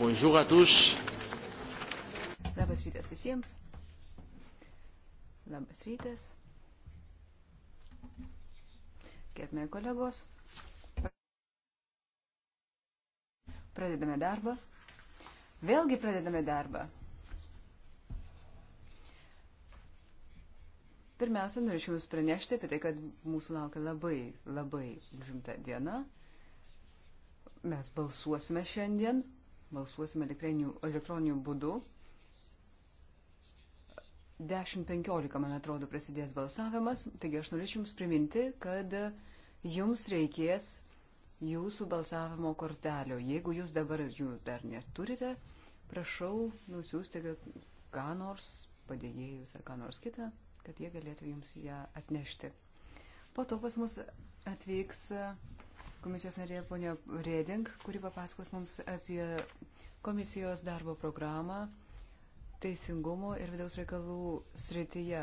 Bonjour à tous. Labas rytas visiems. Labas rytas. Gerbėjai kolegos. Pradedame darbą. Vėlgi pradedame darbą. Pirmiausia, norėčiau Jums pranešti apie tai, kad mūsų laukia labai, labai žimta diena. Mes balsuosime šiandien, balsuosime elektroniniu, elektroniniu būdu. 10.15, man atrodo, prasidės balsavimas, taigi aš norėčiau Jums priminti, kad Jums reikės Jūsų balsavimo kortelio. Jeigu Jūs dabar jų dar neturite, prašau nusiųsti ką nors padėjėjus ar ką nors kitą, kad jie galėtų Jums ją atnešti. Po to pas mus atvyks komisijos narė ponia Reding, kuri papasakos mums apie komisijos darbo programą teisingumo ir vidaus reikalų srityje.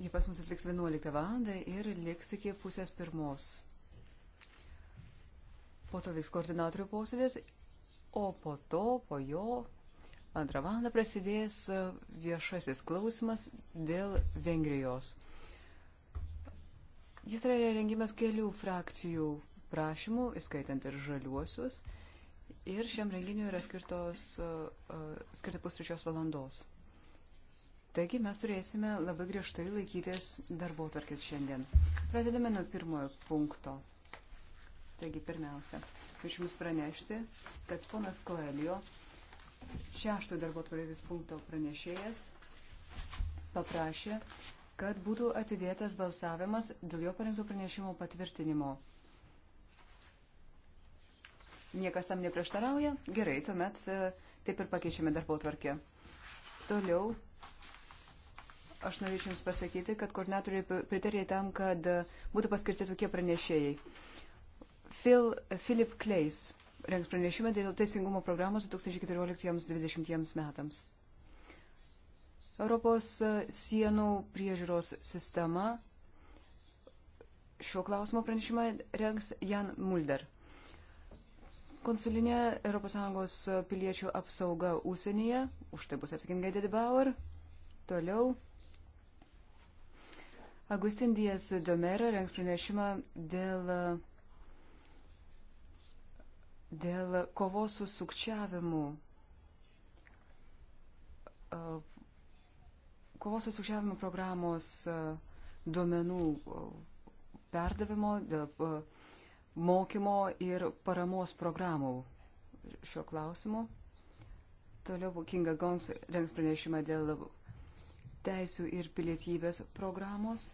Jie pas mus atliks 11 valandą ir liks iki pusės pirmos. Po to vyks koordinatorių posėdės, o po to, po jo, antrą valandą prasidės viešasis klausimas dėl Vengrijos. Jis yra rengimas kelių frakcijų prašymų, įskaitant ir žaliuosius. Ir šiam renginiui yra skirtos, uh, skirti pustrečios valandos. Taigi mes turėsime labai griežtai laikytis darbo tarkis šiandien. Pradedame nuo pirmojo punkto. Taigi pirmiausia, kviečiu Jums pranešti, kad ponas Koelio, šešto darbo tvarkės punkto pranešėjas, paprašė, kad būtų atidėtas balsavimas dėl jo parengtų pranešimų patvirtinimo. Niekas tam neprieštarauja? Gerai, tuomet e, taip ir pakeičiame darbo tvarkę. Toliau aš norėčiau Jums pasakyti, kad koordinatoriai pritarė tam, kad e, būtų paskirti tokie pranešėjai. Phil, Philip Kleis rengs pranešimą dėl teisingumo programos 2014-2020 metams. Europos e, sienų priežiūros sistema. Šio klausimo pranešimą rengs Jan Mulder. Konsulinė ES piliečių apsauga ūsienyje, už tai bus atsakinga Dedibauer. Toliau. Agustin Dijas Domera rengs pranešimą dėl, dėl kovos su sukčiavimu. Uh, kovos su sukčiavimu programos e, duomenų e, perdavimo, e, mokymo ir paramos programų šiuo klausimu. Toliau Kinga Gons rengs pranešimą dėl teisų ir pilietybės programos.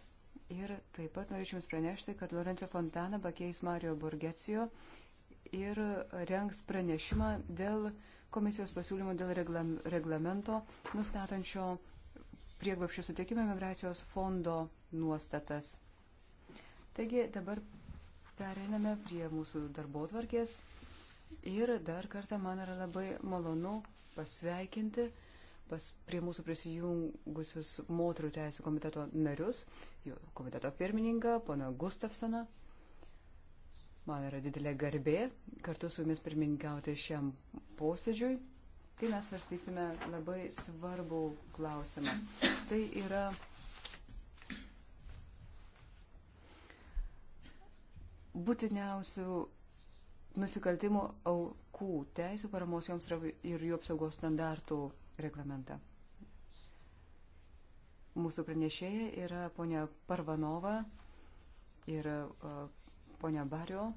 Ir taip pat norėčiau Jums pranešti, kad Lorenzo Fontana pakeis Mario Borgecijo ir rengs pranešimą dėl komisijos pasiūlymo dėl reglamento nustatančio prieglopščių sutikimo migracijos fondo nuostatas. Taigi dabar pereiname prie mūsų darbo tvarkės ir dar kartą man yra labai malonu pasveikinti pas, prie mūsų prisijungusius moterų teisų komiteto narius, jų komiteto pirmininką, pana Gustafsoną. Man yra didelė garbė kartu su jumis pirmininkauti šiam posėdžiui kai mes svarstysime labai svarbų klausimą. Tai yra būtiniausių nusikaltimų aukų teisų paramos joms ir jų apsaugos standartų reglamentą. Mūsų pranešėja yra ponia Parvanova ir uh, ponia Bario.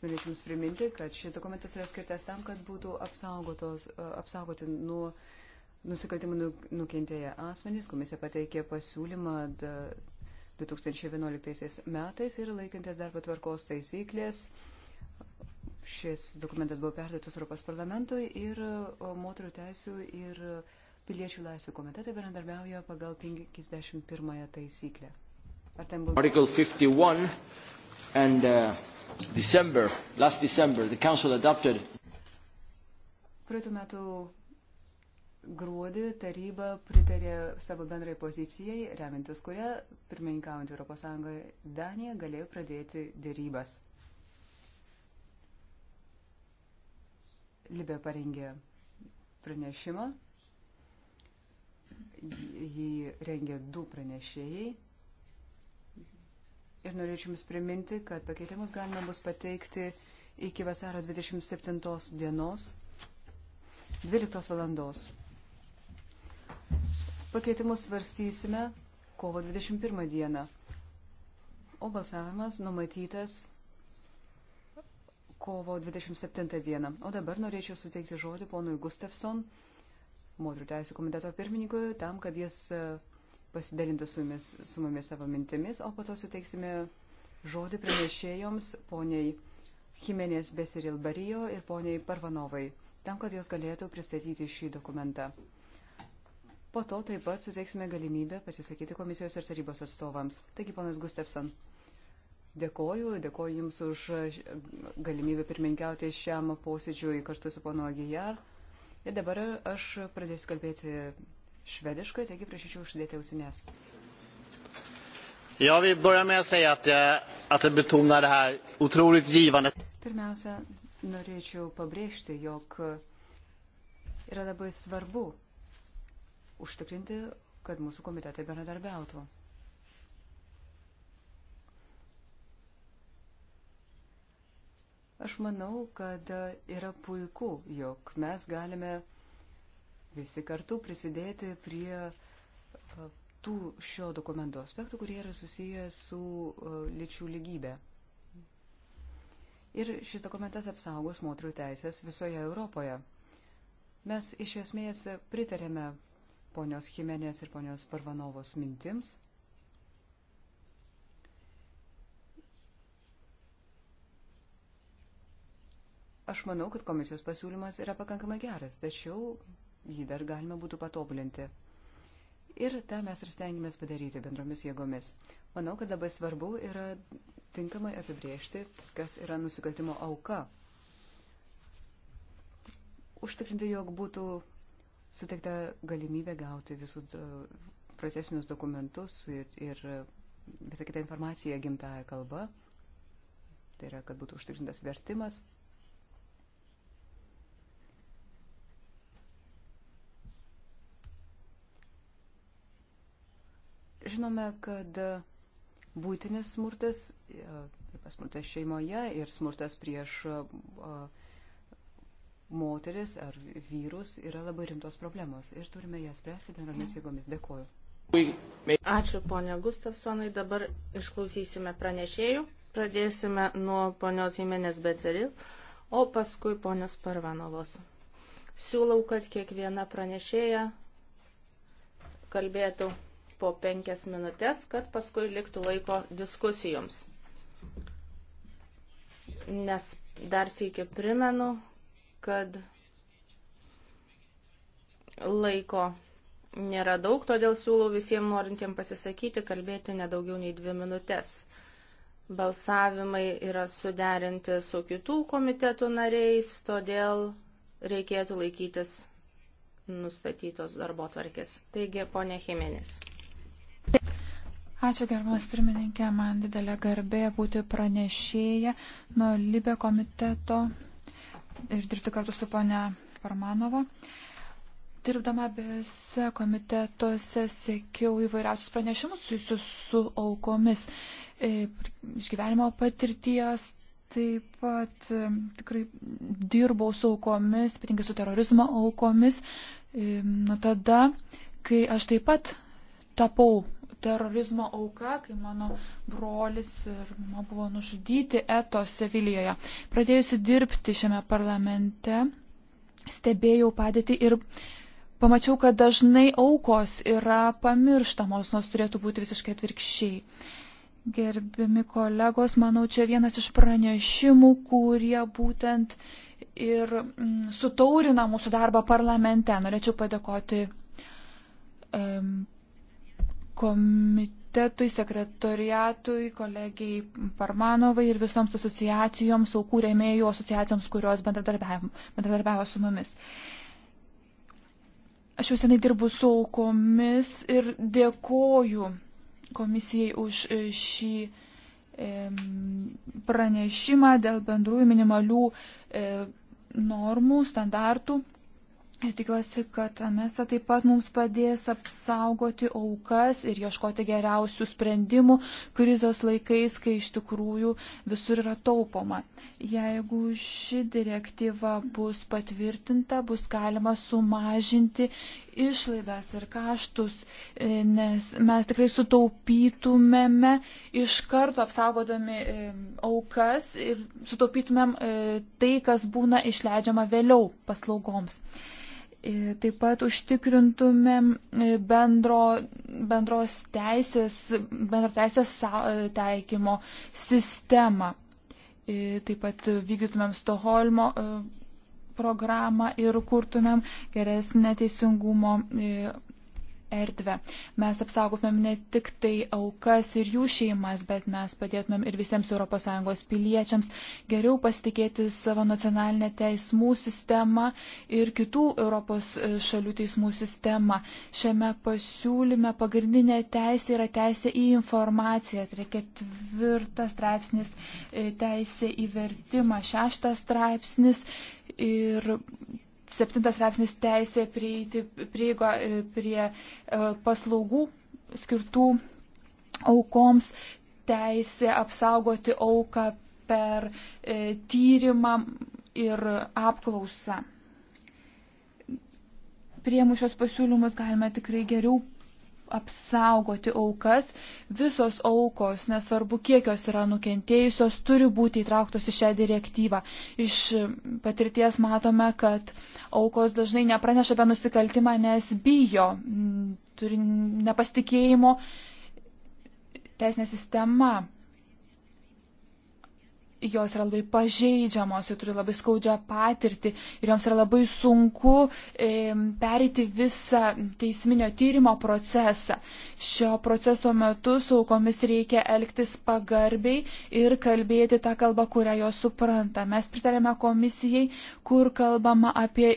Aš norėčiau Jums priminti, kad šis dokumentas yra skirtas tam, kad būtų apsaugoti nuo nusikaltimų nu, nukentėję asmenys. Komisija pateikė pasiūlymą 2011 metais ir laikantis darbo tvarkos taisyklės. Šis dokumentas buvo perdėtas Europos parlamentui ir moterų teisų ir piliečių laisvių komitetai bendradarbiauja pagal 51 taisyklę. Ar ten buvo? Article 51 and uh, December, last December, the Council adopted. Praeitų metų gruodį taryba pritarė savo bendrai pozicijai, remintis kuria pirmininkaujant ES Danija galėjo pradėti dėrybas. Libė parengė pranešimą, jį rengė du pranešėjai ir norėčiau Jums priminti, kad pakeitimus galima bus pateikti iki vasaro 27 dienos 12 valandos. Pakeitimus svarstysime kovo 21 dieną, o balsavimas numatytas kovo 27 dieną. O dabar norėčiau suteikti žodį ponui Gustafson, moterų teisų komiteto pirmininkui, tam, kad jis pasidalinti su mumis, su mumis savo mintimis, o po to suteiksime žodį pranešėjoms poniai Jimenės Besiril Barijo ir poniai Parvanovai, tam, kad jos galėtų pristatyti šį dokumentą. Po to taip pat suteiksime galimybę pasisakyti komisijos ir tarybos atstovams. Taigi, ponas Gustafson, dėkoju, dėkoju Jums už galimybę pirmininkiauti šiam posėdžiui kartu su pono Agijar. Ir dabar aš pradėsiu kalbėti švediškai, taigi prašyčiau uždėti ausinės. Jag vill börja med att säga att jag, att jag betonar det här otroligt givande. Pirmiausia, norėčiau pabrėžti, jog yra labai svarbu užtikrinti, kad mūsų komitetai bendradarbiautų. Aš manau, kad yra puiku, jog mes galime visi kartu prisidėti prie tų šio dokumento aspektų, kurie yra susiję su lyčių lygybė. Ir šis dokumentas apsaugos moterų teisės visoje Europoje. Mes iš esmės pritarėme ponios Jimenės ir ponios Parvanovos mintims. Aš manau, kad komisijos pasiūlymas yra pakankamai geras, tačiau jį dar galima būtų patobulinti. Ir tą mes ir stengiamės padaryti bendromis jėgomis. Manau, kad labai svarbu yra tinkamai apibriežti, kas yra nusikaltimo auka. Užtikrinti, jog būtų suteikta galimybė gauti visus e, procesinius dokumentus ir, ir visą kitą informaciją gimtają kalbą. Tai yra, kad būtų užtikrintas vertimas žinome, kad būtinis smurtas, e, smurtas šeimoje ir smurtas prieš e, moteris ar vyrus yra labai rimtos problemos ir turime jas spręsti bendromis jėgomis. Dėkuoju. Ačiū ponia Gustafsonai, dabar išklausysime pranešėjų. Pradėsime nuo ponios Jimenės Beceril, o paskui ponios Parvanovos. Siūlau, kad kiekviena pranešėja kalbėtų po penkias minutės, kad paskui liktų laiko diskusijoms. Nes dar sėkiu primenu, kad laiko nėra daug, todėl siūlau visiems norintiems pasisakyti, kalbėti nedaugiau nei dvi minutės. Balsavimai yra suderinti su kitų komitetų nariais, todėl reikėtų laikytis nustatytos darbo tvarkės. Taigi, ponė Jimenez. Ačiū gerbamas pirmininkė, man didelė garbė būti pranešėję nuo Libė komiteto ir dirbti kartu su ponia Parmanova. Dirbdama abiejose komitetuose sėkiau įvairiausius pranešimus susijusius su aukomis e, išgyvenimo patirties. Taip pat e, tikrai dirbau su aukomis, ypatingai su terorizmo aukomis. E, nuo tada, kai aš taip pat tapau terorizmo auka, kai mano brolis ir mama buvo nužudyti Eto Sevilijoje. Pradėjusi dirbti šiame parlamente, stebėjau padėtį ir pamačiau, kad dažnai aukos yra pamirštamos, nors turėtų būti visiškai atvirkščiai. Gerbiami kolegos, manau, čia vienas iš pranešimų, kurie būtent ir mm, sutaurina mūsų darbą parlamente. Norėčiau padėkoti um, komitetui, sekretoriatui, kolegijai Parmanovai ir visoms asociacijoms, aukų rėmėjų asociacijoms, kurios bendradarbiavo su mumis. Aš jau senai dirbu su aukomis ir dėkoju komisijai už šį pranešimą dėl bendrųjų minimalių normų, standartų Ir tikiuosi, kad Amesa taip pat mums padės apsaugoti aukas ir ieškoti geriausių sprendimų krizos laikais, kai iš tikrųjų visur yra taupoma. Jeigu ši direktyva bus patvirtinta, bus galima sumažinti išlaidas ir kaštus, e, nes mes tikrai sutaupytumėme iš karto apsaugodami e, aukas ir sutaupytumėm e, tai, kas būna išleidžiama vėliau paslaugoms. E, taip pat užtikrintumėm e, bendro, bendros teisės, bendro teisės e, taikymo sistemą. Taip pat vykdytumėm Stoholmo programą ir kurtumėm geresnę teisingumo erdvę. Mes apsaugotumėm ne tik tai aukas ir jų šeimas, bet mes padėtumėm ir visiems ES piliečiams geriau pasitikėti savo nacionalinę teismų sistemą ir kitų Europos šalių teismų sistemą. Šiame pasiūlyme pagrindinė teisė yra teisė į informaciją. Tai yra ketvirtas straipsnis e, teisė į vertimą, šeštas straipsnis ir Septintas straipsnis teisė prieiti prieigo e, prie e, paslaugų skirtų aukoms, teisė apsaugoti auką per e, tyrimą ir apklausą. Priemušios pasiūlymus galime tikrai geriau apsaugoti aukas. Visos aukos, nesvarbu kiek jos yra nukentėjusios, turi būti įtrauktos į šią direktyvą. Iš patirties matome, kad aukos dažnai nepraneša apie nusikaltimą, nes bijo, mm, turi nepasitikėjimo teisinė sistema jos yra labai pažeidžiamos, jos turi labai skaudžią patirtį ir joms yra labai sunku e, perėti visą teisminio tyrimo procesą. Šio proceso metu su aukomis reikia elgtis pagarbiai ir kalbėti tą kalbą, kurią jos supranta. Mes pritarėme komisijai, kur kalbama apie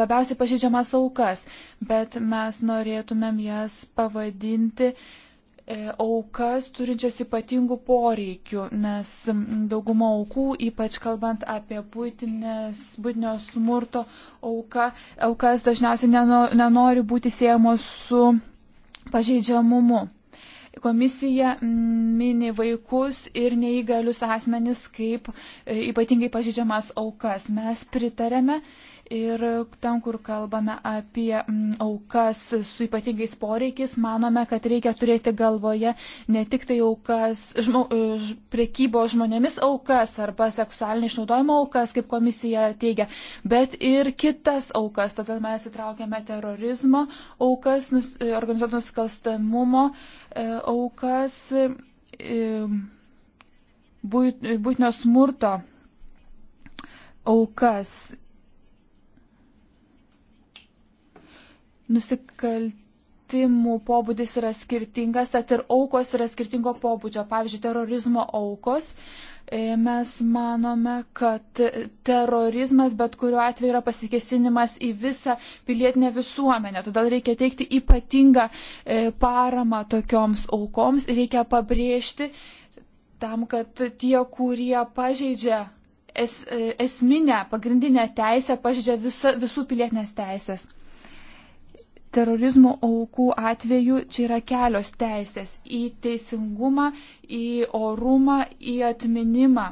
labiausiai pažeidžiamas aukas, bet mes norėtumėm jas pavadinti E, aukas turinčias ypatingų poreikių, nes dauguma aukų, ypač kalbant apie būtinės, būtinio smurto auka, aukas dažniausiai nenori būti siejamos su pažeidžiamumu. Komisija mini vaikus ir neįgalius asmenis kaip e, ypatingai pažeidžiamas aukas. Mes pritarėme, uh, Ir ten, kur kalbame apie mm, aukas su ypatingais poreikiais, manome, kad reikia turėti galvoje ne tik tai aukas, žmo, e, ž, prekybo žmonėmis aukas arba seksualinio išnaudojimo aukas, kaip komisija teigia, bet ir kitas aukas. Todėl mes įtraukėme terorizmo aukas, nus, e, organizuotų nusikalstamumo e, aukas, būtinio smurto aukas nusikaltimų pobūdis yra skirtingas, tad ir aukos yra skirtingo pobūdžio. Pavyzdžiui, terorizmo aukos. E, mes manome, kad terorizmas bet kuriuo atveju yra pasikesinimas į visą pilietinę visuomenę. Todėl reikia teikti ypatingą e, paramą tokioms aukoms. Reikia pabrėžti tam, kad tie, kurie pažeidžia es, e, esminę, pagrindinę teisę, pažeidžia visa, visų pilietinės teisės terorizmo aukų atveju čia yra kelios teisės - į teisingumą, į orumą, į atminimą.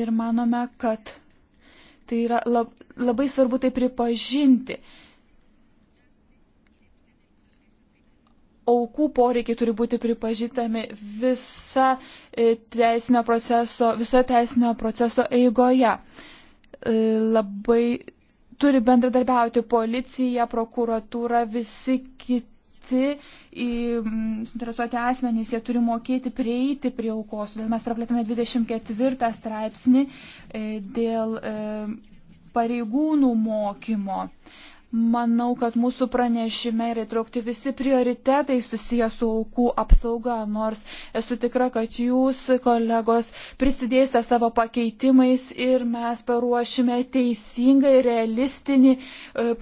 Ir manome, kad tai yra lab, labai svarbu tai pripažinti. aukų poreikiai turi būti pripažįstami visa e, teisinio proceso, viso teisinio proceso eigoje. E, labai turi bendradarbiauti policija, prokuratūra, visi kiti suinteresuoti asmenys, jie turi mokėti prieiti prie aukos. Todėl mes praplėtume 24 straipsnį e, dėl e, pareigūnų mokymo. Manau, kad mūsų pranešime yra įtraukti visi prioritetai susijęs su aukų apsauga, nors esu tikra, kad jūs, kolegos, prisidėsite savo pakeitimais ir mes paruošime teisingą ir realistinį e,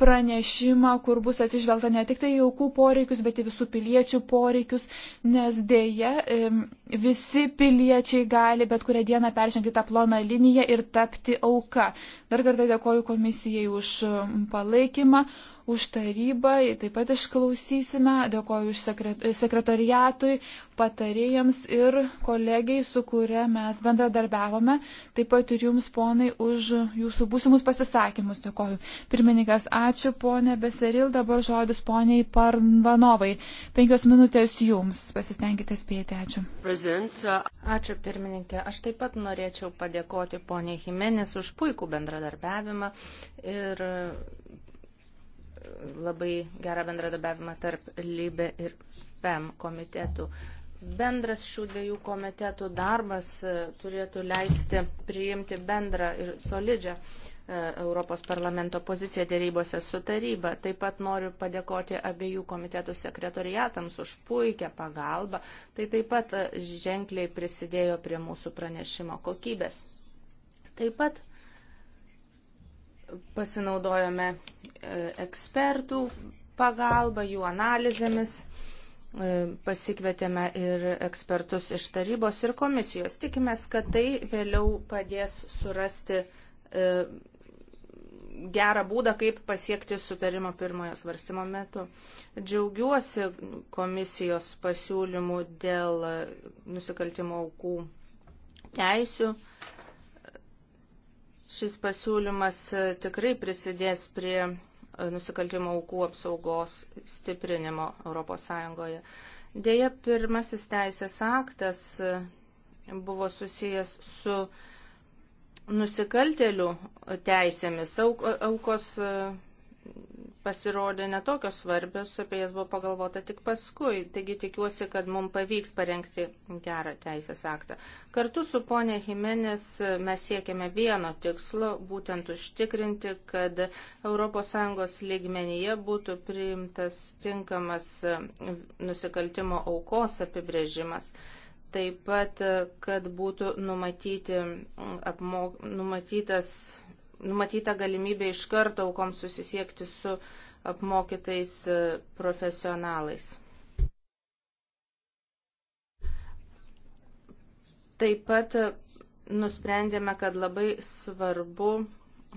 pranešimą, kur bus atsižvelgta ne tik tai aukų poreikius, bet ir visų piliečių poreikius, nes dėje visi piliečiai gali bet kurią dieną peržengti tą ploną liniją ir tapti auka. Dar kartą dėkoju komisijai už palaikymą, už tarybą, taip pat išklausysime, dėkoju už sekretariatui, patarėjams ir kolegiai, su kuria mes bendradarbiavome, taip pat ir jums, ponai, už jūsų būsimus pasisakymus, dėkoju. Pirmininkas, ačiū, ponė Beseril, dabar žodis poniai Parvanovai. Penkios minutės jums, pasistengite spėti, ačiū. Ačiū, pirmininkė. Aš taip pat norėčiau padėkoti poniai Jimenez už puikų bendradarbiavimą ir labai gerą bendradarbiavimą tarp LIBE ir FEM komitetų. Bendras šių dviejų komitetų darbas e, turėtų leisti priimti bendrą ir solidžią e, Europos parlamento poziciją dėrybose su taryba. Taip pat noriu padėkoti abiejų komitetų sekretoriatams už puikią pagalbą. Tai taip pat e, ženkliai prisidėjo prie mūsų pranešimo kokybės. Taip pat pasinaudojome e, ekspertų pagalba, jų analizėmis, e, pasikvietėme ir ekspertus iš tarybos ir komisijos. Tikimės, kad tai vėliau padės surasti e, gerą būdą, kaip pasiekti sutarimo pirmojo svarstymo metu. Džiaugiuosi komisijos pasiūlymų dėl nusikaltimo aukų teisių Šis pasiūlymas e, tikrai prisidės prie e, nusikaltimo aukų apsaugos stiprinimo ES. Deja, pirmasis teisės aktas e, buvo susijęs su nusikaltelių teisėmis. Aukos pasirodė netokios svarbios, apie jas buvo pagalvota tik paskui, taigi tikiuosi, kad mums pavyks parengti gerą teisės aktą. Kartu su ponė Jimenez mes siekiame vieno tikslo, būtent užtikrinti, kad ES lygmenyje būtų priimtas tinkamas nusikaltimo aukos apibrėžimas. Taip pat, kad būtų numatyti, apmok, numatytas numatyta galimybė iš karto aukoms susisiekti su apmokytais e, profesionalais. Taip pat e, nusprendėme, kad labai svarbu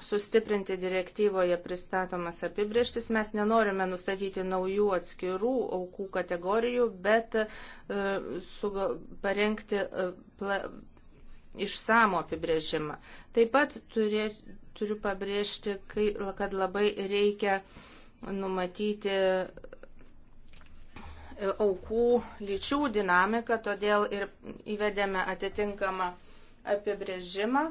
sustiprinti direktyvoje pristatomas apibrieštis. Mes nenorime nustatyti naujų atskirų aukų kategorijų, bet e, suga, parengti e, pla, išsamų apibrėžimą. Taip pat turė, turiu pabrėžti, kad labai reikia numatyti aukų lyčių dinamiką, todėl ir įvedėme atitinkamą apibrėžimą.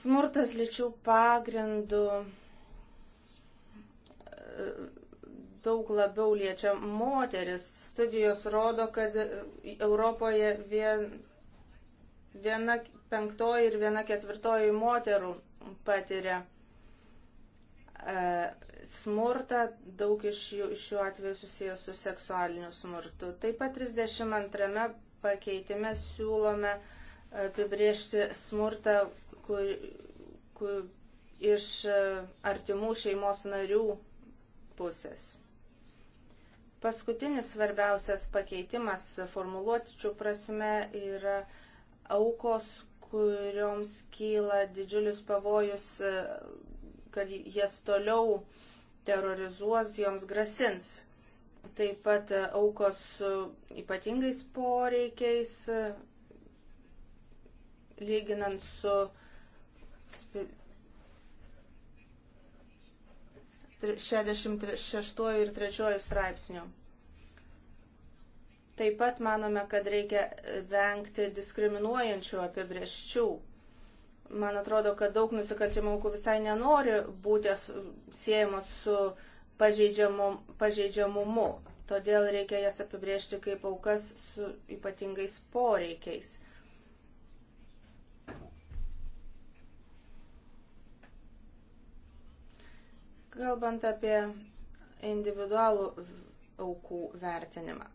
Smurtas lyčių pagrindų daug labiau liečia moteris. Studijos rodo, kad Europoje vien, viena penktoji ir viena ketvirtoji moterų patiria e, smurtą, daug iš jų šiuo atveju susijęs su seksualiniu smurtu. Taip pat 32 pakeitime siūlome apibriežti smurtą kur, kur, iš e, artimų šeimos narių pusės. Paskutinis svarbiausias pakeitimas formuluotičių prasme yra aukos, kurioms kyla didžiulis pavojus, e, kad jas toliau terrorizuos, joms grasins. Taip pat e, aukos su ypatingais poreikiais, e, lyginant su spi... 66 ir 3 straipsniu. Taip pat manome, kad reikia vengti diskriminuojančių apibrieščių. Man atrodo, kad daug nusikaltimų aukų visai nenori būti siejamos su pažeidžiamu, pažeidžiamumu. Todėl reikia jas apibriežti kaip aukas su ypatingais poreikiais. Kalbant apie individualų aukų vertinimą.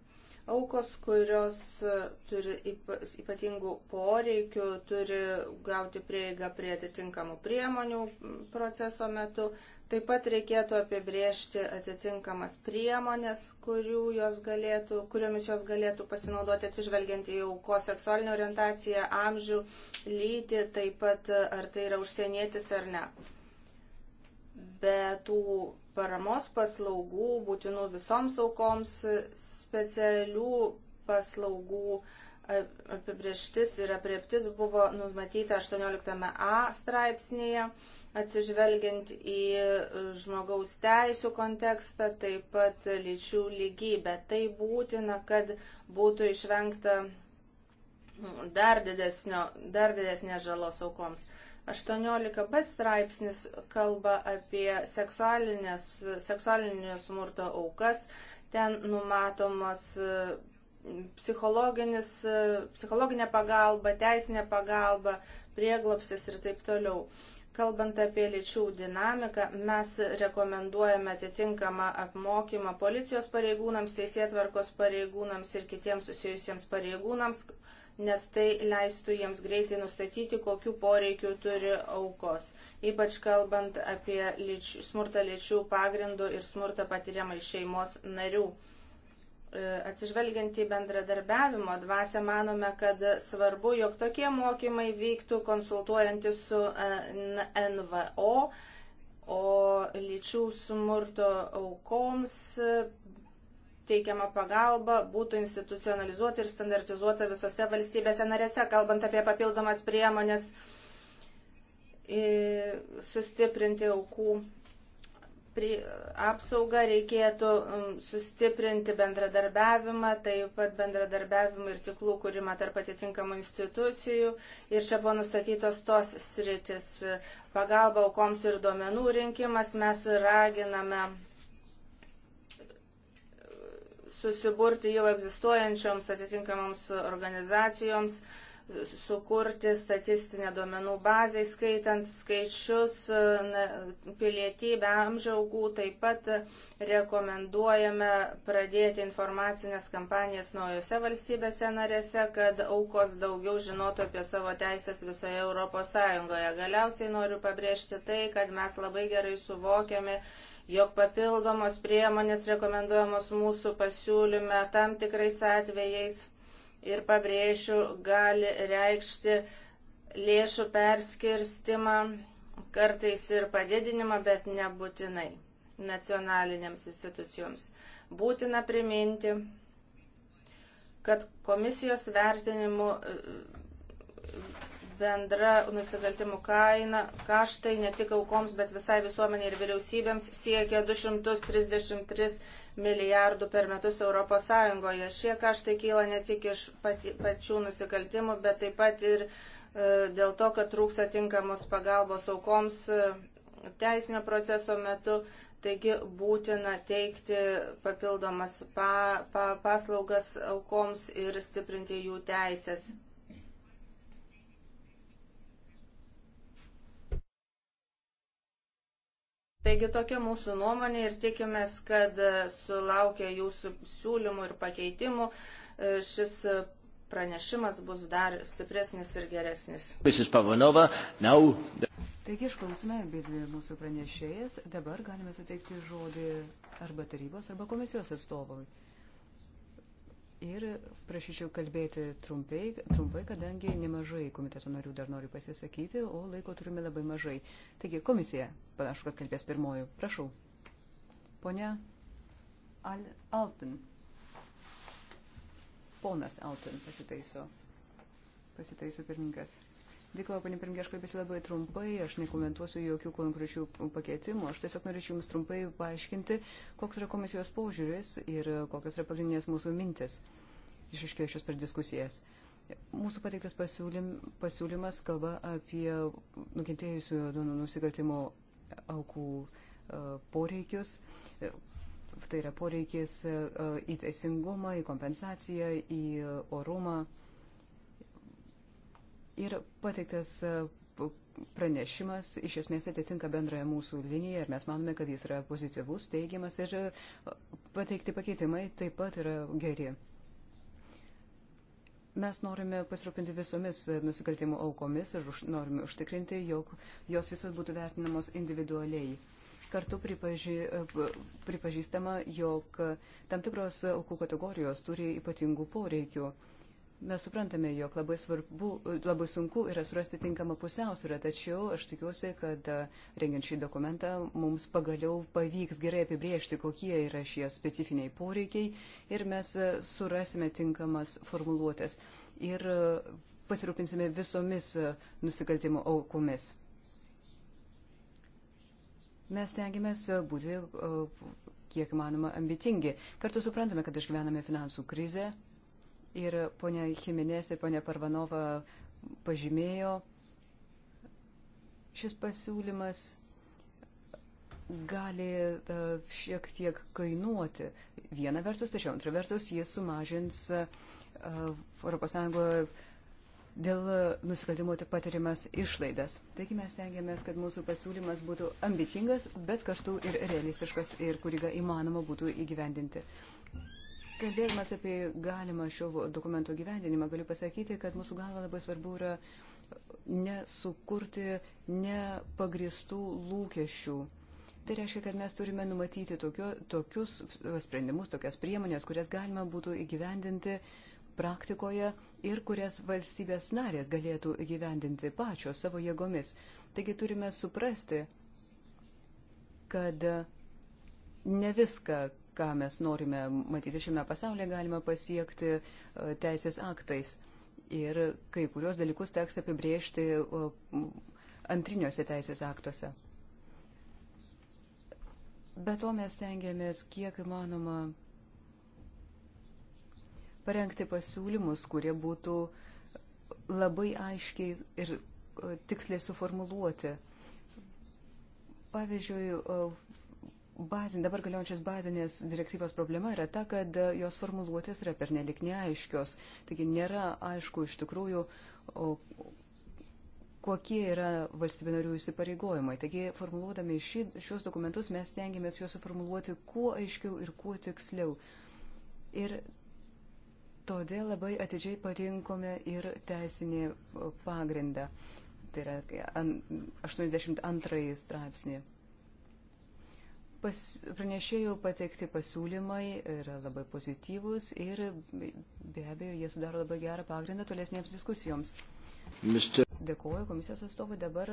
Aukos, kurios e, turi ypatingų poreikių, turi gauti prieigą prie atitinkamų priemonių proceso metu. Taip pat reikėtų apibriežti atitinkamas priemonės, jos galėtų, kuriomis jos galėtų pasinaudoti atsižvelgiant į aukos seksualinę orientaciją, amžių, lytį, taip pat e, ar tai yra užsienietis ar ne be tų paramos paslaugų, būtinų visoms aukoms specialių paslaugų apibrieštis ir apriektis buvo numatyta 18a straipsnėje, atsižvelgiant į e, žmogaus teisų kontekstą, taip pat lyčių lygybę. Tai būtina, kad būtų išvengta dar, didesnio, dar didesnės žalos aukoms. 18b straipsnis kalba apie seksualinio smurto aukas, ten numatomas e, e, psichologinė pagalba, teisinė pagalba, prieglopsis ir taip toliau. Kalbant apie lyčių dinamiką, mes rekomenduojame atitinkamą apmokymą policijos pareigūnams, teisėtvarkos pareigūnams ir kitiems susijusiems pareigūnams, nes tai leistų jiems greitai nustatyti, kokiu poreikiu turi aukos, ypač kalbant apie lyč, smurtą lyčių pagrindų ir smurtą patiriamą iš šeimos narių. E, atsižvelgiant į bendradarbiavimo dvasę, manome, kad svarbu, jog tokie mokymai vyktų konsultuojantis su e, NVO, o lyčių smurto aukoms teikiama pagalba būtų institucionalizuota ir standartizuota visose valstybėse narėse, kalbant apie papildomas priemonės e, sustiprinti aukų apsaugą, reikėtų sustiprinti bendradarbiavimą, taip pat bendradarbiavimą ir tiklų kūrimą tarp atitinkamų institucijų. Ir čia buvo nustatytos tos sritis - pagalba aukoms ir duomenų rinkimas. Mes raginame susiburti jau egzistuojančioms atitinkamoms organizacijoms, sukurti statistinę duomenų bazę, skaitant skaičius, pilietybę, amžiaugų. Taip pat rekomenduojame pradėti informacinės kampanijas naujose valstybėse narėse, kad aukos daugiau žinotų apie savo teisės visoje Europos Sąjungoje. Galiausiai noriu pabrėžti tai, kad mes labai gerai suvokiame, jog papildomos priemonės rekomenduojamos mūsų pasiūlyme tam tikrais atvejais ir pabrėšiu, gali reikšti lėšų perskirstimą, kartais ir padidinimą, bet nebūtinai nacionalinėms institucijoms. Būtina priminti, kad komisijos vertinimu bendra nusikaltimų kaina, kaštai ne tik aukoms, bet visai visuomeniai ir vyriausybėms siekia 233 milijardų per metus ES. Šie kaštai kyla ne tik iš pati, pačių nusikaltimų, bet taip pat ir e, dėl to, kad trūksa tinkamos pagalbos aukoms e, teisinio proceso metu. Taigi būtina teikti papildomas pa, pa, paslaugas aukoms ir stiprinti jų teisės. Taigi tokia mūsų nuomonė ir tikimės, kad e, sulaukia jūsų siūlymų ir pakeitimų. E, šis pranešimas bus dar stipresnis ir geresnis. Taigi išklausime abi dvi mūsų pranešėjas. Dabar galime suteikti žodį arba tarybos, arba komisijos atstovui. Ir prašyčiau kalbėti trumpai, trumpai, kadangi nemažai komiteto narių dar nori pasisakyti, o laiko turime labai mažai. Taigi komisija, panašu, kad kalbės pirmoju. Prašau. Pone Al Altin. Ponas Altin pasitaiso. Pasitaiso pirmininkas. Dėkuoju, panė pirmie, aš kalbėsiu labai trumpai, aš nekomentuosiu jokių konkrečių pakeitimų, aš tiesiog norėčiau Jums trumpai paaiškinti, koks yra komisijos požiūris ir kokios yra pagrindinės mūsų mintis išiškėjo šios per diskusijas. Mūsų pateiktas pasiūlym, pasiūlymas kalba apie nukentėjusių nusikaltimo aukų e, poreikius. Tai yra poreikis e, į teisingumą, į kompensaciją, į orumą. Ir pateiktas e, pranešimas iš esmės atitinka bendrąją mūsų liniją ir mes manome, kad jis yra pozityvus, teigiamas ir e, pateikti pakeitimai taip pat yra geri. Mes norime pasirūpinti visomis e, nusikaltimo aukomis ir už, norime užtikrinti, jog jos visos būtų vertinamos individualiai. Kartu pripaži, pripažįstama, jog tam tikros aukų kategorijos turi ypatingų poreikių. Mes suprantame, jog labai, svarbu, labai sunku yra surasti tinkamą pusiausvyrą, tačiau aš tikiuosi, kad e, rengiant šį dokumentą mums pagaliau pavyks gerai apibriežti, kokie yra šie specifiniai poreikiai ir mes e, surasime tinkamas formuluotės ir e, pasirūpinsime visomis nusikaltimo aukomis. Mes tengiamės būti kiek manoma ambicingi. Kartu suprantame, kad išgyvename finansų krizę ir ponia Jiminės ir ponia Parvanova pažymėjo, šis pasiūlymas gali e, šiek tiek kainuoti. Viena vertus, tačiau antra vertus, jis sumažins ES dėl nusikaltimo tik patiriamas išlaidas. Taigi mes tengiamės, kad mūsų pasiūlymas būtų ambicingas, bet kartu ir realistiškas ir kurį įmanoma būtų įgyvendinti. Kalbėdamas apie galimą šio dokumento gyvendinimą, galiu pasakyti, kad mūsų galva labai svarbu yra nesukurti nepagristų lūkesčių. Tai reiškia, kad mes turime numatyti tokio, tokius sprendimus, tokias priemonės, kurias galima būtų įgyvendinti praktikoje ir kurias valstybės narės galėtų įgyvendinti pačios savo jėgomis. Taigi turime suprasti, kad ne viską, ką mes norime matyti šiame pasaulyje, galime pasiekti e, teisės aktais. Ir kai kurios dalykus teks apibriežti antriniuose teisės aktuose. Be to mes tengiamės kiek įmanoma parengti pasiūlymus, kurie būtų labai aiškiai ir e, tiksliai suformuluoti. Pavyzdžiui, bazin, dabar galiojančios bazinės direktyvos problema yra ta, kad e, jos formuluotės yra pernelik neaiškios. Taigi nėra aišku iš tikrųjų, o, kokie yra valstybių narių įsipareigojimai. Taigi formuluodami šį, šios dokumentus mes tengiamės juos suformuluoti kuo aiškiau ir kuo tiksliau. Ir todėl labai atidžiai parinkome ir teisinį e, pagrindą. Tai yra 82 e, straipsnį pas, pranešėjų pateikti pasiūlymai yra labai pozityvus ir be abejo jie sudaro labai gerą pagrindą tolesnėms diskusijoms. Mister... Dėkuoju komisijos atstovui, dabar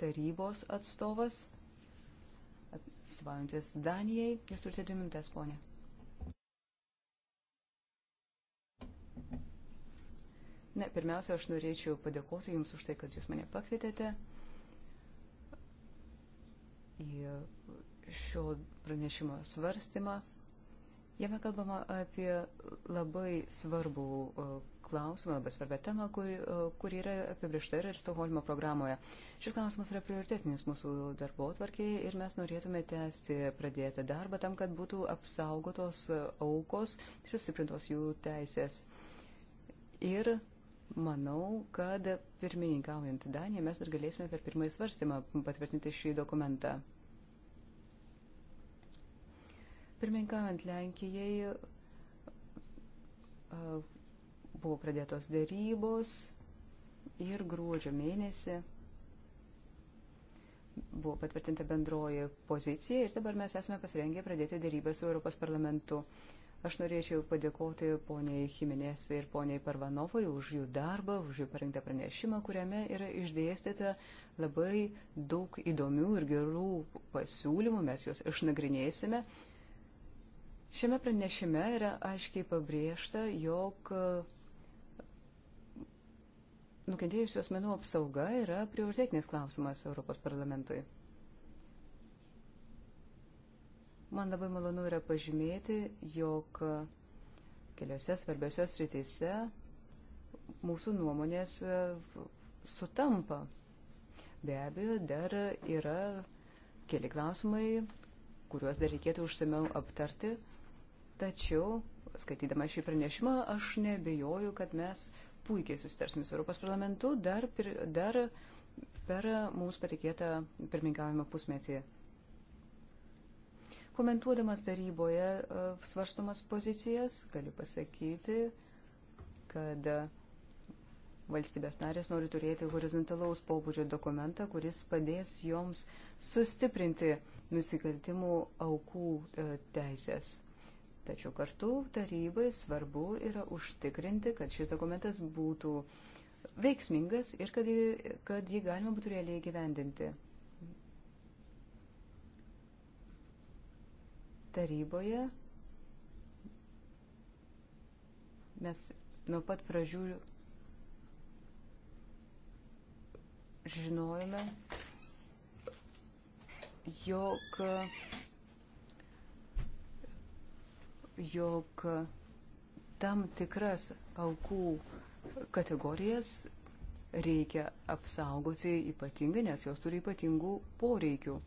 tarybos atstovas, atstovaujantis Danijai. Jūs turite dvi minutės, ponė. Na, pirmiausia, aš norėčiau padėkoti Jums už tai, kad Jūs mane pakvietėte į šio pranešimo svarstymą. Jame kalbama apie labai svarbų e, klausimą, labai svarbę temą, kur, e, kur yra apibriešta ir Stokholmo programoje. Šis klausimas yra prioritetinis mūsų darbo atvarkiai ir mes norėtume tęsti pradėtą darbą tam, kad būtų apsaugotos aukos ir sustiprintos jų teisės. Ir manau, kad pirmininkaujant Daniją mes dar galėsime per pirmąjį svarstymą patvirtinti šį dokumentą. Pirmininkaujant Lenkijai buvo pradėtos darybos ir gruodžio mėnesį buvo patvirtinta bendroji pozicija ir dabar mes esame pasirengę pradėti darybę su Europos parlamentu. Aš norėčiau padėkoti poniai Jiminės ir poniai Parvanovai už jų darbą, už jų parengtą pranešimą, kuriame yra išdėstyta labai daug įdomių ir gerų pasiūlymų, mes juos išnagrinėsime Šiame pranešime yra aiškiai pabrėžta, jog e, nukentėjusių asmenų apsauga yra prioritetinis klausimas Europos parlamentui. Man labai malonu yra pažymėti, jog keliose svarbiose sritise mūsų nuomonės e, sutampa. Be abejo, dar yra keli klausimai, kuriuos dar reikėtų užsimiau aptarti. Tačiau, skaitydama šį pranešimą, aš nebejoju, kad mes puikiai susitarsime su Europos parlamentu dar, pir, dar per mums patikėtą pirmininkavimo pusmetį. Komentuodamas taryboje e, svarstomas pozicijas, galiu pasakyti, kad valstybės narės nori turėti horizontalaus pobūdžio dokumentą, kuris padės joms sustiprinti nusikaltimų aukų e, teisės. Tačiau kartu tarybai svarbu yra užtikrinti, kad šis dokumentas būtų veiksmingas ir kad jį, kad jį galima būtų realiai gyvendinti. Taryboje mes nuo pat pradžių žinojome, jog jog tam tikras aukų kategorijas reikia apsaugoti ypatingai, nes jos turi ypatingų poreikių.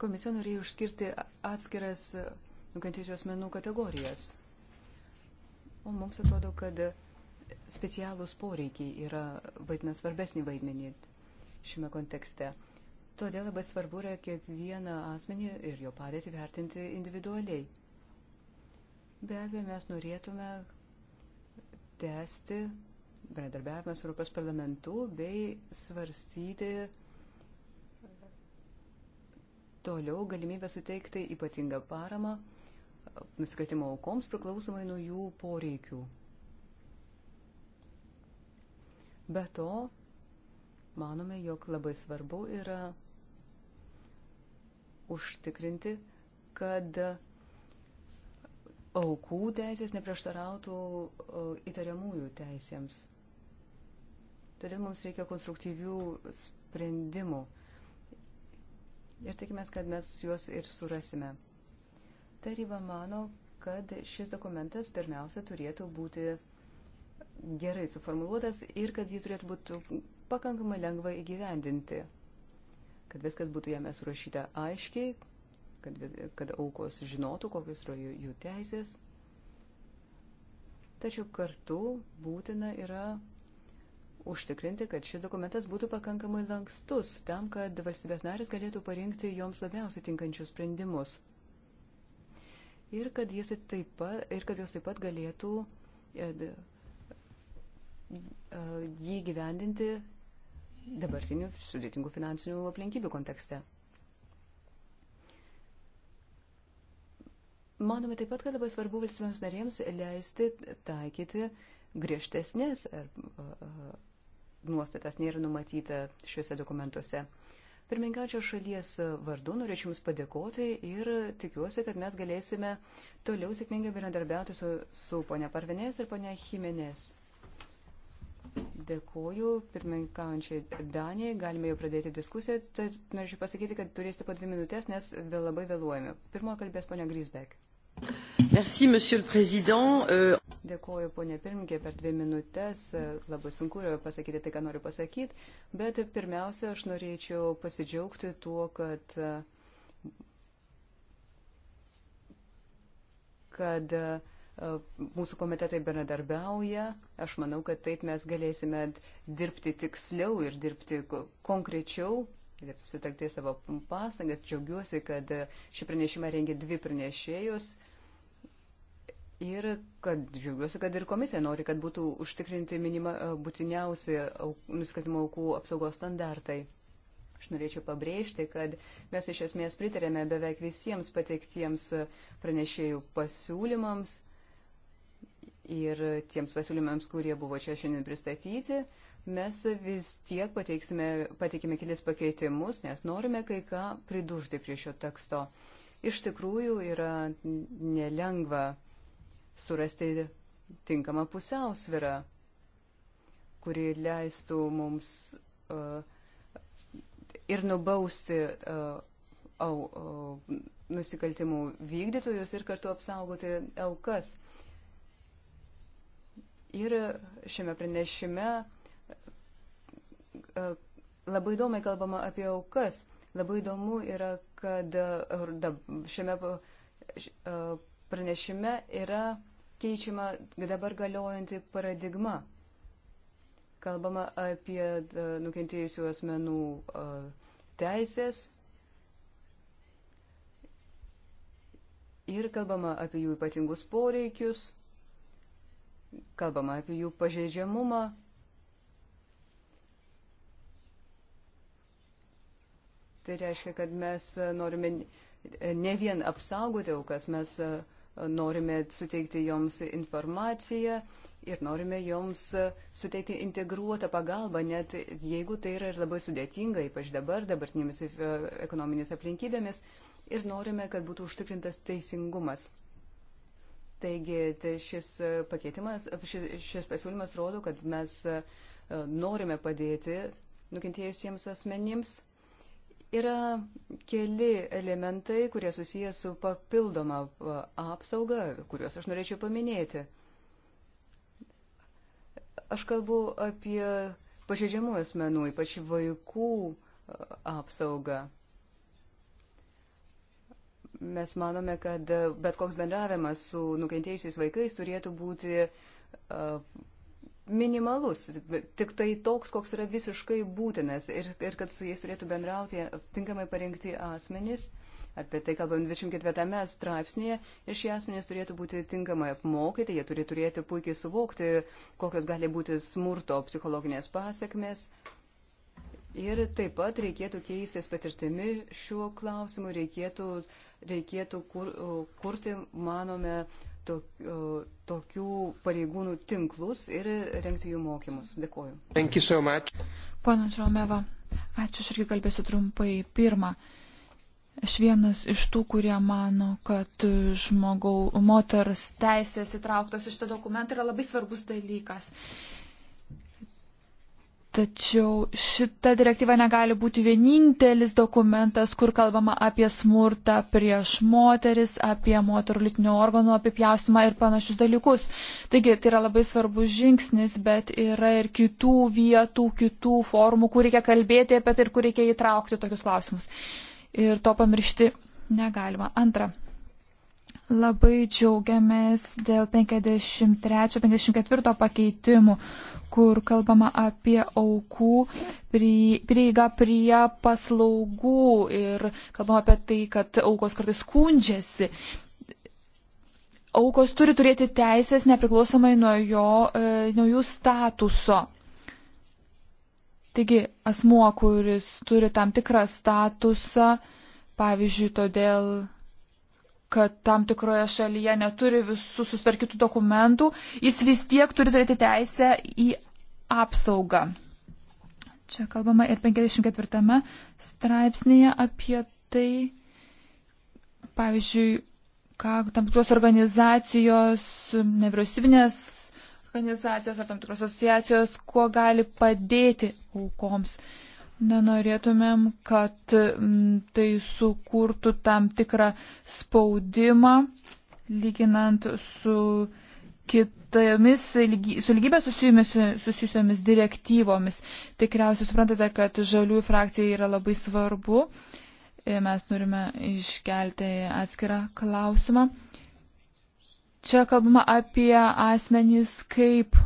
Komisija norėjo išskirti atskiras nukentėjusių asmenų kategorijas. O mums atrodo, kad specialūs poreikiai yra vaidina svarbesnį vaidmenį šiame kontekste. Todėl labai svarbu yra kiekvieną asmenį ir jo padėtį vertinti individualiai. Be abejo, mes norėtume tęsti bendradarbiavimą su Europos parlamentu bei svarstyti toliau galimybę suteikti ypatingą paramą nusikaltimo aukoms priklausomai nuo jų poreikių. Be to, manome, jog labai svarbu yra užtikrinti, kad aukų teisės neprieštarautų įtariamųjų teisėms. Todėl mums reikia konstruktyvių sprendimų. Ir tikime, kad mes juos ir surasime. Taryba mano, kad šis dokumentas pirmiausia turėtų būti gerai suformuluotas ir kad jį turėtų būti pakankamai lengva įgyvendinti kad viskas būtų jame surašyta aiškiai, kad, kad aukos žinotų, kokios yra jų, jų teisės. Tačiau kartu būtina yra užtikrinti, kad šis dokumentas būtų pakankamai lankstus tam, kad valstybės narės galėtų parinkti joms labiausiai tinkančius sprendimus. Ir kad, taip pat, ir kad jos taip pat galėtų e, e, jį gyvendinti dabartinių sudėtingų finansinių aplinkybių kontekste. Manome taip pat, kad labai svarbu valstybėms narėms leisti taikyti griežtesnės nuostatas, nėra numatyta šiuose dokumentuose. Pirmininkačio šalies vardu norėčiau Jums padėkoti ir tikiuosi, kad mes galėsime toliau sėkmingai bendradarbiauti su, su ponia Parvenės ir ponia Jimenės. Dėkuoju pirmininkaujančiai Danijai, galime jau pradėti diskusiją, tad norėčiau pasakyti, kad turėsite po dvi minutės, nes vėl labai vėluojame. Pirmo kalbės ponia Grisbek. Merci, monsieur le président. Euh, Dėkuoju, ponė pirmininkė, per dvi minutės. Labai sunku yra pasakyti tai, ką noriu pasakyti, bet pirmiausia, aš norėčiau pasidžiaugti tuo, kad, kad mūsų komitetai bendradarbiauja. Aš manau, kad taip mes galėsime dirbti tiksliau ir dirbti konkrečiau, sutelkti savo pastangas. Džiaugiuosi, kad šį pranešimą rengia dvi pranešėjus. Ir kad džiaugiuosi, kad ir komisija nori, kad būtų užtikrinti minima e, būtiniausi nusikaltimo aukų apsaugos standartai. Aš norėčiau pabrėžti, kad mes iš esmės pritarėme beveik visiems pateiktiems pranešėjų pasiūlymams ir tiems pasiūlymams, kurie buvo čia šiandien pristatyti, mes vis tiek pateikime kelis pakeitimus, nes norime kai ką pridurti prie šio teksto. Iš tikrųjų yra nelengva surasti tinkamą pusiausvirą, kuri leistų mums uh, ir nubausti uh, au, au, uh, nusikaltimų vykdytojus ir kartu apsaugoti aukas. Uh, Ir šiame pranešime e, labai įdomiai kalbama apie aukas. Labai įdomu yra, kad e, šiame e, pranešime yra keičiama dabar galiojanti paradigma. Kalbama apie nukentėjusių asmenų teisės ir kalbama apie jų ypatingus poreikius kalbama apie jų pažeidžiamumą. Tai reiškia, kad mes norime ne vien apsaugoti aukas, mes norime suteikti joms informaciją ir norime joms suteikti integruotą pagalbą, net jeigu tai yra ir labai sudėtinga, ypač dabar, dabartinėmis e, ekonominės aplinkybėmis, ir norime, kad būtų užtikrintas teisingumas. Taigi tai šis pakeitimas, šis pasiūlymas rodo, kad mes e, norime padėti nukentėjusiems asmenims. Yra keli elementai, kurie susiję su papildoma e, apsauga, kuriuos aš norėčiau paminėti. Aš kalbu apie pažeidžiamų asmenų, ypač vaikų e, apsaugą. Mes manome, kad bet koks bendravimas su nukentėjusiais vaikais turėtų būti minimalus, tik tai toks, koks yra visiškai būtinas ir, ir kad su jais turėtų bendrauti tinkamai parinkti asmenys. Apie tai kalbam 24 straipsnėje ir šie asmenys turėtų būti tinkamai apmokyti, jie turi turėti puikiai suvokti, kokios gali būti smurto psichologinės pasiekmes. Ir taip pat reikėtų keistis patirtimi šiuo klausimu, reikėtų uh, reikėtų kur, kurti, manome, tokių pareigūnų tinklus ir renkti jų mokymus. Dėkuoju. So Ponas Romeva, ačiū, aš irgi kalbėsiu trumpai. Pirma, aš vienas iš tų, kurie mano, kad žmogau, moters teisės įtrauktos iš tą dokumentą yra labai svarbus dalykas. Uh, Tačiau šita direktyva negali būti vienintelis dokumentas, kur kalbama apie smurtą prieš moteris, apie moterų lytinių organų apipjaustimą ir panašius dalykus. Taigi tai yra labai svarbus žingsnis, bet yra ir kitų vietų, kitų formų, kur reikia kalbėti apie tai ir kur reikia įtraukti tokius klausimus. Ir to pamiršti negalima. Antra. Labai džiaugiamės dėl 53-54 pakeitimų, kur kalbama apie aukų prieigą prie paslaugų ir kalbama apie tai, kad aukos kartais skundžiasi. Aukos turi turėti teisės nepriklausomai nuo, jo, e, nuo jų statuso. Taigi asmuo, kuris turi tam tikrą statusą, pavyzdžiui, todėl kad tam tikroje šalyje neturi visų susitvarkytų dokumentų, jis vis tiek turi turėti teisę į apsaugą. Čia kalbama ir 54 straipsnėje apie tai, pavyzdžiui, ką tam tikros organizacijos, nevyriausybinės organizacijos ar tam tikros asociacijos, kuo gali padėti aukoms. Uh, Nenorėtumėm, kad tai sukurtų tam tikrą spaudimą, lyginant su kitomis, su lygybė susijusiomis direktyvomis. Tikriausiai suprantate, kad žaliųjų frakcija yra labai svarbu. E, mes norime iškelti atskirą klausimą. Čia kalbama apie asmenys kaip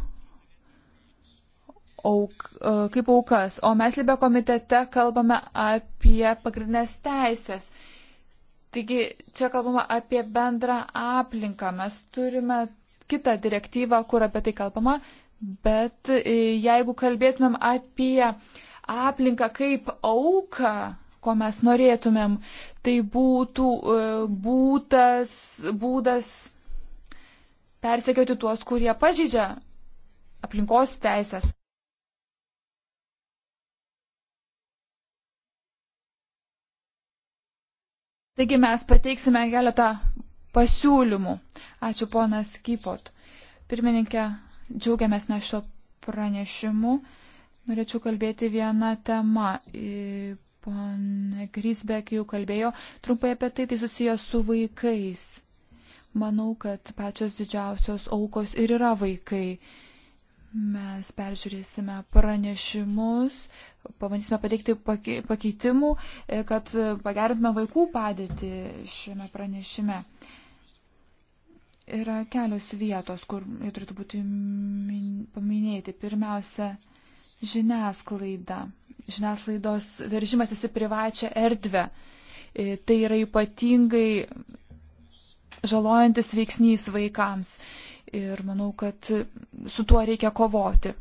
auk, e, kaip aukas, o mes Libė komitete kalbame apie pagrindinės teisės. Taigi čia kalbama apie bendrą aplinką. Mes turime kitą direktyvą, kur apie tai kalbama, bet e, jeigu kalbėtumėm apie aplinką kaip auką, ko mes norėtumėm, tai būtų e, būtas, būdas persekioti tuos, kurie pažydžia aplinkos teisės. Taigi mes pateiksime keletą pasiūlymų. Ačiū ponas Kypot. Pirmininkė, džiaugiamės mes šio pranešimu. Norėčiau kalbėti vieną temą. Pone Grisbek jau kalbėjo trumpai apie tai, tai susijęs su vaikais. Manau, kad pačios didžiausios aukos ir yra vaikai. Mes peržiūrėsime pranešimus, pabandysime pateikti pakeitimų, e, kad pagerintume vaikų padėtį šiame pranešime. Yra kelios vietos, kur jie turėtų būti paminėti. Pirmiausia, žiniasklaida. Žiniasklaidos veržimasis į privačią erdvę. E, tai yra ypatingai žalojantis veiksnys vaikams ir manau, kad su tuo reikia kovoti.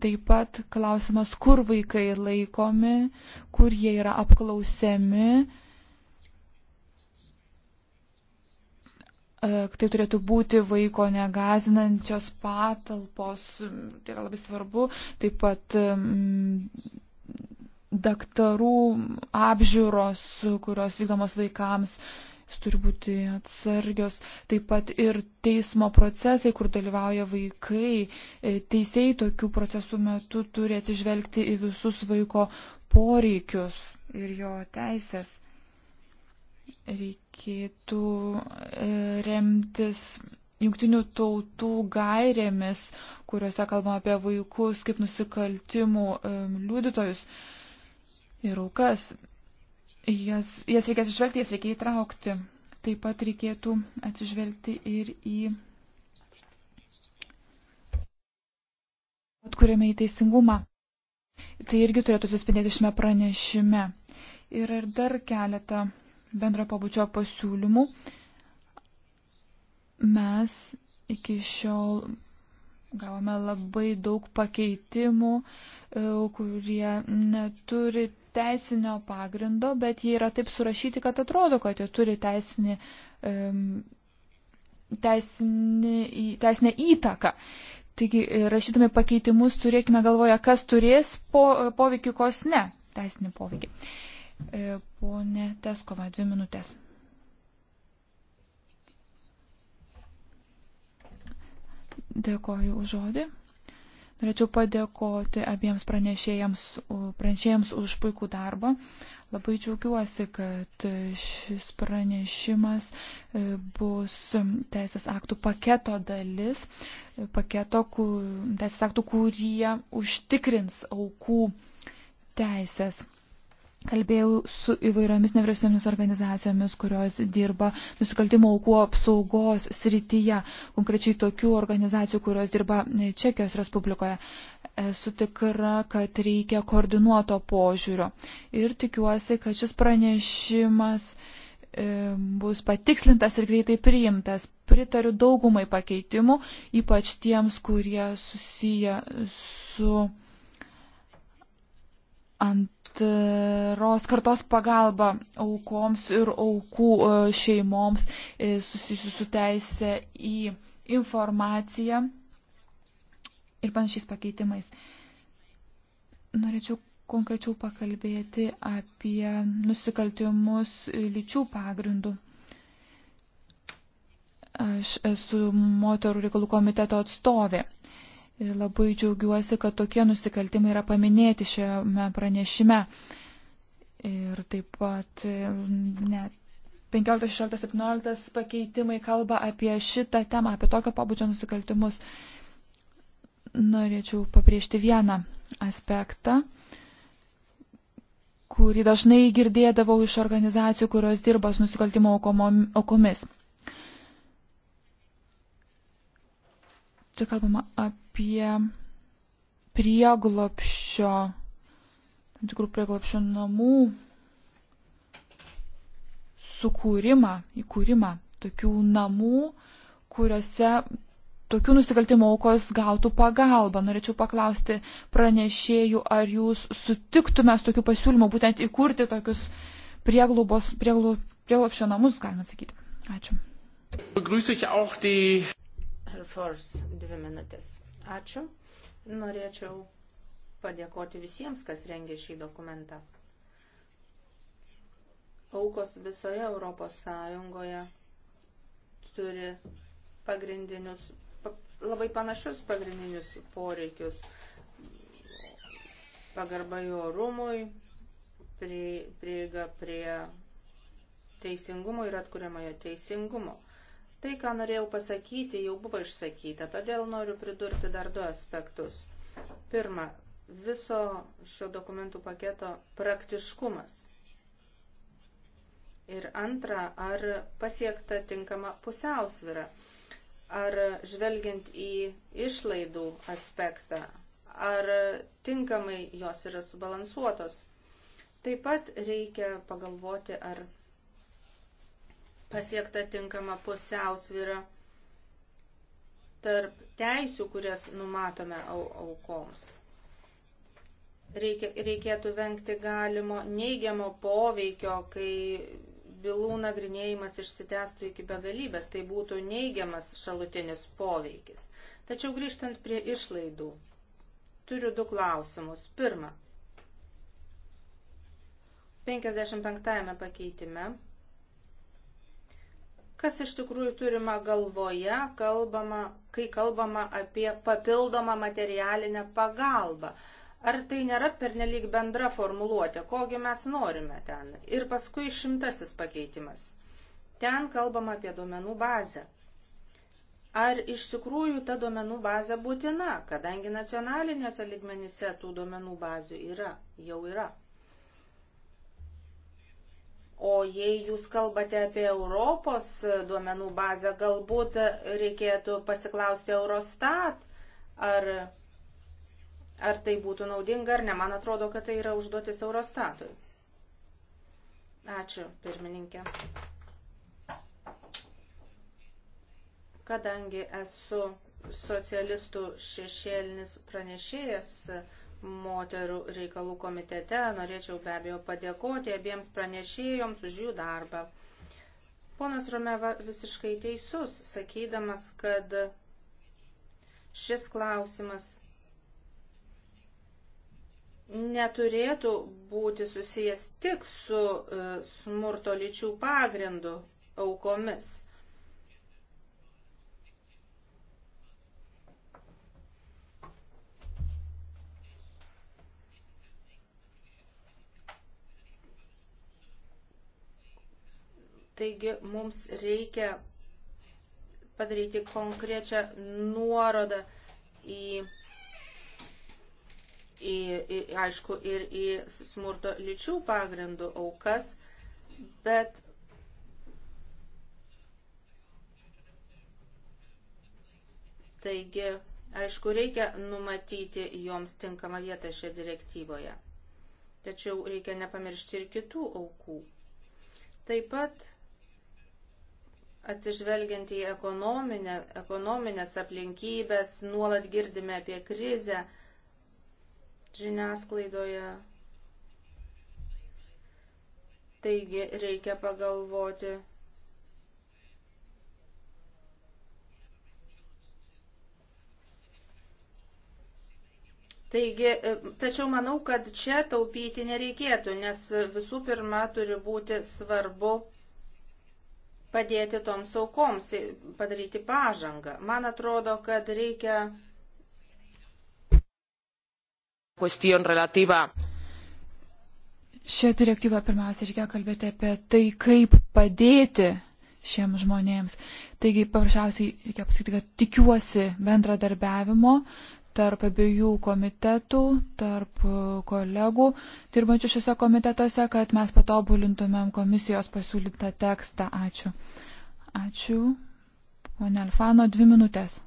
Taip pat klausimas, kur vaikai laikomi, kur jie yra apklausiami. E, tai turėtų būti vaiko negazinančios patalpos, tai yra labai svarbu, taip pat daktarų apžiūros, kurios vykdomos vaikams, turi būti atsargios. Taip pat ir teismo procesai, kur dalyvauja vaikai, e, teisėjai tokių procesų metu turi atsižvelgti į visus vaiko poreikius ir jo teisės. Reikėtų e, remtis jungtinių tautų gairėmis, kuriuose kalbama apie vaikus kaip nusikaltimų e, liudytojus ir aukas. Jas, jas reikia atsižvelgti, jas reikia įtraukti. Taip pat reikėtų atsižvelgti ir į atkuriame į teisingumą. Tai irgi turėtų suspindėti šiame pranešime. Ir, ir dar keletą bendro pabučio pasiūlymų. Mes iki šiol gavome labai daug pakeitimų, e, kurie neturi teisinio pagrindo, bet jie yra taip surašyti, kad atrodo, kad jie turi teisinį, teisinį, teisinę įtaką. Taigi, e, rašydami pakeitimus, turėkime galvoje, kas turės po, poveikį, kas ne. Teisinį poveikį. E, Pone Teskova, dvi minutės. Dėkoju už žodį. Norėčiau padėkoti abiems pranešėjams, pranešėjams už puikų darbą. Labai džiaugiuosi, kad šis pranešimas e, bus teisės aktų paketo dalis, e, paketo kur, teisės aktų, kurie užtikrins aukų teisės. Kalbėjau su įvairiomis nevyriausybinėmis organizacijomis, kurios dirba nusikaltimo aukų apsaugos srityje, konkrečiai tokių organizacijų, kurios dirba Čekijos Respublikoje. Esu tikra, kad reikia koordinuoto požiūrio ir tikiuosi, kad šis pranešimas e, bus patikslintas ir greitai priimtas. Pritariu daugumai pakeitimų, ypač tiems, kurie susiję su ant antros kartos pagalba aukoms ir aukų e, šeimoms e, susijusių su teisė į informaciją ir panašiais pakeitimais. Norėčiau konkrečiau pakalbėti apie nusikaltimus lyčių pagrindų. Aš esu moterų reikalų komiteto atstovė. Ir labai džiaugiuosi, kad tokie nusikaltimai yra paminėti šiame pranešime. Ir taip pat net 15, 16, 17 pakeitimai kalba apie šitą temą, apie tokio pabudžio nusikaltimus. Norėčiau pabrėžti vieną aspektą, kurį dažnai girdėdavau iš organizacijų, kurios dirba su nusikaltimo aukomis. Čia kalbama apie apie prieglopščio, tam tikrų prieglopščio namų sukūrimą, įkūrimą tokių namų, kuriuose tokių nusikaltimo aukos gautų pagalbą. Norėčiau paklausti pranešėjų, ar jūs sutiktumės tokiu pasiūlymu būtent įkurti tokius prieglobos, prieglopšio namus, galima sakyti. Ačiū. Begrüße ich auch die. Herr Fors, dvi minutės. Ačiū. Norėčiau padėkoti visiems, kas rengė šį dokumentą. Aukos visoje Europos Sąjungoje turi pagrindinius, labai panašius pagrindinius poreikius. Pagarba jo rūmui, prieiga prie, prie teisingumo ir atkuriamojo teisingumo. Tai, ką norėjau pasakyti, jau buvo išsakyta, todėl noriu pridurti dar du aspektus. Pirma, viso šio dokumentų paketo praktiškumas. Ir antra, ar pasiekta tinkama pusiausvyra, ar žvelgiant į išlaidų aspektą, ar tinkamai jos yra subalansuotos. Taip pat reikia pagalvoti, ar pasiekta tinkama pusiausvyra tarp teisių, kurias numatome au aukoms. Reikia, reikėtų vengti galimo neigiamo poveikio, kai bylų nagrinėjimas išsitęstų iki begalybės, tai būtų neigiamas šalutinis poveikis. Tačiau grįžtant prie išlaidų, turiu du klausimus. Pirma, 55 pakeitime kas iš tikrųjų turima galvoje, kalbama, kai kalbama apie papildomą materialinę pagalbą. Ar tai nėra pernelyg bendra formuluotė, kogi mes norime ten? Ir paskui šimtasis pakeitimas. Ten kalbama apie duomenų bazę. Ar iš tikrųjų ta duomenų bazė būtina, kadangi nacionalinėse ligmenyse tų duomenų bazių yra, jau yra. O jei jūs kalbate apie Europos duomenų bazę, galbūt reikėtų pasiklausti Eurostat, ar, ar tai būtų naudinga ar ne. Man atrodo, kad tai yra užduotis Eurostatui. Ačiū, pirmininkė. Kadangi esu socialistų šešėlinis pranešėjas, moterų reikalų komitete. Norėčiau be abejo padėkoti abiems pranešėjoms už jų darbą. Ponas Romeva visiškai teisus, sakydamas, kad šis klausimas neturėtų būti susijęs tik su e, smurto lyčių pagrindu aukomis. Taigi mums reikia padaryti konkrečią nuorodą į, į, į aišku, ir į smurto lyčių pagrindų aukas, bet taigi, aišku, reikia numatyti joms tinkamą vietą šioje direktyvoje. Tačiau reikia nepamiršti ir kitų aukų. Taip pat atsižvelgiant į ekonominę, ekonominės aplinkybės, nuolat girdime apie krizę žiniasklaidoje. Taigi reikia pagalvoti. Taigi, tačiau manau, kad čia taupyti nereikėtų, nes visų pirma turi būti svarbu padėti toms aukoms, padaryti pažangą. Man atrodo, kad reikia. Šią direktyvą pirmiausia reikia kalbėti apie tai, kaip padėti šiems žmonėms. Taigi, paprasčiausiai reikia pasakyti, kad tikiuosi bendradarbiavimo tarp abiejų komitetų, tarp kolegų, dirbančių šiuose komitetuose, kad mes patobulintumėm komisijos pasiūlytą tekstą. Ačiū. Ačiū. Pone Alfano, dvi minutės.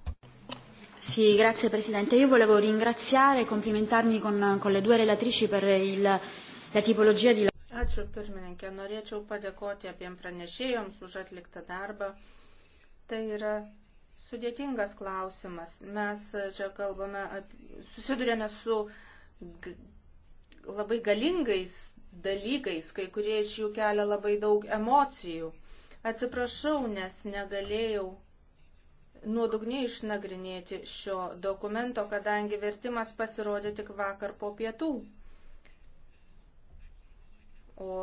Sì, grazie Presidente. Io volevo ringraziare e complimentarmi con, con le due relatrici per il, la tipologia di lavoro. Ačiū pirmininkė, norėčiau padėkoti abiem pranešėjoms už atliktą darbą. Tai yra sudėtingas klausimas. Mes čia kalbame, susidurėme su labai galingais dalykais, kai kurie iš jų kelia labai daug emocijų. Atsiprašau, nes negalėjau nuodugniai išnagrinėti šio dokumento, kadangi vertimas pasirodė tik vakar po pietų. O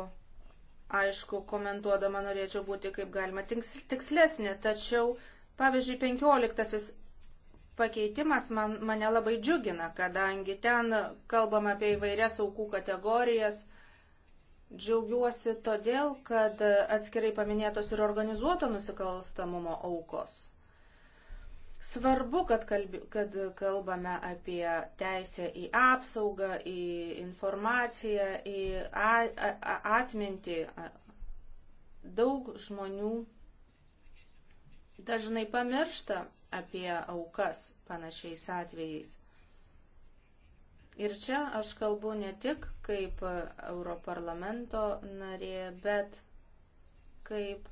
aišku, komentuodama norėčiau būti kaip galima tikslesnė, tačiau Pavyzdžiui, 15 pakeitimas man, mane labai džiugina, kadangi ten kalbam apie įvairias aukų kategorijas. Džiaugiuosi todėl, kad atskirai paminėtos ir organizuoto nusikalstamumo aukos. Svarbu, kad, kalbi, kad kalbame apie teisę į apsaugą, į informaciją, į a, a, a, atmintį. Daug žmonių dažnai pamiršta apie aukas panašiais atvejais. Ir čia aš kalbu ne tik kaip Europarlamento narė, bet kaip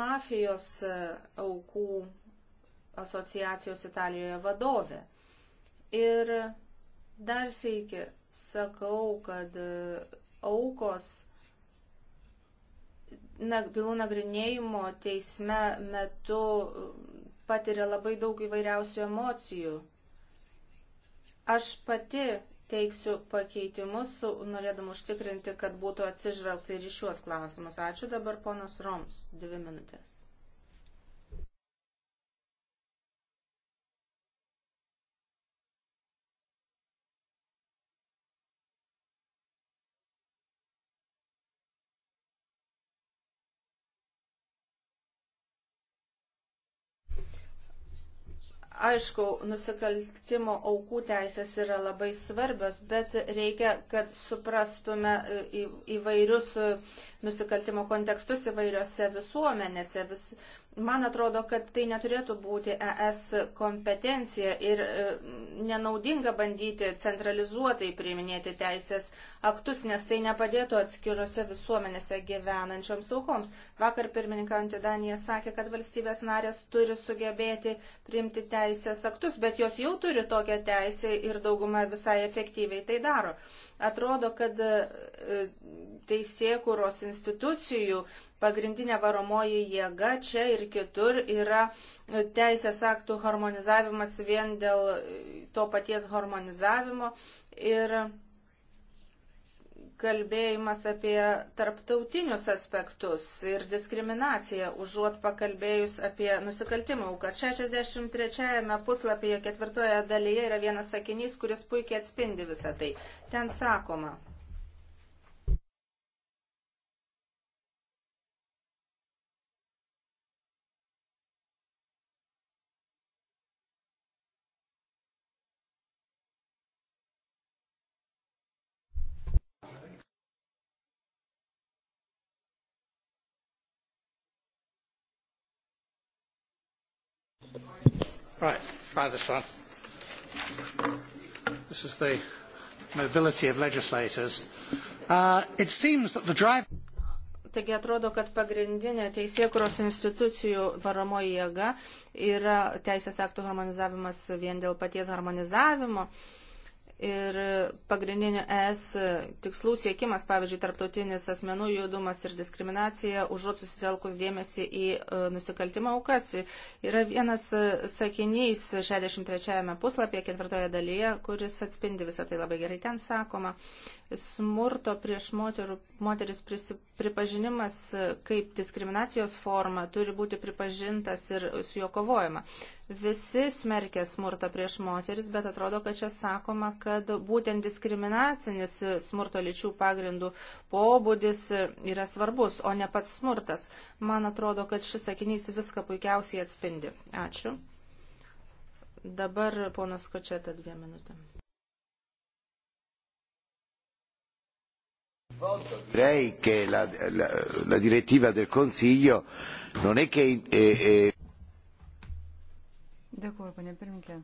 mafijos aukų asociacijos Italijoje vadovė. Ir dar sveiki, sakau, kad aukos bylų nagrinėjimo teisme metu um, patiria labai daug įvairiausių emocijų. Aš pati teiksiu pakeitimus, norėdam užtikrinti, kad būtų atsižvelgta ir į šiuos klausimus. Ačiū dabar ponas Roms, dvi minutės. Aišku, nusikaltimo aukų teisės yra labai svarbios, bet reikia, kad suprastume e, įvairius e, nusikaltimo kontekstus įvairiose visuomenėse. Vis, Man atrodo, kad tai neturėtų būti ES kompetencija ir e, nenaudinga bandyti centralizuotai priiminėti teisės aktus, nes tai nepadėtų atskiriuose visuomenėse gyvenančioms aukoms. Vakar pirmininkantį Daniją sakė, kad valstybės narės turi sugebėti priimti teisės aktus, bet jos jau turi tokią teisę ir dauguma visai efektyviai tai daro. Atrodo, kad e, teisėkuros institucijų Pagrindinė varomoji jėga čia ir kitur yra teisės aktų harmonizavimas vien dėl to paties harmonizavimo ir kalbėjimas apie tarptautinius aspektus ir diskriminaciją, užuot pakalbėjus apie nusikaltimą aukas. 63 puslapyje ketvirtoje dalyje yra vienas sakinys, kuris puikiai atspindi visą tai. Ten sakoma. Right, try this one. This is the mobility of legislators. Uh, it seems that the drive... Taigi atrodo, kad pagrindinė teisėkuros institucijų varomoji jėga yra teisės aktų harmonizavimas vien dėl paties harmonizavimo. Uh, ir pagrindinių ES tikslų siekimas, pavyzdžiui, tarptautinis asmenų judumas ir diskriminacija, užuot susitelkus dėmesį į e, nusikaltimą aukas, yra vienas e, sakinys 63 puslapyje, ketvirtoje dalyje, kuris atspindi visą tai labai gerai. Ten sakoma, smurto prieš moterų, moteris prisip, pripažinimas e, kaip diskriminacijos forma turi būti pripažintas ir su juo kovojama. Visi smerkia smurtą prieš moteris, bet atrodo, kad čia sakoma, kad būtent diskriminacinis e, smurto lyčių pagrindų pobūdis e, yra svarbus, o ne pats smurtas. Man atrodo, kad šis sakinys viską puikiausiai atspindi. Ačiū. Dabar ponas Kočeta dviem minutėm. Direi che la, la, la direttiva del Consiglio non è che... Eh, eh... Dėkuoju, panė pirmininkė.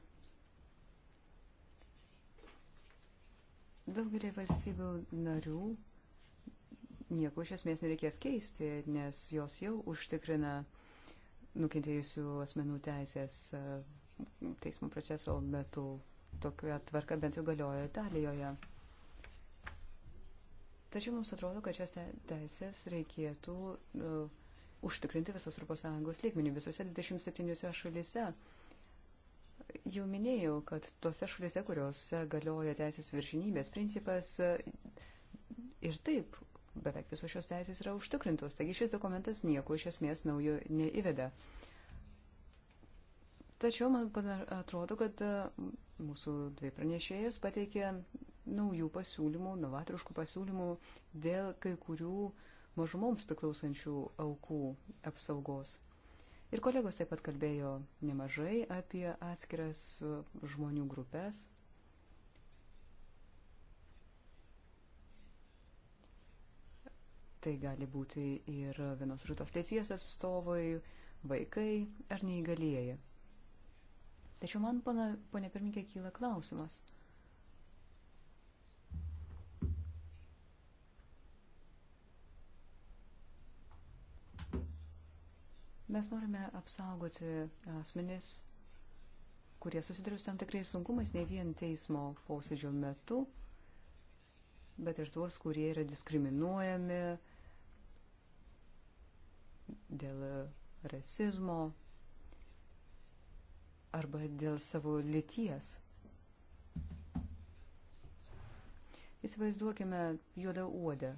Daugelį valstybių narių nieko iš esmės nereikės keisti, nes jos jau užtikrina nukentėjusių asmenų teisės eh, teismo proceso metu. Tokia tvarka bent jau galioja Italijoje. Tačiau mums atrodo, kad šias teisės reikėtų uh, užtikrinti visos ES lygmenį, visose 27 šalise. Jau minėjau, kad tose šalise, kuriuose galioja teisės viršinybės principas ir taip beveik visos šios teisės yra užtikrintos. Taigi šis dokumentas nieko iš esmės naujo neįveda. Tačiau man atrodo, kad e, mūsų dvi pranešėjus pateikė naujų pasiūlymų, novatoriškų pasiūlymų dėl kai kurių mažumoms priklausančių aukų apsaugos. Ir kolegos taip pat kalbėjo nemažai apie atskiras žmonių grupės. Tai gali būti ir vienos rytos lyties atstovai, vaikai ar neįgalieji. Tačiau man, pana, ponia pirmininkė, kyla klausimas – Mes norime apsaugoti asmenis, kurie susidurius tam tikrai sunkumais ne vien teismo posėdžio metu, bet ir tuos, kurie yra diskriminuojami dėl rasizmo arba dėl savo lyties. Įsivaizduokime juodą uodę.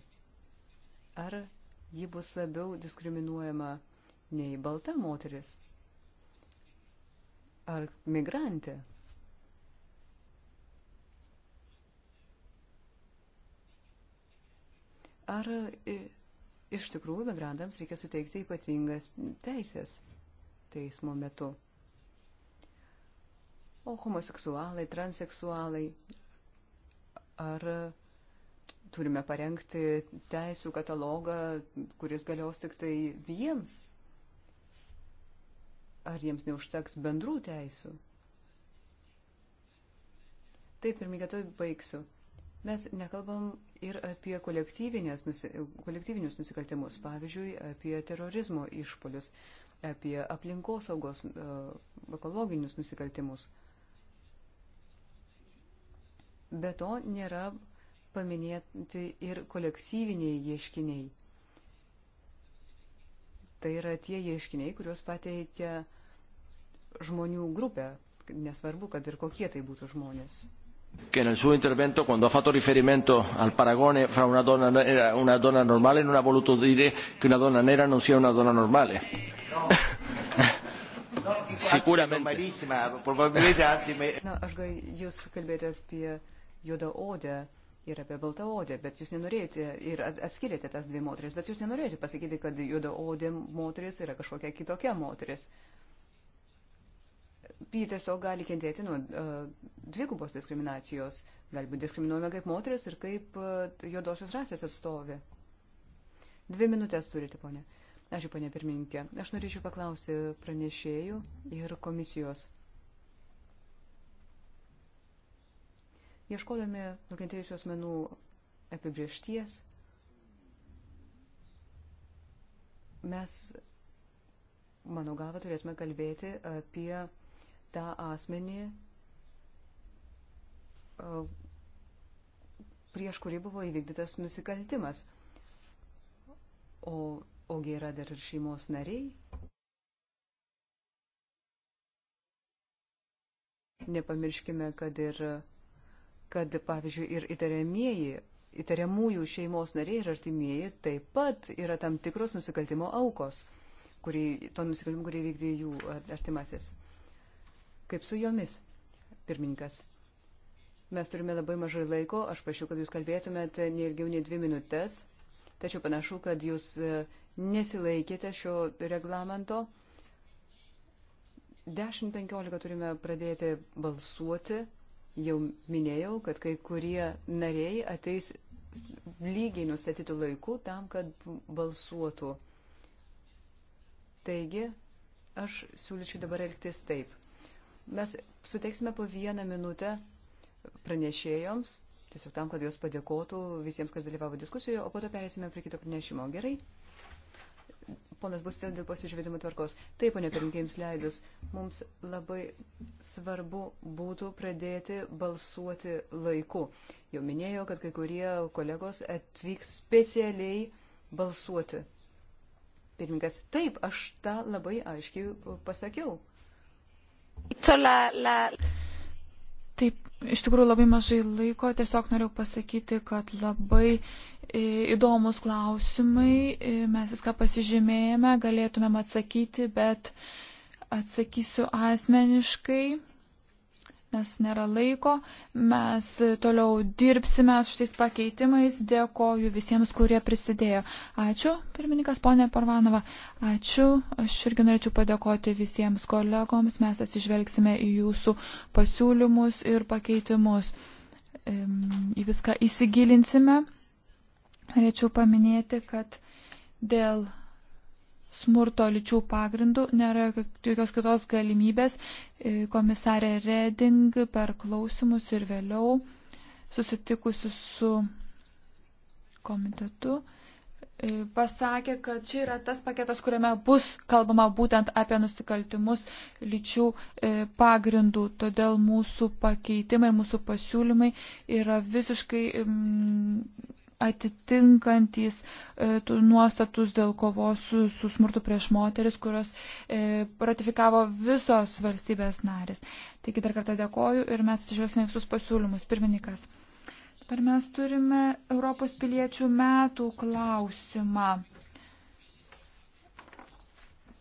Ar ji bus labiau diskriminuojama nei balta moteris ar migrantė. Ar iš tikrųjų migrantams reikia suteikti ypatingas teisės teismo metu? O homoseksualai, transeksualai, ar turime parengti teisų katalogą, kuris galios tik tai jiems? Ar jiems neužteks bendrų teisų? Taip, pirmininkė, to baigsiu. Mes nekalbam ir apie nusi, kolektyvinius nusikaltimus, pavyzdžiui, apie terorizmo išpolius, apie aplinkosaugos uh, ekologinius nusikaltimus. Be to nėra paminėti ir kolektyviniai ieškiniai. Tai yra tie ieškiniai, kuriuos pateikia žmonių grupė, nesvarbu, kad ir kokie tai būtų žmonės. que en el suo intervento, cuando ha fatto riferimento al paragone fra una donna nera e una donna normale, non ha voluto dire che una donna nera non sia una donna normale. Eh. No. no Sicuramente. No, ah, aš gal jūs kalbėjote apie juodaodę ir apie baltaodę, bet jūs nenorėjote ir atskirėte tas dvi moteris, bet jūs nenorėjote pasakyti, kad juodaodė moteris yra kažkokia kitokia moteris. Ji tiesiog gali kentėti nuo uh, dvigubos diskriminacijos, gali būti diskriminuojama kaip moteris ir kaip uh, juodosios rasės atstovė. Dvi minutės turite, ponė. Ačiū, ponė pirmininkė. Aš norėčiau paklausti pranešėjų ir komisijos. Uh, Ieškodami nukentėjusių asmenų apibriešties, mes, mano galva, turėtume kalbėti apie tą asmenį, prieš kurį buvo įvykdytas nusikaltimas. O, ogi yra dar ir šeimos nariai. Nepamirškime, kad ir kad, pavyzdžiui, ir įtariamieji, įtariamųjų šeimos nariai ir artimieji taip pat yra tam tikros nusikaltimo aukos, kurį, to nusikaltimo, kurį vykdė jų artimasis. Kaip su jomis, pirmininkas? Mes turime labai mažai laiko, aš prašiau, kad jūs kalbėtumėt neilgiau nei dvi minutės, tačiau panašu, kad jūs e, nesilaikėte šio reglamento. 10.15 turime pradėti balsuoti Jau minėjau, kad kai kurie nariai ateis lygiai nustatytų laikų tam, kad balsuotų. Taigi, aš siūlyčiau dabar elgtis taip. Mes suteiksime po vieną minutę pranešėjoms, tiesiog tam, kad jos padėkotų visiems, kas dalyvavo diskusijoje, o po to perėsime prie kito pranešimo. Gerai? Ponas bus dėl pasižiūrėdimo tvarkos. Taip, ponė pirmkėjams leidus, mums labai svarbu būtų pradėti balsuoti laiku. Jau minėjau, kad kai kurie kolegos atvyks specialiai balsuoti. Pirmininkas, taip, aš tą labai aiškiai pasakiau. Taip, Iš tikrųjų labai mažai laiko, tiesiog noriu pasakyti, kad labai e, įdomus klausimai, e, mes viską pasižymėjome, galėtumėm atsakyti, bet atsakysiu asmeniškai nes nėra laiko. Mes toliau dirbsime su šitais pakeitimais. Dėkoju visiems, kurie prisidėjo. Ačiū, pirmininkas ponė Parvanova. Ačiū. Aš irgi norėčiau padėkoti visiems kolegoms. Mes atsižvelgsime į jūsų pasiūlymus ir pakeitimus. Į viską įsigilinsime. Norėčiau paminėti, kad dėl smurto lyčių pagrindų, nėra jokios kitos galimybės. E, komisarė Reding per klausimus ir vėliau susitikusi su komitetu e, pasakė, kad čia yra tas paketas, kuriame bus kalbama būtent apie nusikaltimus lyčių e, pagrindų. Todėl mūsų pakeitimai, mūsų pasiūlymai yra visiškai. Mm, atitinkantys e, nuostatus dėl kovos su, su smurtu prieš moteris, kurios e, ratifikavo visos valstybės narės. Taigi dar kartą dėkoju ir mes atsižvelgsime visus pasiūlymus. Pirmininkas. Dabar mes turime Europos piliečių metų klausimą.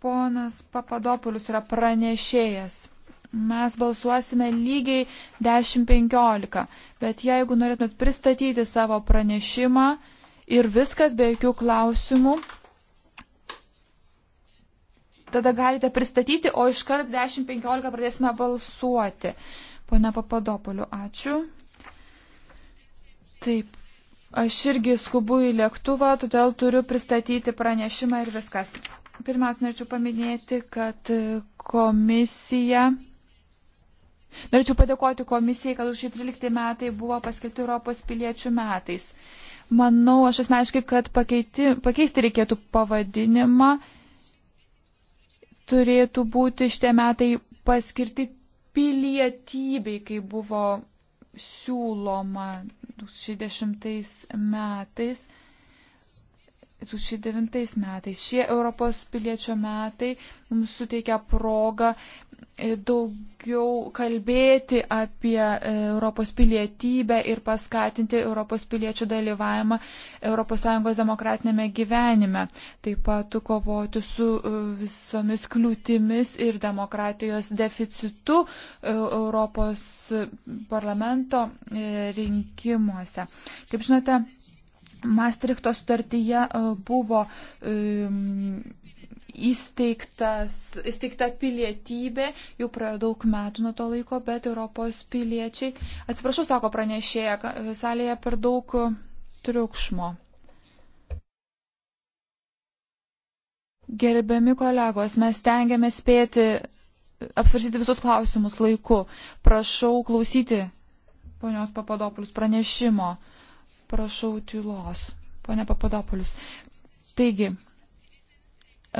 Ponas Papadopulius yra pranešėjas mes balsuosime lygiai 10-15. Bet jeigu norėtumėt pristatyti savo pranešimą ir viskas be jokių klausimų, tada galite pristatyti, o iškart 10-15 pradėsime balsuoti. Pone Papadopoliu, ačiū. Taip, aš irgi skubu į lėktuvą, todėl turiu pristatyti pranešimą ir viskas. Pirmiausia, norėčiau paminėti, kad komisija Norėčiau padėkoti komisijai, kad už šį 13 metai buvo paskirti Europos piliečių metais. Manau, aš asmeniškai, kad pakeiti, pakeisti reikėtų pavadinimą. Turėtų būti šitie metai paskirti pilietybei, kai buvo siūloma 60 metais. 2009 metais. Šie Europos piliečio metai mums suteikia progą e, daugiau kalbėti apie e, Europos pilietybę ir paskatinti Europos piliečių dalyvavimą ES demokratinėme gyvenime. Taip pat kovoti su e, visomis kliūtimis ir demokratijos deficitu Europos parlamento rinkimuose. Kaip žinote, Mastrichto sutartyje e, buvo e, įsteigtas, įsteigta pilietybė, jau praėjo daug metų nuo to laiko, bet Europos piliečiai, atsiprašau, sako pranešėja, e, salėje per daug triukšmo. Gerbiami kolegos, mes tengiamės spėti apsvarstyti visus klausimus laiku. Prašau klausyti ponios Papadopulius pranešimo. Prašau tylos, ponė Papadopolius. Taigi,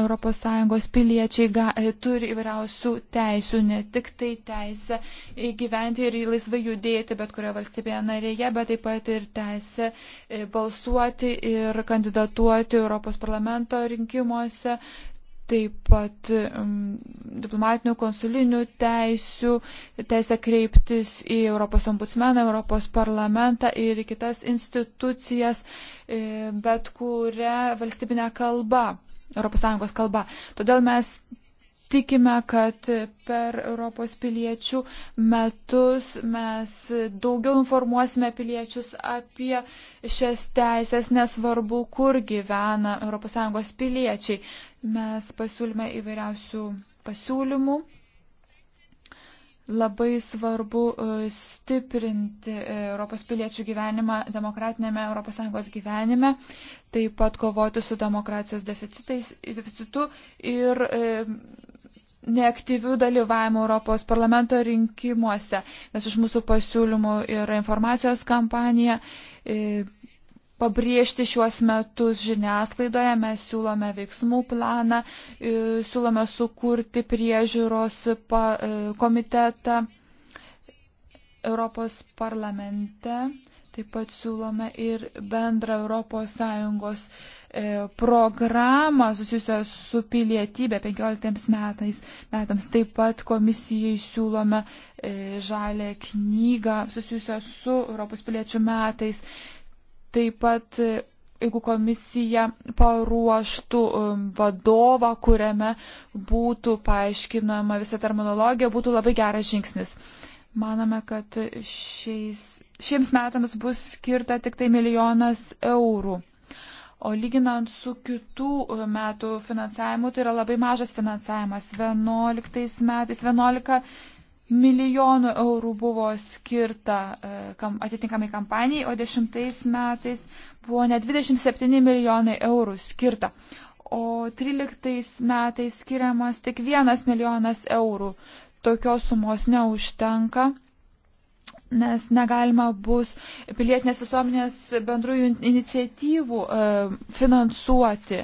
ES piliečiai ga, e, turi įvairiausių teisių, ne tik tai teisę gyventi ir laisvai judėti bet kurioje valstybėje narėje, bet taip pat ir teisę e, balsuoti ir kandidatuoti Europos parlamento rinkimuose, taip pat um, diplomatinių konsulinių teisių, teisę kreiptis į Europos ombudsmeną, Europos parlamentą ir kitas institucijas, e, bet kurią valstybinę kalbą, ES kalbą. Todėl mes tikime, kad per Europos piliečių metus mes daugiau informuosime piliečius apie šias teisės, nesvarbu, kur gyvena ES piliečiai. Mes pasiūlėme įvairiausių pasiūlymų. Labai svarbu e, stiprinti e, Europos piliečių gyvenimą demokratinėme ES gyvenime, taip pat kovoti su demokratijos deficitu ir e, neaktyvių dalyvavimų Europos parlamento rinkimuose, nes iš mūsų pasiūlymų yra informacijos kampanija, pabrėžti šiuos metus žiniasklaidoje, mes siūlome veiksmų planą, e, siūlome sukurti priežiūros e, komitetą Europos parlamente, taip pat siūlome ir bendrą ES e, programą susijusią su pilietybė 15 metais, metams. Taip pat komisijai siūlome žalę knygą susijusią su Europos piliečių metais. Taip pat, e, jeigu komisija paruoštų um, vadovą, kuriame būtų paaiškinama visa terminologija, būtų labai geras žingsnis. Manome, kad šiais, šiems metams bus skirta tik tai milijonas eurų. O lyginant su kitų e, metų finansavimu, tai yra labai mažas finansavimas. 11 metais 11 milijonų eurų buvo skirta e, atitinkamai kampanijai, o dešimtais metais buvo net 27 milijonai eurų skirta, o 13 metais skiriamas tik 1 milijonas eurų. Tokios sumos neužtenka, nes negalima bus pilietinės visuomenės bendrųjų iniciatyvų e, finansuoti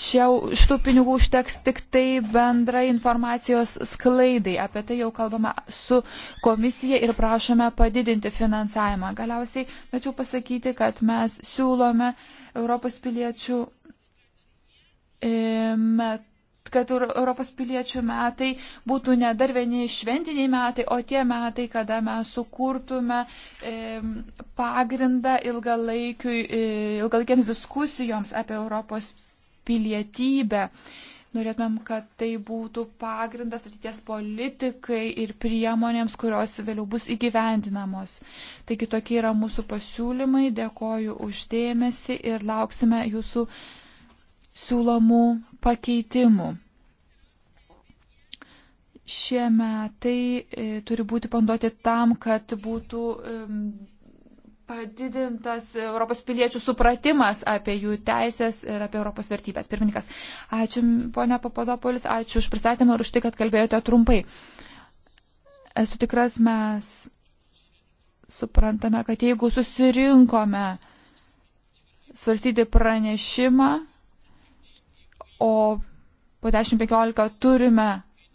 čia šitų pinigų užteks tik tai bendrai informacijos sklaidai. Apie tai jau kalbame su komisija ir prašome padidinti finansavimą. Galiausiai norėčiau pasakyti, kad mes siūlome Europos piliečių e, metu kad Europos piliečių metai būtų ne dar vieni šventiniai metai, o tie metai, kada mes sukurtume e, pagrindą ilgalaikiams e, diskusijoms apie Europos pilietybę. Norėtumėm, kad tai būtų pagrindas ateities politikai ir priemonėms, kurios vėliau bus įgyvendinamos. Taigi tokie yra mūsų pasiūlymai, dėkoju uždėmesi ir lauksime jūsų siūlomų pakeitimų. Šie metai e, turi būti panduoti tam, kad būtų. E, padidintas Europos piliečių supratimas apie jų teisės ir apie Europos vertybės. Pirmininkas, ačiū ponia Papadopolis, ačiū už pristatymą ir už tai, kad kalbėjote trumpai. Esu tikras, mes suprantame, kad jeigu susirinkome svarstyti pranešimą, o po 10-15 turime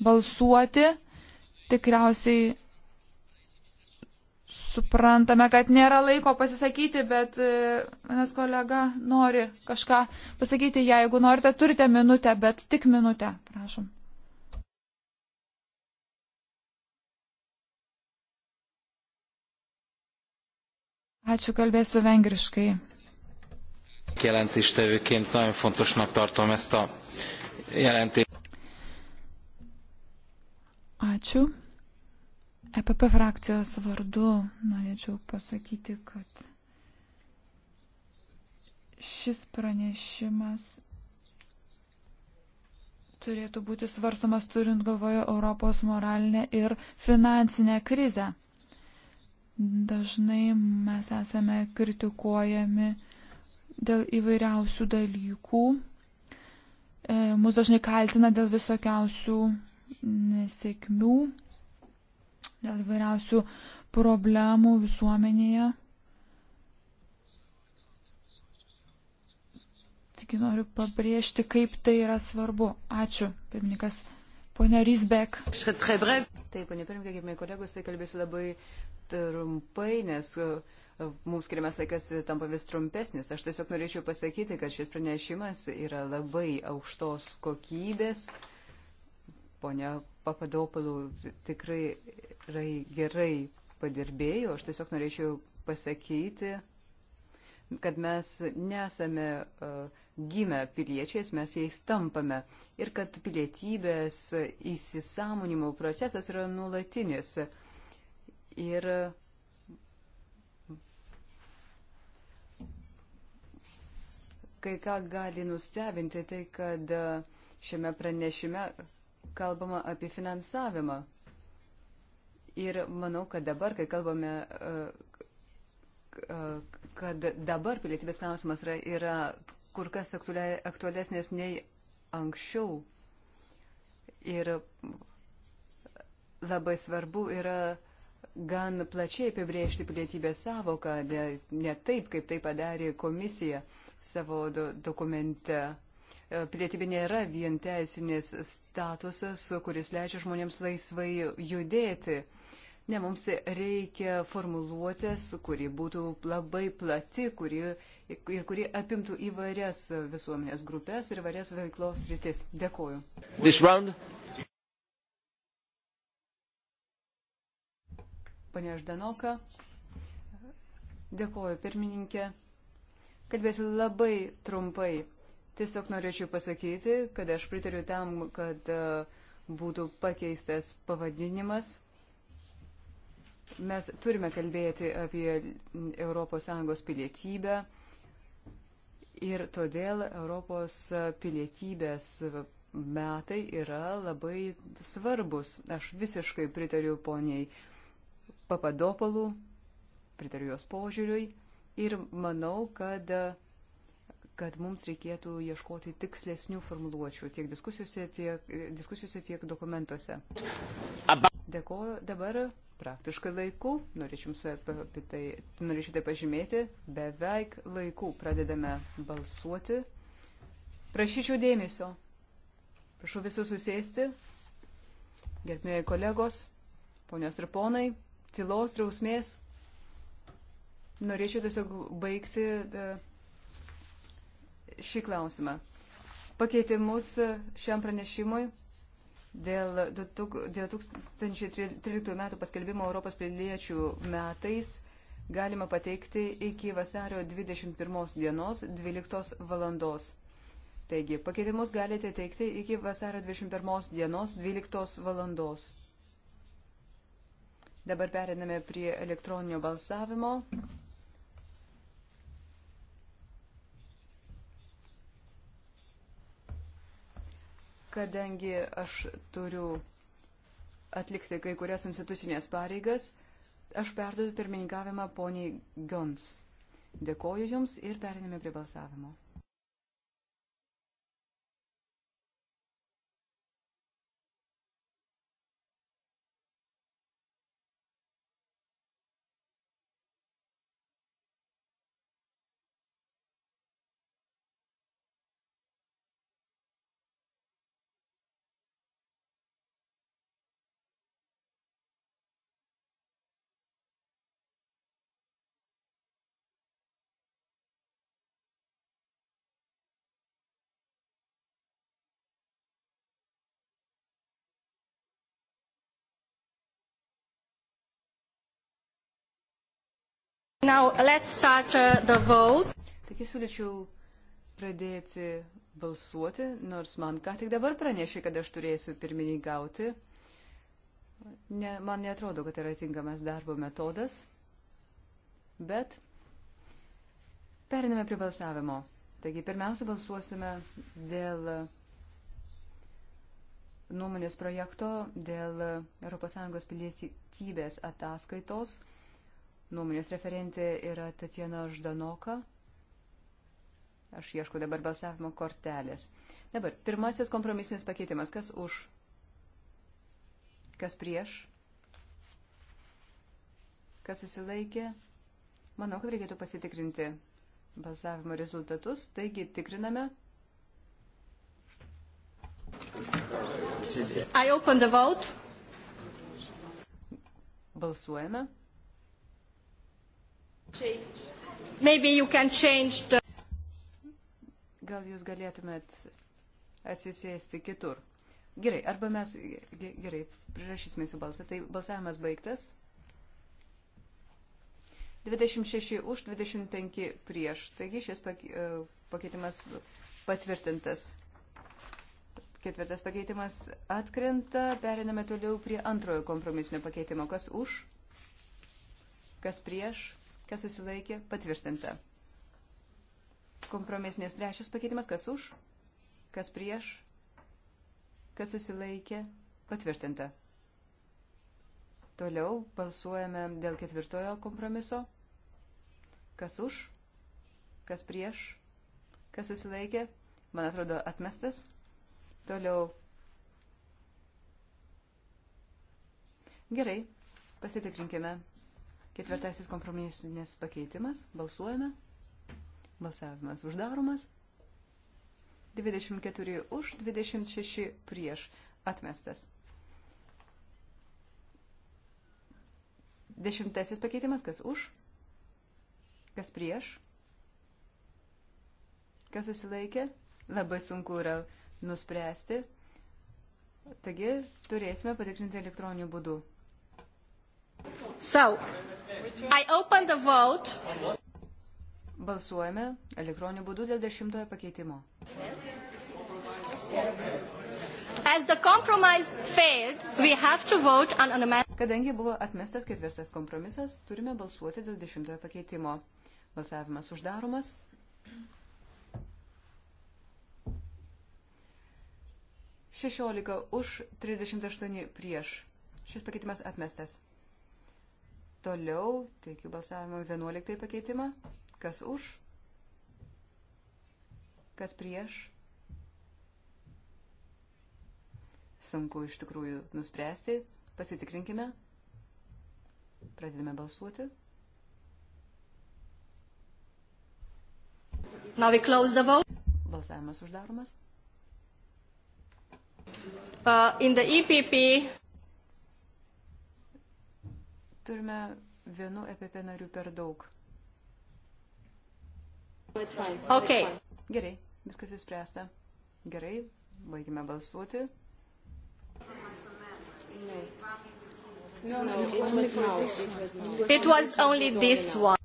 balsuoti, tikriausiai Suprantame, kad nėra laiko pasisakyti, bet vienas kolega nori kažką pasakyti. Jeigu norite, turite minutę, bet tik minutę, prašom. Ačiū, kalbėsiu vengriškai. Jelentéstevőként nagyon fontosnak tartom ezt a jelentést. Ačiū. EPP frakcijos vardu norėčiau pasakyti, kad šis pranešimas turėtų būti svarstomas turint galvoje Europos moralinę ir finansinę krizę. Dažnai mes esame kritikuojami dėl įvairiausių dalykų. E, Mūsų dažnai kaltina dėl visokiausių nesėkmių dėl įvairiausių problemų visuomenėje. Tik noriu pabrėžti, kaip tai yra svarbu. Ačiū, pirmininkas. Pone Rysbek. Taip, ponė pirmininkė, kaip mėgai kolegos, tai kalbėsiu labai trumpai, nes uh, mums skiriamas laikas tampa vis trumpesnis. Aš tiesiog norėčiau pasakyti, kad šis pranešimas yra labai aukštos kokybės. Pone Papadopalų tikrai tikrai gerai padirbėjo. Aš tiesiog norėčiau pasakyti, kad mes nesame uh, gimę piliečiais, mes jais tampame. Ir kad pilietybės įsisamonimo procesas yra nuolatinis. Ir kai ką gali nustebinti, tai kad e, šiame pranešime kalbama apie finansavimą. Ir manau, kad dabar, kai kalbame, e, e, kad dabar pilietybės klausimas yra, yra kur kas aktualesnės nei anksčiau. Ir labai svarbu yra gan plačiai apibriežti pilietybės savoką, ne, ne taip, kaip tai padarė komisija savo do, dokumente. E, pilietybė nėra vien teisinės statusas, kuris leidžia žmonėms laisvai judėti. Ne, mums reikia formuluotės, kuri būtų labai plati kuri, ir kuri apimtų įvairias visuomenės grupės ir įvairias veiklos rytis. Dėkuoju. Pane Ždanoka, dėkuoju pirmininkė. Kalbėsiu labai trumpai. Tiesiog norėčiau pasakyti, kad aš pritariu tam, kad e, būtų pakeistas pavadinimas Mes turime kalbėti apie ES pilietybę ir todėl Europos pilietybės metai yra labai svarbus. Aš visiškai pritariu poniai Papadopolų, pritariu jos požiūriui ir manau, kad kad mums reikėtų ieškoti tikslesnių formuluočių tiek diskusijose, tiek, diskusijose, tiek dokumentuose. Dėkoju. Dabar praktiškai laiku, norėčiau jums apie tai, tai, norėčiau tai pažymėti, beveik laiku pradedame balsuoti. Prašyčiau dėmesio. Prašau visus susėsti. Gerbėjai kolegos, ponios ir ponai, tylos, drausmės. Norėčiau tiesiog baigti e, šį klausimą. Pakeitimus e, šiam pranešimui dėl 2013 metų paskelbimo Europos piliečių metais galima pateikti iki vasario 21 dienos 12 valandos. Taigi, pakeitimus galite teikti iki vasario 21 dienos 12 valandos. Dabar periname prie elektroninio balsavimo. kadangi aš turiu atlikti kai kurias institucinės pareigas, aš perduodu pirmininkavimą poniai Gons. Dėkoju Jums ir periname prie balsavimo. Now let's start uh, the vote. Taigi siūlyčiau pradėti balsuoti, nors man ką tik dabar pranešė, kad aš turėsiu pirmininkauti. Ne, man netrodo, kad yra tinkamas darbo metodas, bet periname prie balsavimo. Taigi pirmiausia balsuosime dėl nuomonės projekto, dėl ES pilietybės ataskaitos Nuomonės referentė yra Tatjana Ždanoka. Aš iešku dabar balsavimo kortelės. Dabar, pirmasis kompromisinis pakeitimas. Kas už? Kas prieš? Kas susilaikė? Manau, kad reikėtų pasitikrinti balsavimo rezultatus. Taigi, tikriname. I open the vote. Balsuojame. The... Gal jūs galėtumėt atsisėsti kitur. Gerai, arba mes, gerai, prirašysime jūsų balsą. Tai balsavimas baigtas. 26 už, 25 prieš. Taigi šis e, pakeitimas patvirtintas. Ketvirtas pakeitimas atkrinta. Periname toliau prie antrojo kompromisinio pakeitimo. Kas už, kas prieš, kas susilaikė, patvirtinta. Kompromisinės trečias pakeitimas, kas už, kas prieš, kas susilaikė, patvirtinta. Toliau balsuojame dėl ketvirtojo kompromiso. Kas už, kas prieš, kas susilaikė, man atrodo, atmestas. Toliau. Gerai, pasitikrinkime. Ketvirtasis kompromisinis pakeitimas. Balsuojame. Balsavimas uždaromas. 24 už, 26 prieš. Atmestas. Dešimtasis pakeitimas. Kas už? Kas prieš? Kas susilaikė? Labai sunku yra nuspręsti. Taigi turėsime patikrinti elektroniniu būdu. So, Balsuojame elektroniniu būdu dėl dešimtojo pakeitimo. Failed, an... Kadangi buvo atmestas ketvirtas kompromisas, turime balsuoti dėl dešimtojo pakeitimo. Balsavimas uždaromas. Šešiolika už, 38 prieš. Šis pakeitimas atmestas. Toliau teikiu balsavimo 11 pakeitimą. Kas už? Kas prieš? Sunku iš tikrųjų nuspręsti. Pasitikrinkime. Pradedame balsuoti. Now we close the vote. Balsavimas uždaromas. Uh, in the EPP Turime vienu EPP nariu per daug. Okay. Gerai, viskas įspręsta. Gerai, baigime balsuoti. No, no, it was no. It was only this one.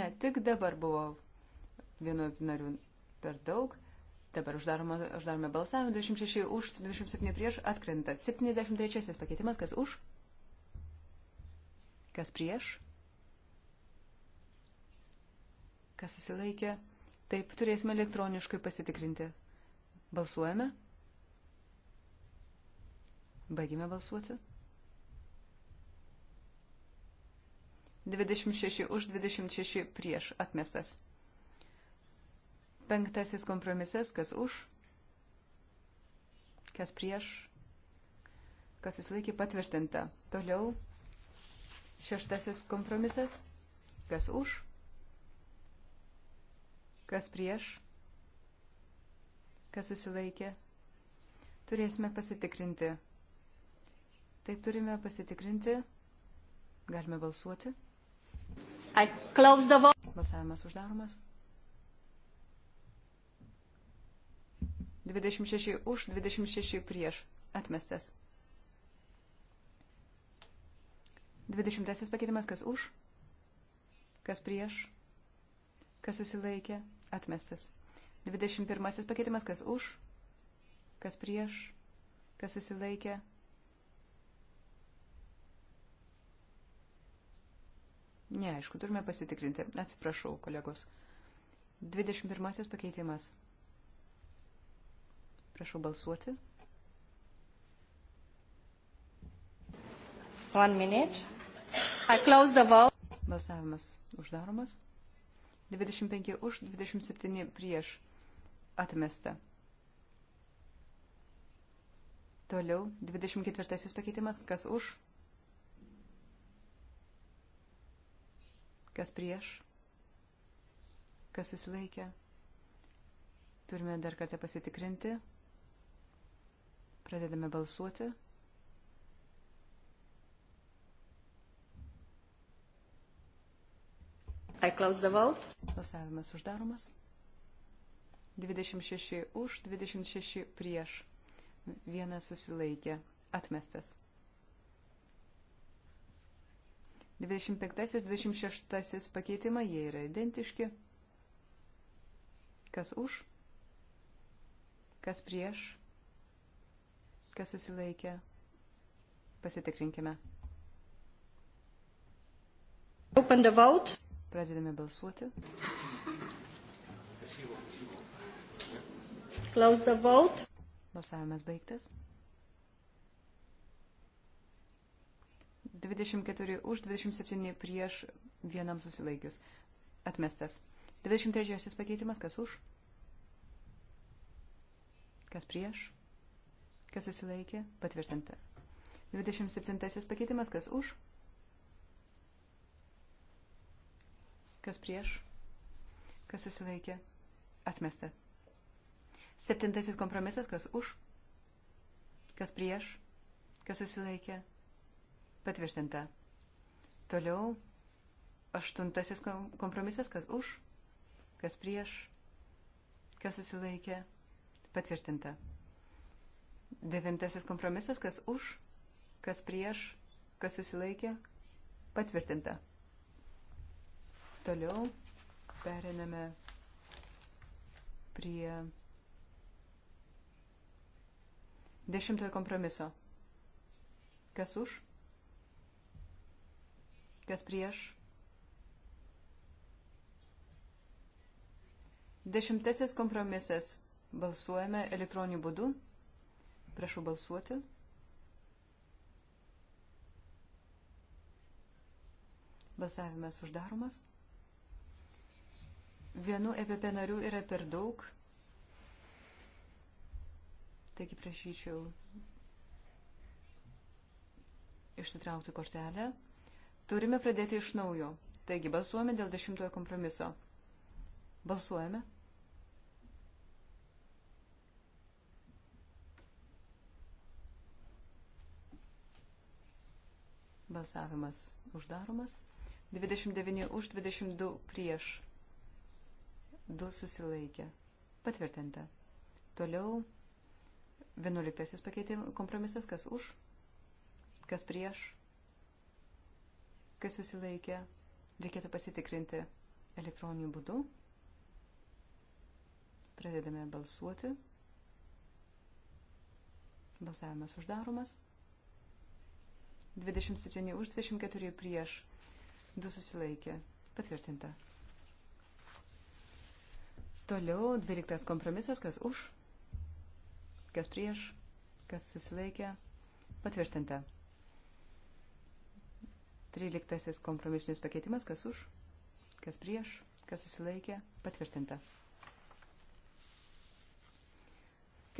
Ne, tik dabar buvo vienu nariu per daug. Dabar uždaroma, uždarome balsavimą. 26 už, 27 prieš atkrenta. 73 pakeitimas. Kas už? Kas prieš? Kas susilaikė? Taip, turėsime elektroniškai pasitikrinti. Balsuojame. Baigime balsuoti. 26 už 26 prieš atmestas. Penktasis kompromisas, kas už, kas prieš, kas susilaikė patvirtinta. Toliau šeštasis kompromisas, kas už, kas prieš, kas susilaikė. Turėsime pasitikrinti. Taip turime pasitikrinti. Galime balsuoti. Balsavimas uždaromas. 26 už, 26 prieš. Atmestas. 20 pakeitimas, kas už, kas prieš, kas susilaikė, atmestas. 21 pakeitimas, kas už, kas prieš, kas susilaikė. Neaišku, turime pasitikrinti. Atsiprašau, kolegos. 21 pakeitimas. Prašau balsuoti. One minute. I close the vote. Balsavimas uždaromas. 25 už, 27 prieš. Atmesta. Toliau 24 pakeitimas. Kas už? Kas prieš? Kas susilaikė? Turime dar kartą pasitikrinti. Pradedame balsuoti. I close the vote. Balsavimas uždaromas. 26 už, 26 prieš. Vienas susilaikė. Atmestas. 25, 26 pakeitimai, jie yra identiški. Kas už, kas prieš, kas susilaikė. Pasitikrinkime. Open the vote. Pradedame balsuoti. Close the vote. Balsavimas baigtas. 24 už, 27 prieš vienam susilaikius. Atmestas. 23 pakeitimas, kas už? Kas prieš? Kas susilaikė? Patvirtinta. 27 pakeitimas. Kas už? Kas prieš? Kas susilaikė? Atmesta. Septintasis kompromisas. Kas už? Kas prieš? Kas susilaikė? Patvirtinta. Toliau. Aštuntasis kompromisas. Kas už? Kas prieš? Kas susilaikė? Patvirtinta. Devintasis kompromisas, kas už, kas prieš, kas susilaikė, patvirtinta. Toliau periname prie dešimtojo kompromiso. Kas už, kas prieš. Dešimtasis kompromisas. Balsuojame elektroniniu būdu. Prašau balsuoti. Balsavimas uždaromas. Vienu EPP narių yra per daug. Taigi prašyčiau išsitraukti kortelę. Turime pradėti iš naujo. Taigi balsuojame dėl dešimtojo kompromiso. Balsuojame. Balsavimas uždaromas. 29 už, 22 prieš. 2 susilaikė. Patvirtinta. Toliau 11 pakeitimas kompromisas, kas už, kas prieš, kas susilaikė. Reikėtų pasitikrinti elektroniniu būdu. Pradedame balsuoti. Balsavimas uždaromas. 27 už, 24 prieš, 2 susilaikė. Patvirtinta. Toliau 12 kompromisas, kas už, kas prieš, kas susilaikė. Patvirtinta. 13 kompromisinis pakeitimas, kas už, kas prieš, kas susilaikė. Patvirtinta.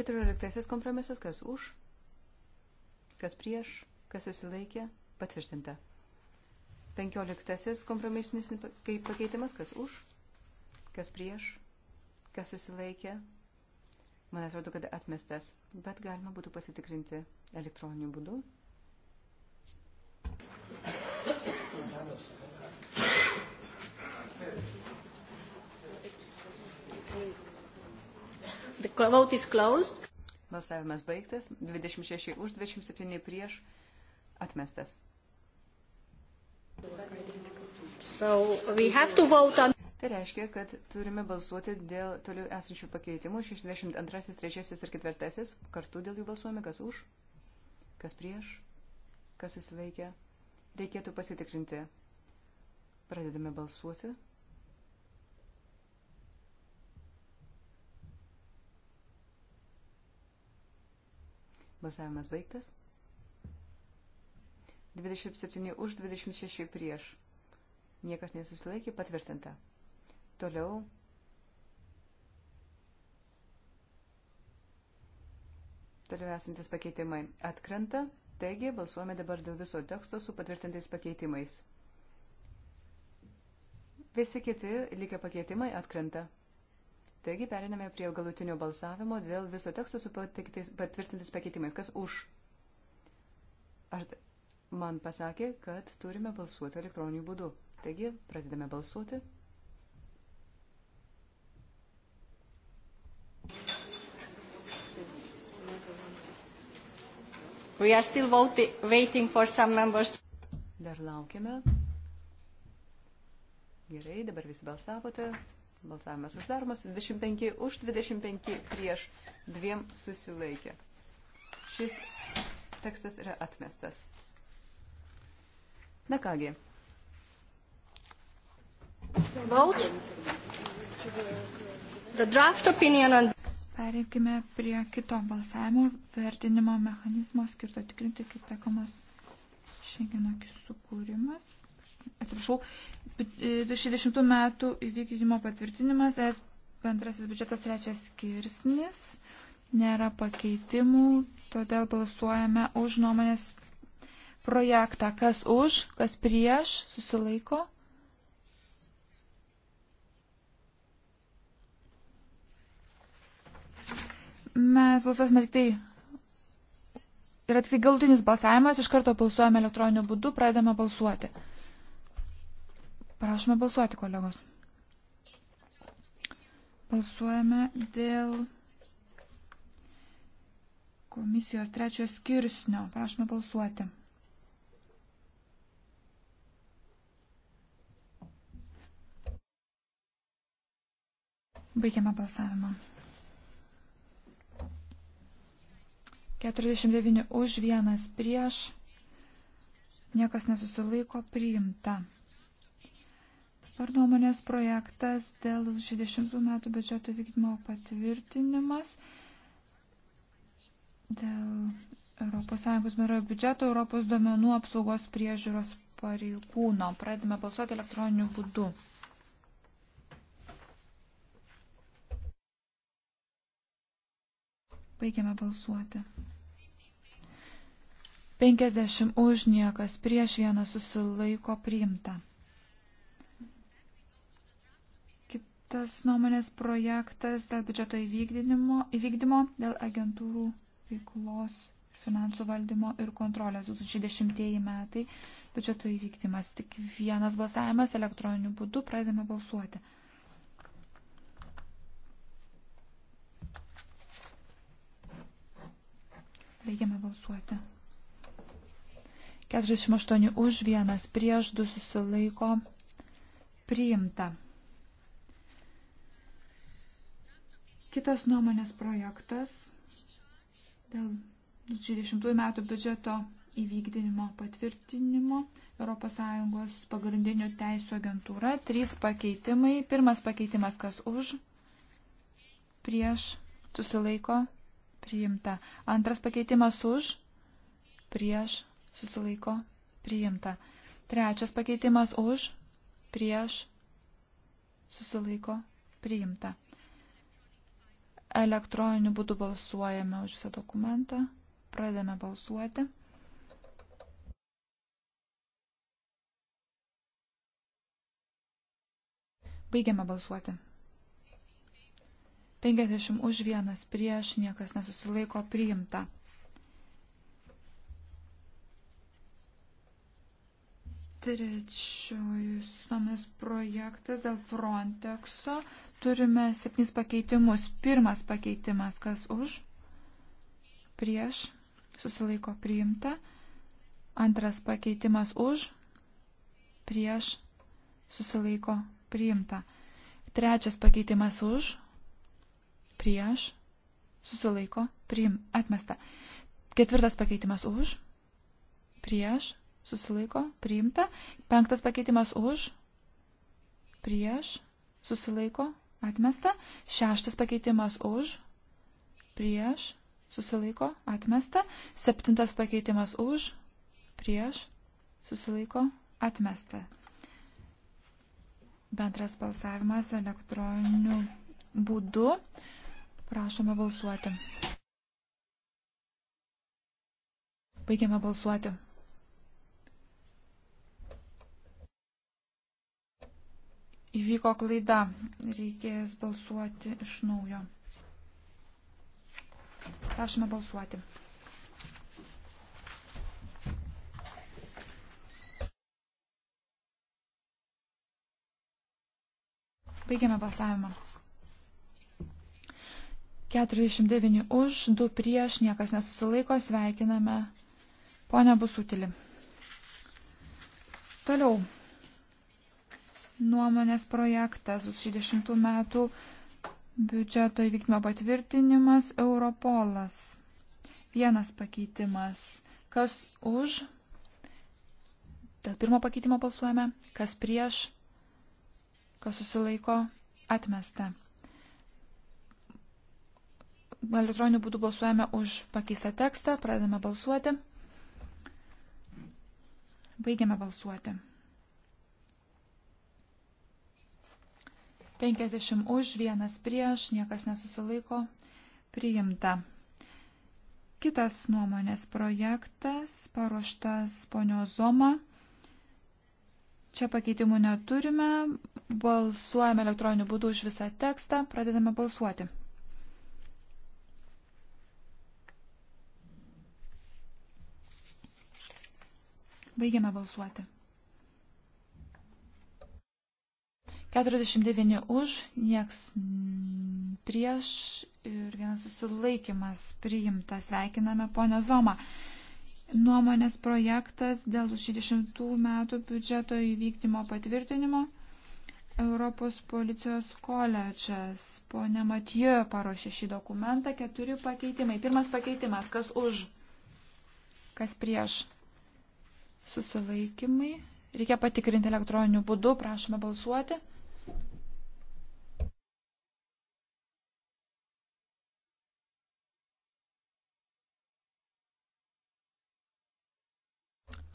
14 kompromisas, kas už, kas prieš, kas susilaikė, patvirtinta. Penkioliktasis kompromisinis kaip pakeitimas, kas už, kas prieš, kas susilaikė. Man atrodo, kad atmestas, bet galima būtų pasitikrinti elektroniniu būdu. The vote is closed. Balsavimas baigtas. 26 už, 27 prieš, Atmestas. So on... Tai reiškia, kad turime balsuoti dėl toliau esančių pakeitimų 62, 3 ir 4. Kartu dėl jų balsuojame, kas už, kas prieš, kas įsiveikia. Reikėtų pasitikrinti. Pradedame balsuoti. Balsavimas baigtas. 27 už, 26 prieš. Niekas nesusilaikė, patvirtinta. Toliau. Toliau esantis pakeitimai atkrenta, taigi balsuojame dabar dėl viso teksto su patvirtintais pakeitimais. Visi kiti likę pakeitimai atkrenta. Taigi periname prie galutinio balsavimo dėl viso teksto su patvirtintais pakeitimais. Kas už? Ar man pasakė, kad turime balsuoti elektroniniu būdu. Taigi, pradedame balsuoti. We are still waiting for some members. Dar laukiame. Gerai, dabar visi balsavote. Balsavimas uždaromas. 25 už, 25 prieš, dviem susilaikė. Šis tekstas yra atmestas. Na kągi. On... Pereikime prie kito balsavimo vertinimo mechanizmo skirto tikrinti, kaip taikomas šiandieno sukūrimas. Atsiprašau, 60 e, metų įvykdymo patvirtinimas, es bendrasis biudžetas trečias skirsnis, nėra pakeitimų, todėl balsuojame už nuomonės projektą. Kas už, kas prieš, susilaiko. Mes balsuosime tik tai. Yra tik tai galutinis balsavimas, iš karto balsuojame elektroniniu būdu, pradedame balsuoti. Prašome balsuoti, kolegos. Balsuojame dėl komisijos trečiojo skirsnio. Prašome balsuoti. Baigiame balsavimą. 49 už, 1 prieš, niekas nesusilaiko, priimta. Dabar nuomonės projektas dėl 60 metų biudžeto vykdymo patvirtinimas dėl ES bendrojo biudžeto Europos duomenų apsaugos priežiūros pareigūno. Pradėme balsuoti elektroniniu būdu. Baigiame balsuoti. 50 už niekas prieš vieną susilaiko priimta. Kitas nuomonės projektas dėl biudžeto įvykdymo, įvykdymo dėl agentūrų veiklos, finansų valdymo ir kontrolės 2010 metai. Biudžeto įvykdymas tik vienas balsavimas elektroniniu būdu, pradedame balsuoti. Baigiame balsuoti. 48 už, 1 prieš, 2 susilaiko. Priimta. Kitas nuomonės projektas dėl 20 metų biudžeto įvykdinimo patvirtinimo ES pagrindinių teisų agentūra. Trys pakeitimai. Pirmas pakeitimas kas už, prieš, susilaiko, priimta. Antras pakeitimas už, prieš, susilaiko, priimta. Trečias pakeitimas už, prieš, susilaiko, priimta. Elektroniniu būdu balsuojame už visą dokumentą. Pradedame balsuoti. Baigiame balsuoti. 50 už vienas prieš niekas nesusilaiko priimta. Trečioji suomis projektas dėl Frontexo. Turime septynis pakeitimus. Pirmas pakeitimas, kas už, prieš, susilaiko priimta. Antras pakeitimas už, prieš, susilaiko priimta. Trečias pakeitimas už, prieš, susilaiko, priim, atmesta. Ketvirtas pakeitimas už, prieš, susilaiko, priimta. Penktas pakeitimas už, prieš, susilaiko, atmesta. Šeštas pakeitimas už, prieš, susilaiko, atmesta. Septintas pakeitimas už, prieš, susilaiko, atmesta. Bendras balsavimas elektroniniu būdu. Prašome balsuoti. Baigiame balsuoti. Įvyko klaida. Reikės balsuoti iš naujo. Prašome balsuoti. Baigiame balsavimą. 49 už, 2 prieš, niekas nesusilaiko, sveikiname ponę Busutilį. Toliau. Nuomonės projektas 60 metų biudžeto įvykdymo patvirtinimas Europolas. Vienas pakeitimas. Kas už? Dėl pirmo pakeitimo balsuojame. Kas prieš? Kas susilaiko? Atmesta elektroniniu būdu balsuojame už pakeistą tekstą, pradedame balsuoti. Baigiame balsuoti. 50 už, vienas prieš, niekas nesusilaiko, priimta. Kitas nuomonės projektas paruoštas ponio Zoma. Čia pakeitimų neturime, balsuojame elektroniniu būdu už visą tekstą, pradedame balsuoti. Baigiame balsuoti. 49 už, nieks prieš ir vienas susilaikimas priimta. Sveikiname ponę Zomą. Nuomonės projektas dėl 60 metų biudžeto įvykdymo patvirtinimo. Europos policijos koledžas. Pone Matijo paruošė šį dokumentą. Keturi pakeitimai. Pirmas pakeitimas. Kas už? Kas prieš? susilaikymai. Reikia patikrinti elektroniniu būdu, prašome balsuoti.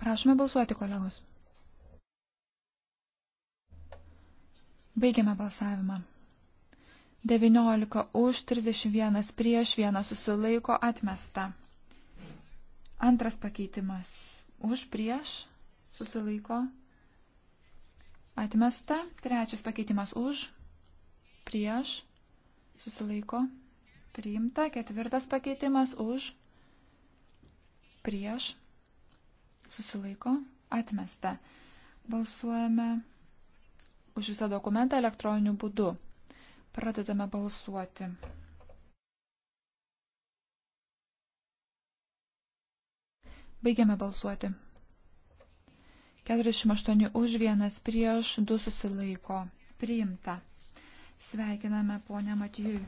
Prašome balsuoti, kolegos. Baigiame balsavimą. 19 už, 31 prieš, 1 susilaiko atmesta. Antras pakeitimas. Už prieš susilaiko atmesta. Trečias pakeitimas už prieš susilaiko priimta. Ketvirtas pakeitimas už prieš susilaiko atmesta. Balsuojame už visą dokumentą elektroniniu būdu. Pradedame balsuoti. Baigiame balsuoti. 48 už vienas prieš du susilaiko. Priimta. Sveikiname ponę Matijui.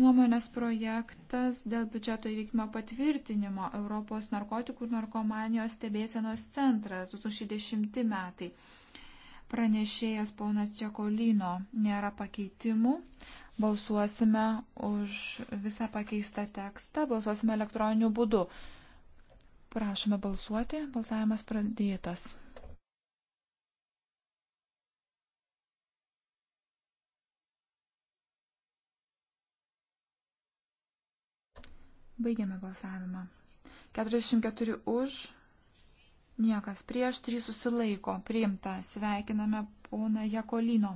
Nuomonės projektas dėl biudžeto įvykdymo patvirtinimo Europos narkotikų ir narkomanijos stebėsenos centras 2010 metai. Pranešėjas ponas Čekolino nėra pakeitimų. Balsuosime už visą pakeistą tekstą, balsuosime elektroniniu būdu. Prašome balsuoti. Balsavimas pradėtas. Baigiame balsavimą. 44 už, niekas prieš, 3 susilaiko. Priimta. Sveikiname poną Jakolino.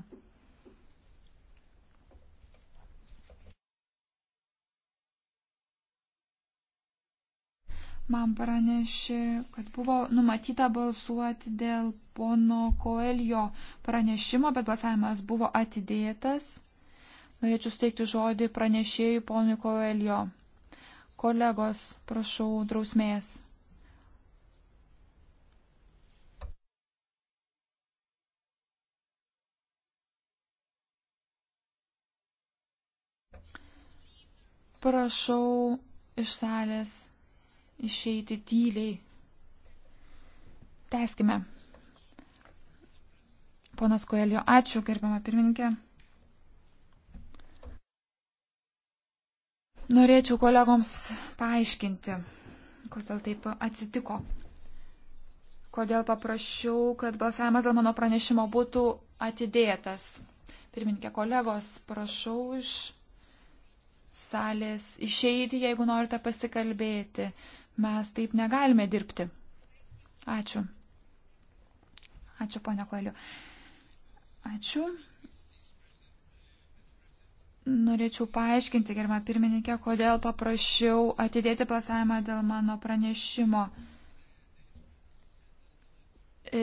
man pranešė, kad buvo numatyta balsuoti dėl pono Koelio pranešimo, bet balsavimas buvo atidėtas. Norėčiau steikti žodį pranešėjui ponui Koelio. Kolegos, prašau drausmės. Prašau iš salės išeiti tyliai. Teskime. Ponas Koelio, ačiū, gerbiama pirmininkė. Norėčiau kolegoms paaiškinti, kodėl taip atsitiko. Kodėl paprašiau, kad balsavimas dėl mano pranešimo būtų atidėtas. Pirmininkė kolegos, prašau iš salės išeiti, jeigu norite pasikalbėti. Mes taip negalime dirbti. Ačiū. Ačiū, ponia Koeliu. Ačiū. Norėčiau paaiškinti, germa pirmininkė, kodėl paprašiau atidėti balsavimą dėl mano pranešimo.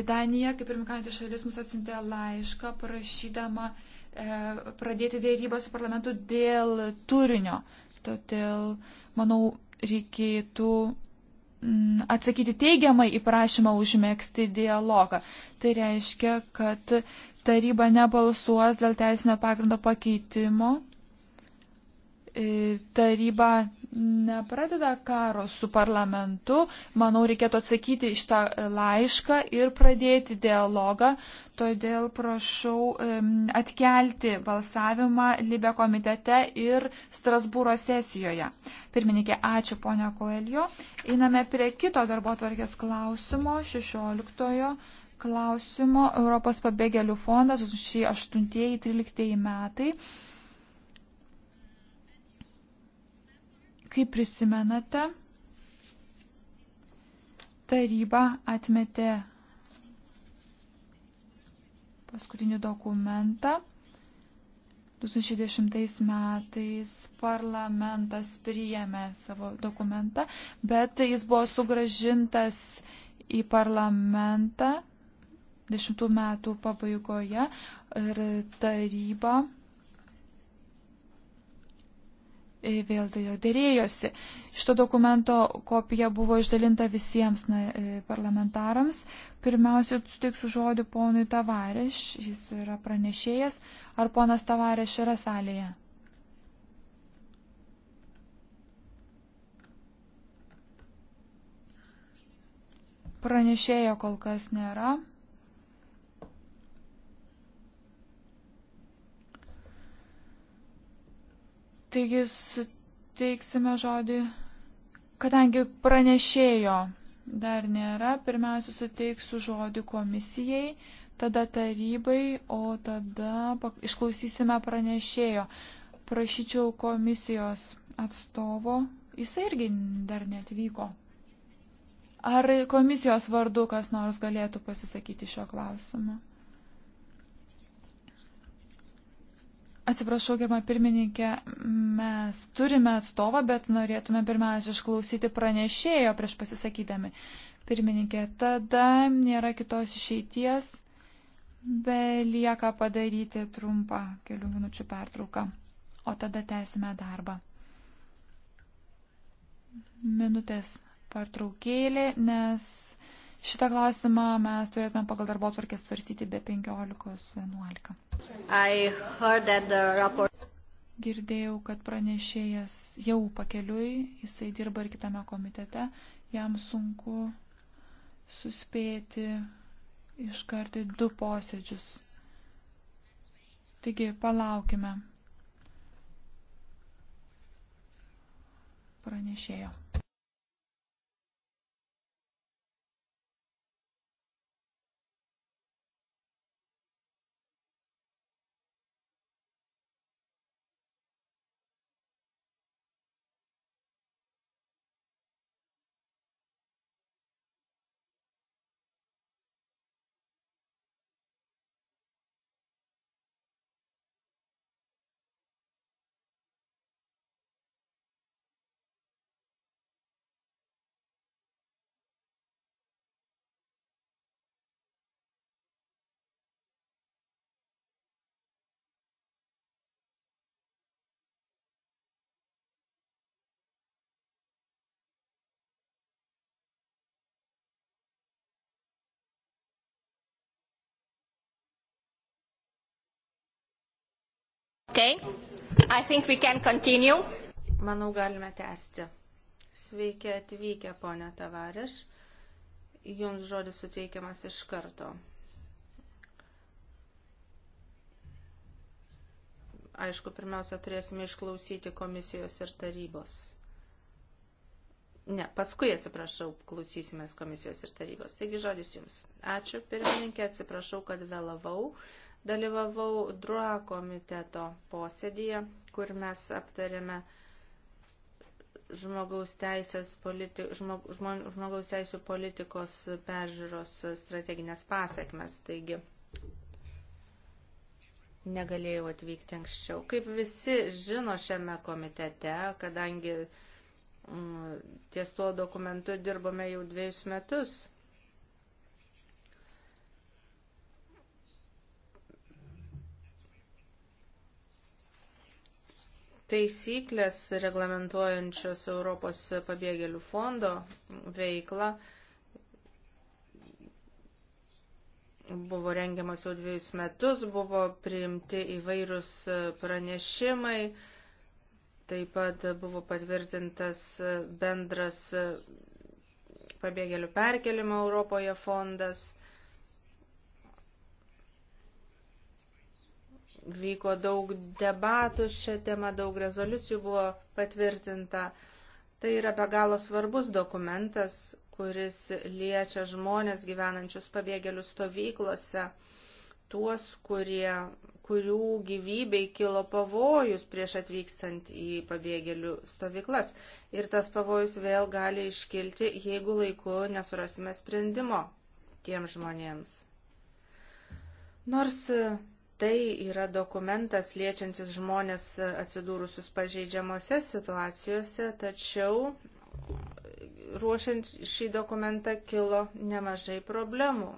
Danija, kaip ir Mikantė šalis, mus atsiuntė laišką prašydama e, pradėti dėrybą su parlamentu dėl turinio. Todėl, manau, reikėtų mm, atsakyti teigiamai į prašymą užmėgsti dialogą. Tai reiškia, kad taryba nebalsuos dėl teisinio pagrindo pakeitimo. E, taryba nepradeda karo su parlamentu, manau, reikėtų atsakyti iš tą laišką ir pradėti dialogą. Todėl prašau atkelti balsavimą Libe komitete ir Strasbūro sesijoje. Pirmininkė, ačiū ponia Koelio. Einame prie kito darbo tvarkės klausimo, 16 klausimo Europos pabėgėlių fondas 2008-2013 metai. Kaip prisimenate, taryba atmetė paskutinį dokumentą. 2010 metais parlamentas priėmė savo dokumentą, bet jis buvo sugražintas į parlamentą 10 metų pabaigoje ir taryba E, vėl dėrėjosi. Šito dokumento kopija buvo išdalinta visiems na, e, parlamentarams. Pirmiausia, sutiksiu žodį ponui Tavareš, jis yra pranešėjas. Ar ponas Tavareš yra salėje? Pranešėjo kol kas nėra. Taigi suteiksime žodį, kadangi pranešėjo dar nėra, pirmiausia suteiksiu žodį komisijai, tada tarybai, o tada išklausysime pranešėjo. Prašyčiau komisijos atstovo, jis irgi dar netvyko. Ar komisijos vardu kas nors galėtų pasisakyti šio klausimu? Atsiprašau, germa pirmininkė, mes turime atstovą, bet norėtume pirmiausia išklausyti pranešėjo prieš pasisakydami. Pirmininkė, tada nėra kitos išeities, belieka padaryti trumpą kelių minučių pertrauką, o tada tęsime darbą. Minutės pertraukėlė, nes Šitą klausimą mes turėtume pagal darbo atvarkę svarstyti be 15.11. Girdėjau, kad pranešėjas jau pakeliui, jisai dirba ir kitame komitete, jam sunku suspėti iškarti du posėdžius. Taigi, palaukime. Pranešėjo. Okay. I think we can continue. Manau, galime tęsti. Sveiki atvykę, ponė Tavariš. Jums žodis suteikiamas iš karto. Aišku, pirmiausia, turėsime išklausyti komisijos ir tarybos. Ne, paskui atsiprašau, klausysimės komisijos ir tarybos. Taigi žodis jums. Ačiū, pirmininkė, atsiprašau, kad vėlavau. Uh, dalyvavau DRUA komiteto posėdėje, kur mes aptarėme žmogaus, teisės, politi, žmog, žmon, žmogaus teisų politikos peržiūros strateginės pasiekmes. Taigi negalėjau atvykti anksčiau. Kaip visi žino šiame komitete, kadangi m, mm, ties tuo dokumentu dirbome jau dviejus metus, Taisyklės reglamentuojančios Europos pabėgėlių fondo veiklą buvo rengiamas jau dviejus metus, buvo priimti įvairūs pranešimai, taip pat buvo patvirtintas bendras pabėgėlių perkelimo Europoje fondas. Vyko daug debatų šią temą, daug rezoliucijų buvo patvirtinta. Tai yra be galo svarbus dokumentas, kuris liečia žmonės gyvenančius pabėgėlių stovyklose, tuos, kurie, kurių gyvybei kilo pavojus prieš atvykstant į pabėgėlių stovyklas. Ir tas pavojus vėl gali iškilti, jeigu laiku nesurasime sprendimo tiem žmonėms. Nors Tai yra dokumentas liečiantis žmonės atsidūrusius pažeidžiamose situacijose, tačiau ruošiant šį dokumentą kilo nemažai problemų.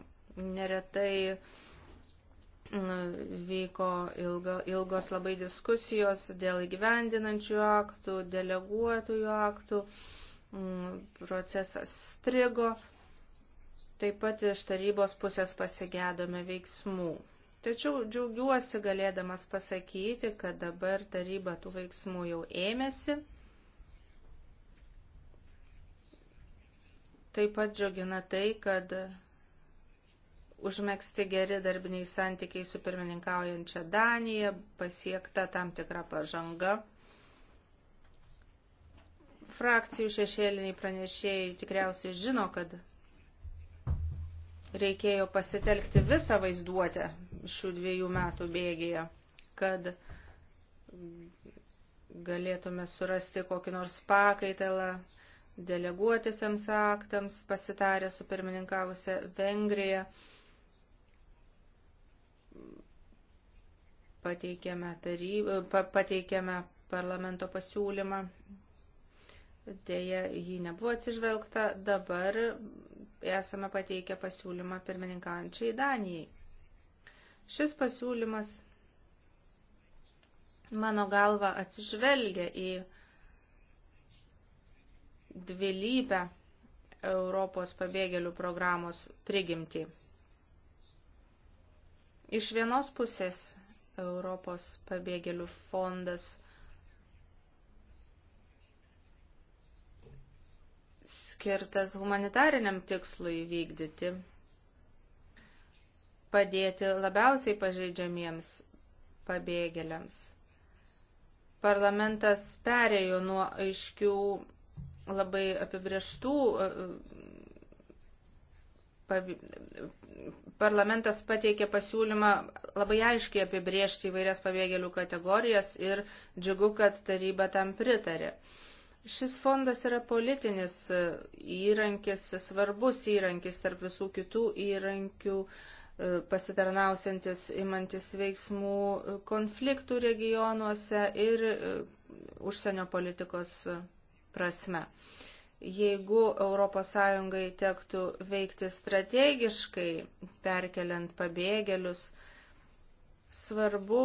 Neretai mm, vyko ilgo, ilgos labai diskusijos dėl įgyvendinančių aktų, deleguotųjų aktų, mm, procesas strigo, taip pat iš tarybos pusės pasigėdome veiksmų. Tačiau džiaugiuosi galėdamas pasakyti, kad dabar taryba tų veiksmų jau ėmėsi. Taip pat džiugina tai, kad užmėgsti geri darbiniai santykiai su pirmininkaujančia Danija, pasiekta tam tikra pažanga. Frakcijų šešėliniai pranešėjai tikriausiai žino, kad reikėjo pasitelkti visą vaizduotę, šių dviejų metų bėgėje, kad galėtume surasti kokį nors pakaitalą deleguotisiams aktams, pasitarę su pirmininkavusią Vengriją. Pateikėme, tarybą, pateikėme parlamento pasiūlymą. Deja, jį nebuvo atsižvelgta. Dabar esame pateikę pasiūlymą pirmininkančiai Danijai. Šis pasiūlymas mano galva atsižvelgia į dvilybę Europos pabėgėlių programos prigimtį. Iš vienos pusės Europos pabėgėlių fondas skirtas humanitariniam tikslui vykdyti padėti labiausiai pažeidžiamiems pabėgėliams. Parlamentas perėjo nuo aiškių labai apibrieštų. E, e, parlamentas pateikė pasiūlymą labai aiškiai apibriežti įvairias pabėgėlių kategorijas ir džiugu, kad taryba tam pritarė. Šis fondas yra politinis e, įrankis, svarbus įrankis tarp visų kitų įrankių uh, E, pasitarnausiantis imantis veiksmų konfliktų regionuose ir e, užsienio politikos prasme. Jeigu ES tektų veikti strategiškai, perkeliant pabėgėlius, svarbu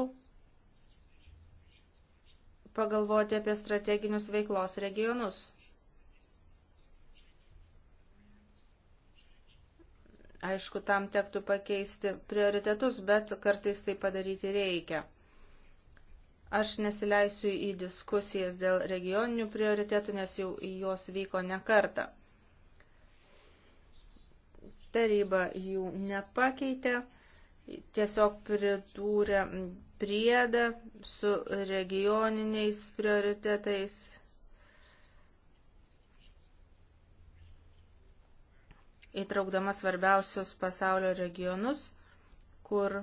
pagalvoti apie strateginius veiklos regionus. Aišku, tam tektų pakeisti prioritetus, bet kartais tai padaryti reikia. Aš nesileisiu į diskusijas dėl regioninių prioritetų, nes jau jos vyko ne kartą. Taryba jų nepakeitė, tiesiog pridūrė priedą su regioniniais prioritetais įtraukdama svarbiausius pasaulio regionus, kur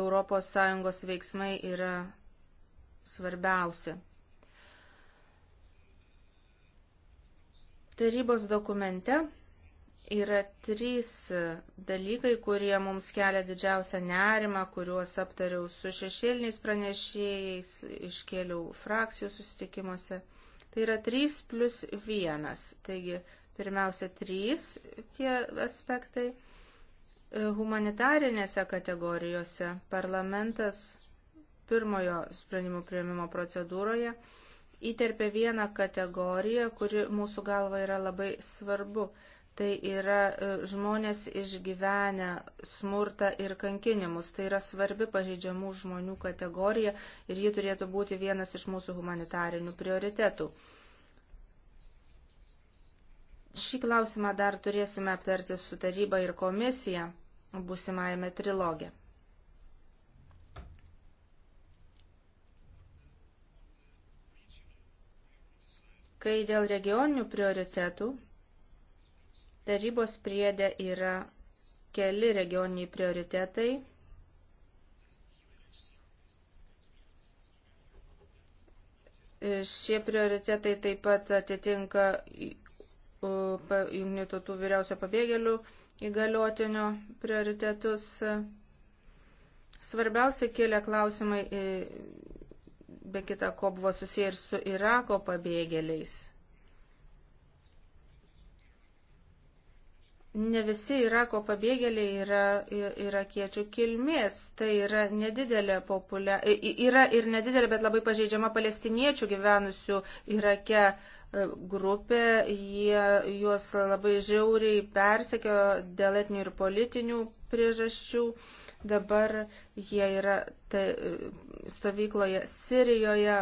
ES veiksmai yra svarbiausi. Tarybos dokumente yra trys dalykai, kurie mums kelia didžiausią nerimą, kuriuos aptariau su šešėliniais pranešėjais, iškėliau frakcijų susitikimuose. Tai yra 3 plus 1. Taigi Pirmiausia, trys tie aspektai. Humanitarinėse kategorijose parlamentas pirmojo sprendimų prieimimo procedūroje įterpė vieną kategoriją, kuri mūsų galva yra labai svarbu. Tai yra e, žmonės išgyvenę smurtą ir kankinimus. Tai yra svarbi pažeidžiamų žmonių kategorija ir ji turėtų būti vienas iš mūsų humanitarinių prioritetų. Šį klausimą dar turėsime aptarti su taryba ir komisija būsimajame trilogė. Kai dėl regioninių prioritetų, tarybos priedė yra keli regioniniai prioritetai. Šie prioritetai taip pat atitinka jungtinių tautų vyriausio pabėgėlių įgaliotinio prioritetus. Svarbiausia kėlė klausimai, e, be kita ko buvo susiję ir su Irako pabėgėliais. Ne visi Irako pabėgėliai yra irakiečių kilmės, tai yra nedidelė populia, yra ir nedidelė, bet labai pažeidžiama palestiniečių gyvenusių Irake uh, grupė, jie juos labai žiauriai persekio dėl etinių ir politinių priežasčių. Dabar jie yra tai, stovykloje Sirijoje,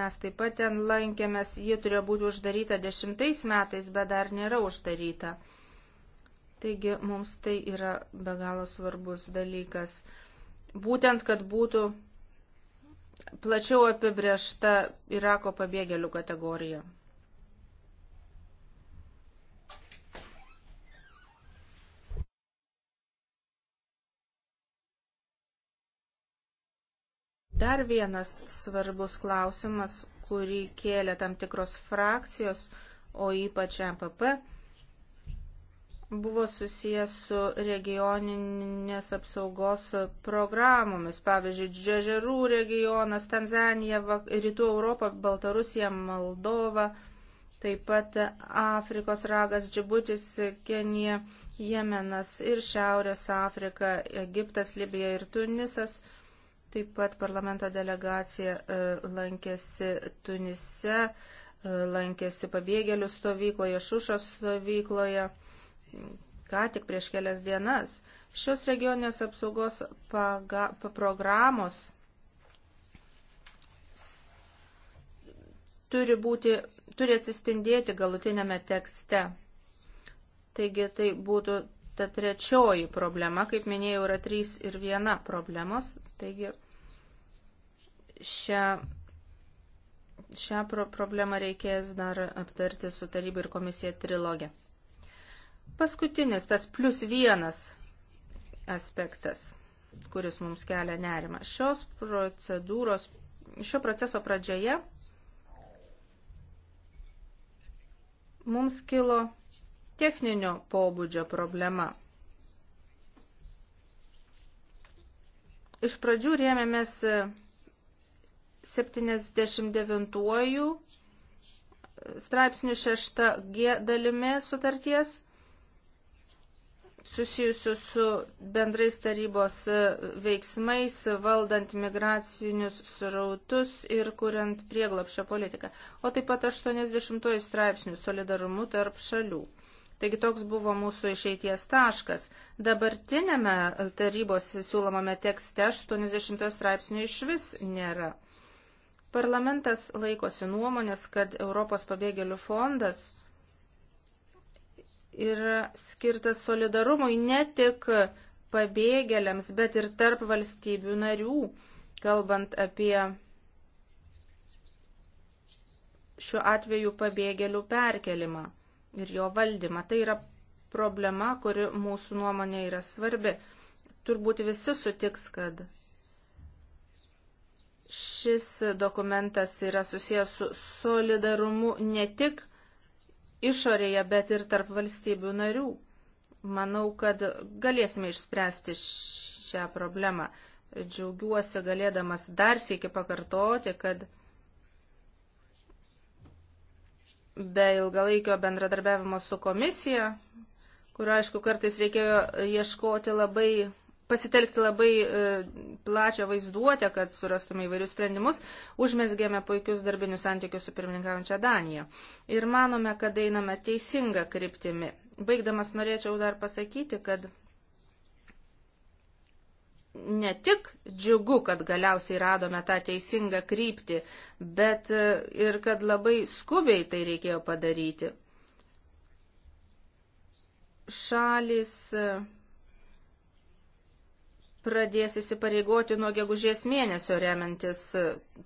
mes taip pat ten lankėmės, ji turėjo būti uždaryta dešimtais metais, bet dar nėra uždaryta. Taigi mums tai yra be galo svarbus dalykas. Būtent, kad būtų plačiau apibriešta Irako pabėgėlių kategorija. Dar vienas svarbus klausimas, kurį kėlė tam tikros frakcijos, o ypač MPP buvo susijęs su regioninės apsaugos programomis. Pavyzdžiui, Džežerų regionas, Tanzanija, Rytų Europa, Baltarusija, Moldova, taip pat Afrikos ragas, Džibutis, Kenija, Jemenas ir Šiaurės Afrika, Egiptas, Libija ir Tunisas. Taip pat parlamento delegacija e, lankėsi Tunise, e, lankėsi pabėgėlių stovykloje, Šušos stovykloje ką tik prieš kelias dienas. Šios regioninės apsaugos paga, programos turi, būti, turi atsispindėti galutinėme tekste. Taigi tai būtų ta trečioji problema, kaip minėjau, yra trys ir viena problemos. Taigi šią, šią pro problemą reikės dar aptarti su taryba ir komisija trilogė. Paskutinis tas plus vienas aspektas, kuris mums kelia nerimą. Šios procedūros, šio proceso pradžioje mums kilo techninio pobūdžio problema. Iš pradžių rėmėmės 79 straipsnių 6G dalimi sutarties susijusių su bendrais tarybos veiksmais, valdant migracinius srautus ir kuriant prieglapšio politiką, o taip pat 80 straipsnių solidarumu tarp šalių. Taigi toks buvo mūsų išeities taškas. Dabartinėme tarybos siūlomame tekste 80 straipsnių iš vis nėra. Parlamentas laikosi nuomonės, kad Europos pabėgėlių fondas yra skirtas solidarumui ne tik pabėgėliams, bet ir tarp valstybių narių, kalbant apie šiuo atveju pabėgėlių perkelimą ir jo valdymą. Tai yra problema, kuri mūsų nuomonė yra svarbi. Turbūt visi sutiks, kad šis dokumentas yra susijęs su solidarumu ne tik išorėje, bet ir tarp valstybių narių. Manau, kad galėsime išspręsti šią problemą. Džiaugiuosi galėdamas dar sėki pakartoti, kad be ilgalaikio bendradarbiavimo su komisija, kurio aišku kartais reikėjo ieškoti labai pasitelkti labai e, plačią vaizduotę, kad surastume įvairius sprendimus, užmesgėme puikius darbinius santykius su pirmininkaujančia Danija. Ir manome, kad einame teisinga kryptimi. Baigdamas norėčiau dar pasakyti, kad ne tik džiugu, kad galiausiai radome tą teisingą kryptį, bet e, ir kad labai skubiai tai reikėjo padaryti. Šalis e, pradės įsipareigoti nuo gegužės mėnesio remiantis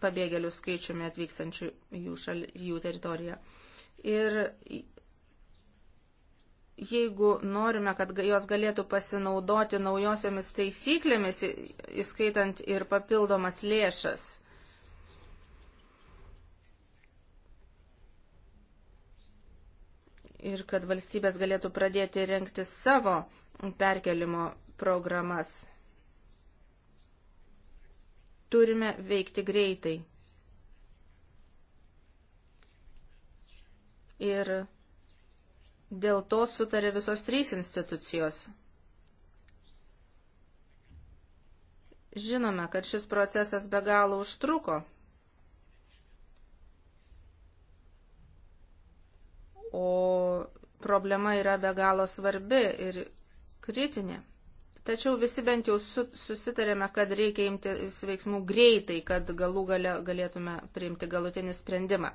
pabėgėlių skaičiumi atvykstančių jų, šal, jų teritoriją. Ir jeigu norime, kad jos galėtų pasinaudoti naujosiomis taisyklėmis, įskaitant ir papildomas lėšas, ir kad valstybės galėtų pradėti renkti savo perkelimo programas. Turime veikti greitai. Ir dėl to sutarė visos trys institucijos. Žinome, kad šis procesas be galo užtruko, o problema yra be galo svarbi ir kritinė. Tačiau visi bent jau su, susitarėme, kad reikia imtis veiksmų greitai, kad galų gale galėtume priimti galutinį sprendimą.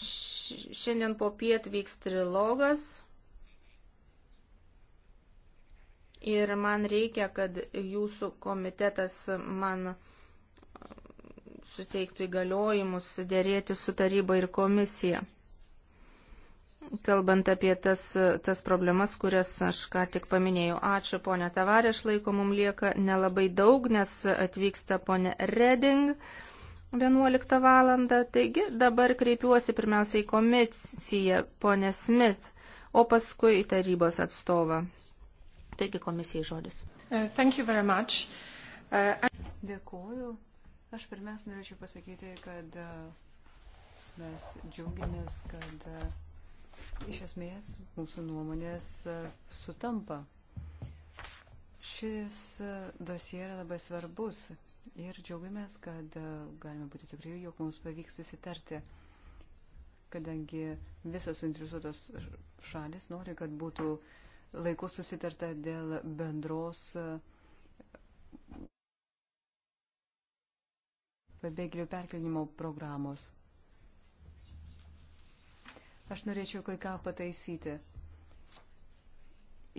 Šiandien po piet vyks trilogas. Ir man reikia, kad jūsų komitetas man suteiktų įgaliojimus dėrėti su taryba ir komisija kalbant apie tas, tas problemas, kurias aš ką tik paminėjau. Ačiū, ponė Tavarėš, laiko mums lieka nelabai daug, nes atvyksta ponė Reding 11 valandą. Taigi dabar kreipiuosi pirmiausiai į komisiją, ponė Smith, o paskui į tarybos atstovą. Taigi komisijai žodis. Uh, uh, I... Dėkuoju. Aš pirmiausia norėčiau pasakyti, kad uh, mes džiaugiamės, kad uh, Iš esmės, mūsų nuomonės e, sutampa. Šis e, dosie yra labai svarbus ir džiaugiamės, kad e, galime būti tikrai, jog mums pavyks susitarti, kadangi visos suinteresuotos šalis nori, kad būtų laiku susitarta dėl bendros pabėgėlių perkelinimo programos. Aš norėčiau kai ką pataisyti.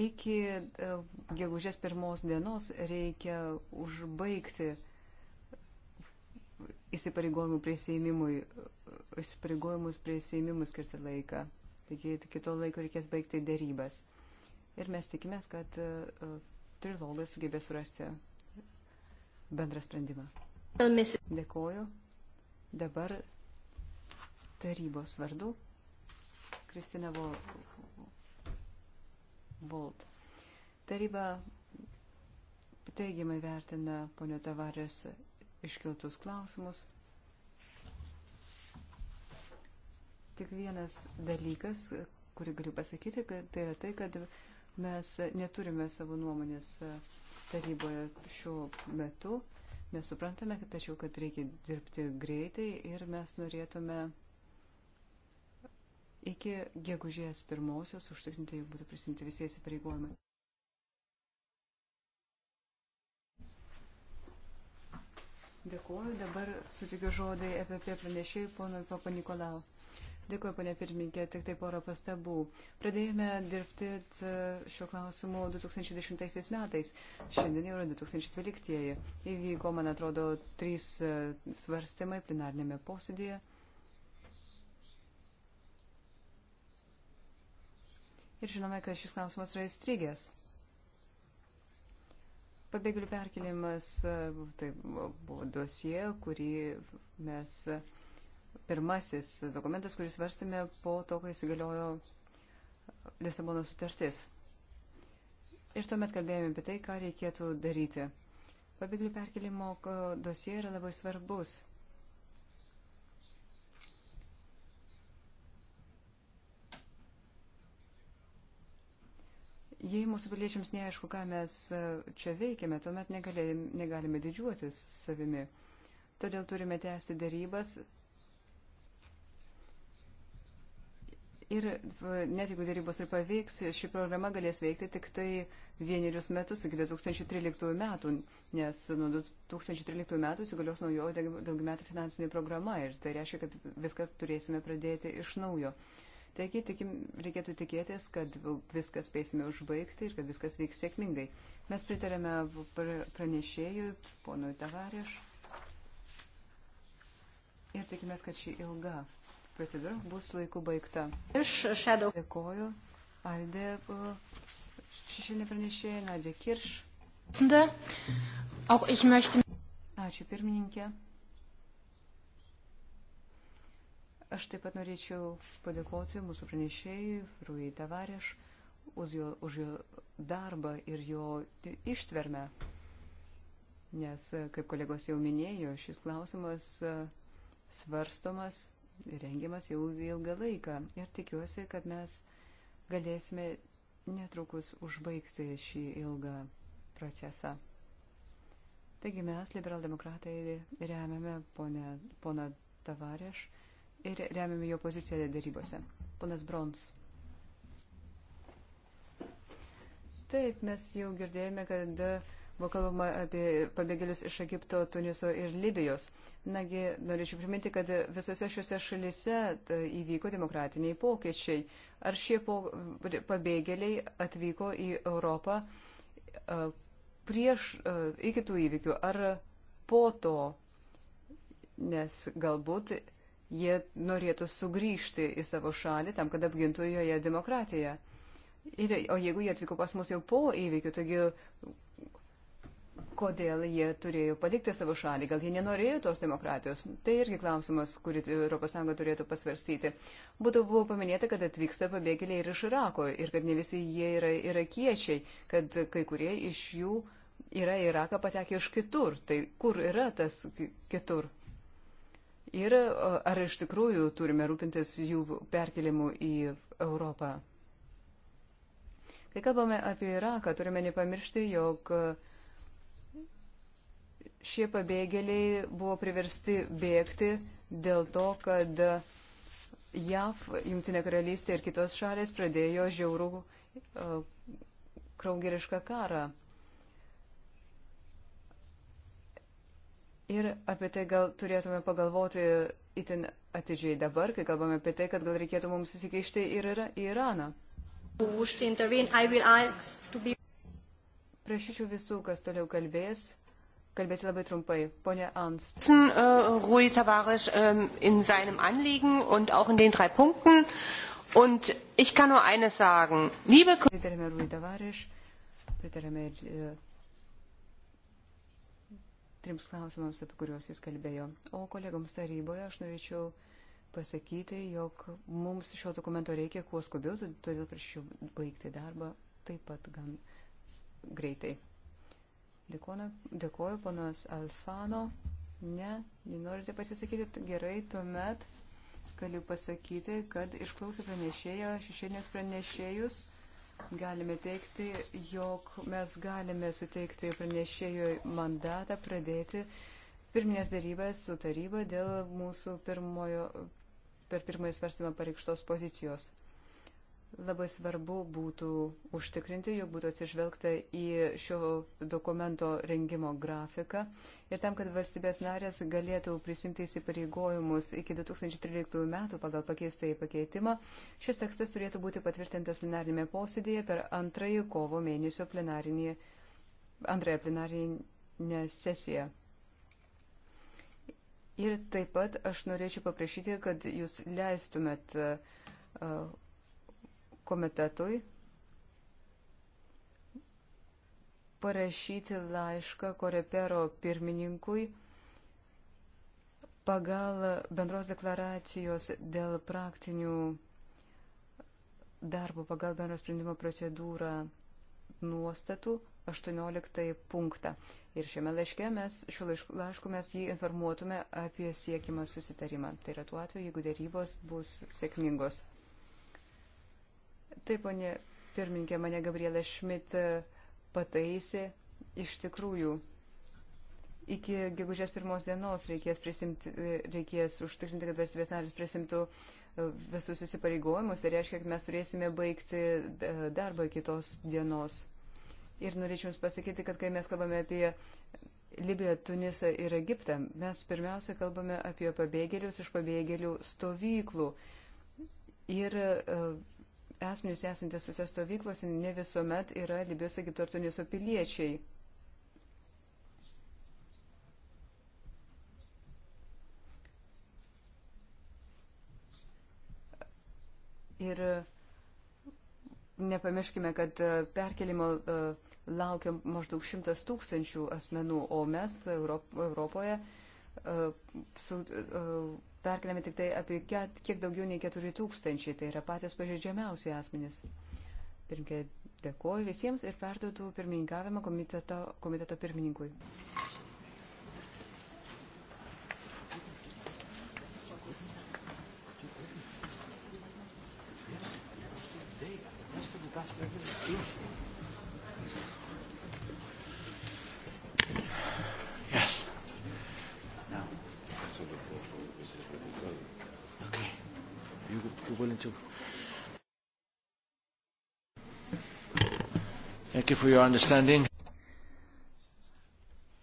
Iki e, gegužės pirmos dienos reikia užbaigti įsipareigojimų prisėmimui, įsipareigojimus prisėmimui skirtą laiką. Taigi iki to laiko reikės baigti dėrybas. Ir mes tikimės, kad e, e, trilogas sugebės surasti bendrą sprendimą. Dėkoju. Dabar tarybos vardu Kristina Volt. Taryba teigiamai vertina ponio tavarės iškiltus klausimus. Tik vienas dalykas, kurį galiu pasakyti, kad tai yra tai, kad mes neturime savo nuomonės taryboje šiuo metu. Mes suprantame, kad tačiau, kad reikia dirbti greitai ir mes norėtume iki gegužės pirmosios užtikrinti, jog būtų prisimti visi įsipareigojimai. Dėkuoju, dabar sutikiu žodį EPP pranešėjai ponui Papa Nikolau. Dėkuoju, ponė pirmininkė, tik tai porą pastabų. Pradėjome dirbti e, šiuo klausimu 2010 metais, šiandien jau yra 2012. Įvyko, man atrodo, trys e, svarstymai plenarnėme posėdėje. ir žinome, kad šis klausimas yra įstrigęs. Pabėgėlių perkelimas e, tai buvo dosie, kurį mes e, pirmasis dokumentas, kurį svarstėme po to, kai įsigaliojo Lisabono sutartis. Ir tuomet kalbėjome apie tai, ką reikėtų daryti. Pabėgėlių perkelimo e, dosie yra labai svarbus. Jei mūsų piliečiams neaišku, ką mes e, čia veikiame, tuomet negalime, negalime didžiuotis savimi. Todėl turime tęsti darybas. Ir e, net jeigu darybos ir pavyks, ši programa galės veikti tik tai vienerius metus iki 2013 metų, nes nuo 2013 metų įsigalios naujoji daugiametė finansinė programa ir tai reiškia, kad viską turėsime pradėti iš naujo. Uh, Taigi tikim, reikėtų tikėtis, kad viskas spėsime užbaigti ir kad viskas vyks sėkmingai. Mes pritarėme pranešėjui, ponui Tavariš. Ir tikimės, kad ši ilga procedūra bus laiku baigta. Iš šedau. Dėkoju. Aldė, šešinė pranešėja, Nadė Kirš. Ačiū pirmininkė. Aš taip pat norėčiau padėkoti mūsų pranešėjai Rui Tavarėš už jo, už jo darbą ir jo ištvermę. Nes, kaip kolegos jau minėjo, šis klausimas e, svarstomas ir rengiamas jau ilgą laiką. Ir tikiuosi, kad mes galėsime netrukus užbaigti šį ilgą procesą. Taigi mes, liberaldemokratai, remiame ponę Tavarėš ir remiame jo poziciją darybose. Ponas Brons. Taip, mes jau girdėjome, kad buvo kalbama apie pabėgėlius iš Egipto, Tuniso ir Libijos. Nagi, norėčiau priminti, kad visose šiuose šalise įvyko demokratiniai pokyčiai. Ar šie po, pabėgėliai atvyko į Europą prieš, iki tų įvykių, ar po to? Nes galbūt jie norėtų sugrįžti į savo šalį tam, kad apgintų joje demokratiją. Ir, o jeigu jie atvyko pas mus jau po įvykių, taigi kodėl jie turėjo palikti savo šalį, gal jie nenorėjo tos demokratijos. Tai irgi klausimas, kurį ES turėtų pasvarstyti. Būtų buvo paminėta, kad atvyksta pabėgėliai ir iš Irako ir kad ne visi jie yra irakiečiai, kad kai kurie iš jų yra Iraką patekę iš kitur. Tai kur yra tas kitur? ir ar iš tikrųjų turime rūpintis jų perkelimu į Europą. Kai kalbame apie Iraką, turime nepamiršti, jog šie pabėgėliai buvo priversti bėgti dėl to, kad JAV, Junktinė karalystė ir kitos šalės pradėjo žiaurų kraugerišką karą. Ir apie tai gal turėtume pagalvoti itin atidžiai dabar, kai kalbame apie tai, kad gal reikėtų mums įsikeišti ir į Iraną. Prašyčiau visų, kas toliau kalbės, kalbėti labai trumpai. Pone Ernst. Äh, Rui Tavares ähm, in seinem Anliegen und auch in den drei Punkten. Und ich kann nur eines sagen. Liebe Kollegen trims klausimams, apie kuriuos jis kalbėjo. O kolegoms taryboje aš norėčiau pasakyti, jog mums šio dokumento reikia kuo skubiau, todėl prašyčiau baigti darbą taip pat gan greitai. Dėkuoju, dėkuoju ponas Alfano. Ne, nenorite pasisakyti gerai, tuomet galiu pasakyti, kad išklausę pranešėją, šešėlinės pranešėjus galime teikti, jog mes galime suteikti pranešėjui mandatą pradėti pirminės darybas su taryba dėl mūsų pirmojo, per pirmąjį svarstymą pareikštos pozicijos labai svarbu būtų užtikrinti, jog būtų atsižvelgta į šio dokumento rengimo grafiką ir tam, kad valstybės narės galėtų prisimti įsipareigojimus iki 2013 metų pagal pakeistą į pakeitimą, šis tekstas turėtų būti patvirtintas plenarinėme posėdėje per antrąjį kovo mėnesio plenarinį, antrąją plenarinę sesiją. Ir taip pat aš norėčiau paprašyti, kad jūs leistumėt uh, komitetui parašyti laišką Korepero pirmininkui pagal bendros deklaracijos dėl praktinių darbo pagal bendro sprendimo procedūrą nuostatų 18 punktą. Ir šiame laiške mes, šiuo laišku mes jį informuotume apie siekimą susitarimą. Tai yra tuo atveju, jeigu dėrybos bus sėkmingos. Taip, ponė pirmininkė, mane Gabrielė Šmit e, pataisė. Iš tikrųjų, iki gegužės pirmos dienos reikės, prisimti, e, reikės užtikrinti, kad valstybės narės prisimtų e, visus įsipareigojimus ir tai reiškia, kad mes turėsime baigti darbą kitos dienos. Ir norėčiau Jums pasakyti, kad kai mes kalbame apie Libiją, Tunisą ir Egiptą, mes pirmiausia kalbame apie pabėgėlius iš pabėgėlių stovyklų. Ir uh, asmenys esantis tose stovyklose ne visuomet yra Libijos, Egipto ar Tuniso piliečiai. Ir nepamirškime, kad e, perkelimo e, laukia maždaug šimtas tūkstančių asmenų, o mes Europoje e, su perkeliami tik tai apie ket, kiek daugiau nei 4 tūkstančiai, tai yra patys pažeidžiamiausi asmenys. Pirmkė, dėkoju visiems ir perduotų pirmininkavimą komiteto, komiteto pirmininkui. That's the best thing to do. willing to. Thank you for your understanding.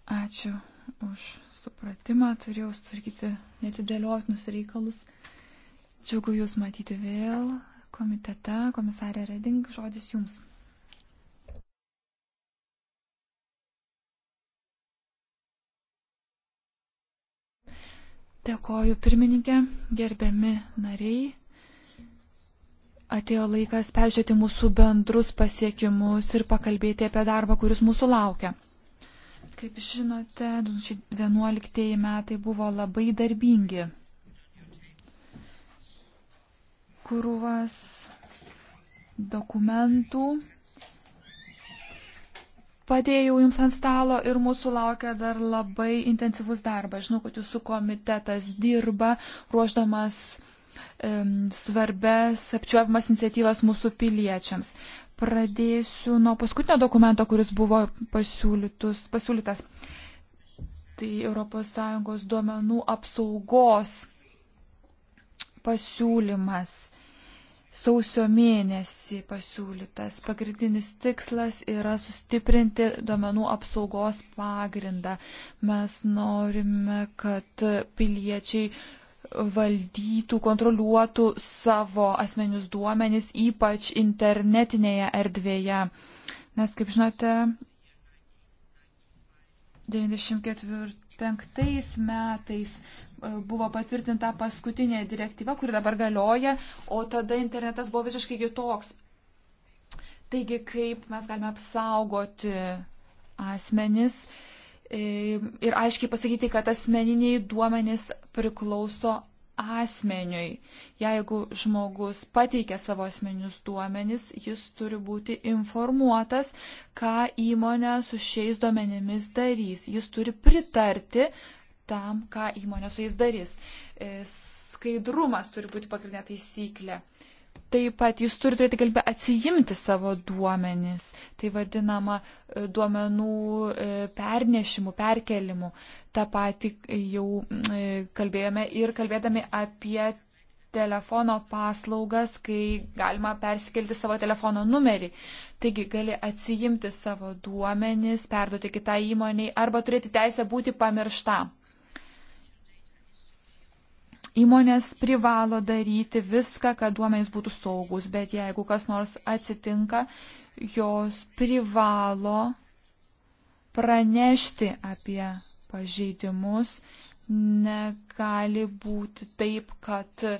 Ačiū už supratimą, turėjau sutvarkyti netidėliotinus reikalus. Džiugu Jūs matyti vėl komitete, komisarė Reding, žodis Jums. Dėkoju pirmininkė, gerbiami nariai. Atėjo laikas peržiūrėti mūsų bendrus pasiekimus ir pakalbėti apie darbą, kuris mūsų laukia. Kaip žinote, 2011 metai buvo labai darbingi. Krūvas dokumentų. Padėjau jums ant stalo ir mūsų laukia dar labai intensyvus darbas. Žinau, kad jūsų komitetas dirba ruoždamas svarbes apčiuopimas iniciatyvas mūsų piliečiams. Pradėsiu nuo paskutinio dokumento, kuris buvo pasiūlytas. Tai ES duomenų apsaugos pasiūlymas sausio mėnesį pasiūlytas. Pagrindinis tikslas yra sustiprinti duomenų apsaugos pagrindą. Mes norime, kad piliečiai valdytų, kontroliuotų savo asmenius duomenys, ypač internetinėje erdvėje. Nes, kaip žinote, 1995 metais e, buvo patvirtinta paskutinė direktyva, kuri dabar galioja, o tada internetas buvo visiškai kitoks. Taigi, kaip mes galime apsaugoti asmenis, uh, E, ir aiškiai pasakyti, kad asmeniniai duomenys priklauso asmeniui. Jeigu žmogus pateikia savo asmeninius duomenys, jis turi būti informuotas, ką įmonė su šiais duomenimis darys. Jis turi pritarti tam, ką įmonė su jais darys. E, skaidrumas turi būti pagrindinė taisyklė. Taip pat jis turi turėti galimybę atsijimti savo duomenis, tai vadinama e, duomenų e, pernešimu, perkelimu. Ta pati jau e, kalbėjome ir kalbėdami apie telefono paslaugas, kai galima persikelti savo telefono numerį. Taigi gali atsijimti savo duomenis, perduoti kitai įmoniai arba turėti teisę būti pamirštam. Įmonės privalo daryti viską, kad duomenys būtų saugus, bet jeigu kas nors atsitinka, jos privalo pranešti apie pažeidimus. Negali būti taip, kad e,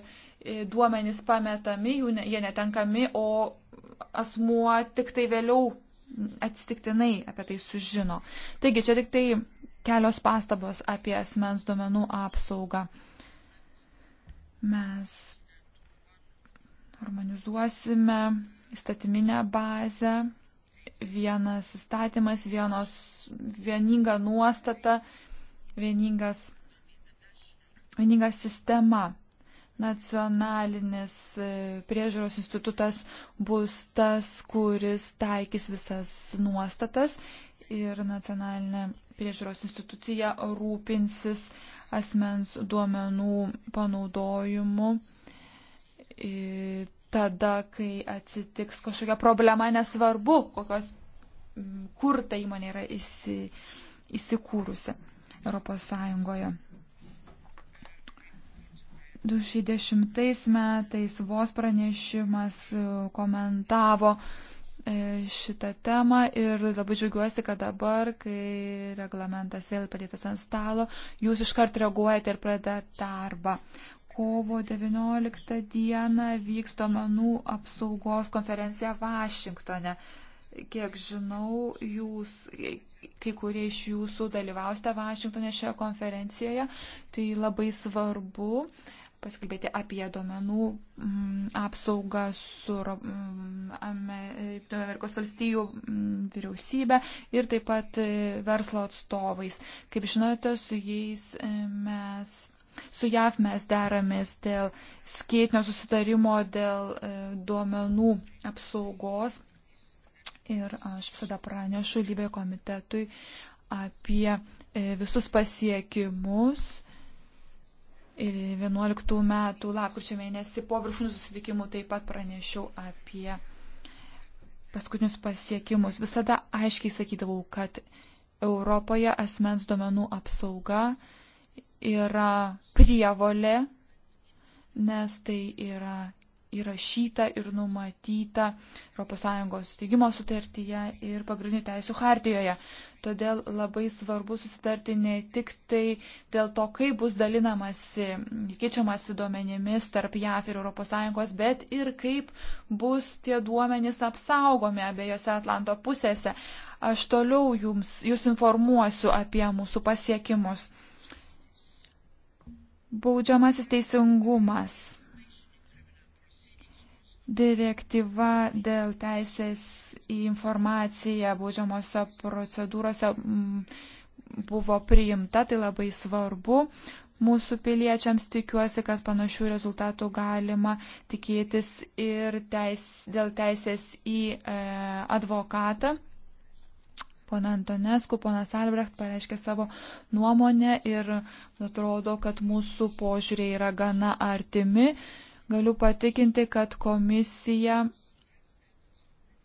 duomenys pametami, jie netenkami, o asmuo tik tai vėliau atsitiktinai apie tai sužino. Taigi čia tik tai kelios pastabos apie asmens duomenų apsaugą. Mes harmonizuosime įstatyminę bazę, vienas įstatymas, vienos, vieninga nuostata, vieningas, vieninga sistema. Nacionalinis e, priežiūros institutas bus tas, kuris taikys visas nuostatas ir nacionalinė priežiūros institucija rūpinsis uh, asmens duomenų panaudojimu tada, kai atsitiks kažkokia problema, nesvarbu, kokios, kur ta įmonė yra įsi, įsikūrusi Europos Sąjungoje. 2010 metais vos pranešimas e, komentavo E, šitą temą ir labai džiaugiuosi, kad dabar, kai reglamentas vėl padėtas ant stalo, jūs iškart reaguojate ir pradedate darbą. Kovo 19 dieną vyks duomenų apsaugos konferencija Vašingtone. Kiek žinau, jūs, kai kurie iš jūsų dalyvausite Vašingtone šioje konferencijoje, tai labai svarbu. Uh, pasikalbėti apie duomenų mm, apsaugą su mm, Amerikos valstijų mm, vyriausybė ir taip pat e, verslo atstovais. Kaip žinote, su jais e, mes. Su JAV mes deramės dėl skėtinio susitarimo dėl e, duomenų apsaugos ir aš visada pranešu lybė komitetui apie e, visus pasiekimus 2011 e, metų lapkričio mėnesį po viršūnių susitikimų taip pat pranešiau apie paskutinius pasiekimus. Visada aiškiai sakydavau, kad Europoje asmens duomenų apsauga yra prievolė, nes tai yra įrašyta ir numatyta ES steigimo sutartyje ir pagrindinių teisų hartijoje. Todėl labai svarbu susitarti ne tik tai dėl to, kaip bus dalinamasi, keičiamasi duomenimis tarp JAF ir ES, bet ir kaip bus tie duomenys apsaugomi abiejose Atlanto pusėse. Aš toliau jums, jūs informuosiu apie mūsų pasiekimus. Baudžiamasis teisingumas Direktyva dėl teisės į informaciją baudžiamosiose procedūrose mm, buvo priimta, tai labai svarbu. Mūsų piliečiams tikiuosi, kad panašių rezultatų galima tikėtis ir teis, dėl teisės į e, advokatą. Pona Antonesku, ponas Albrecht pareiškė savo nuomonę ir atrodo, kad mūsų požiūriai yra gana artimi. E, Galiu patikinti, kad komisija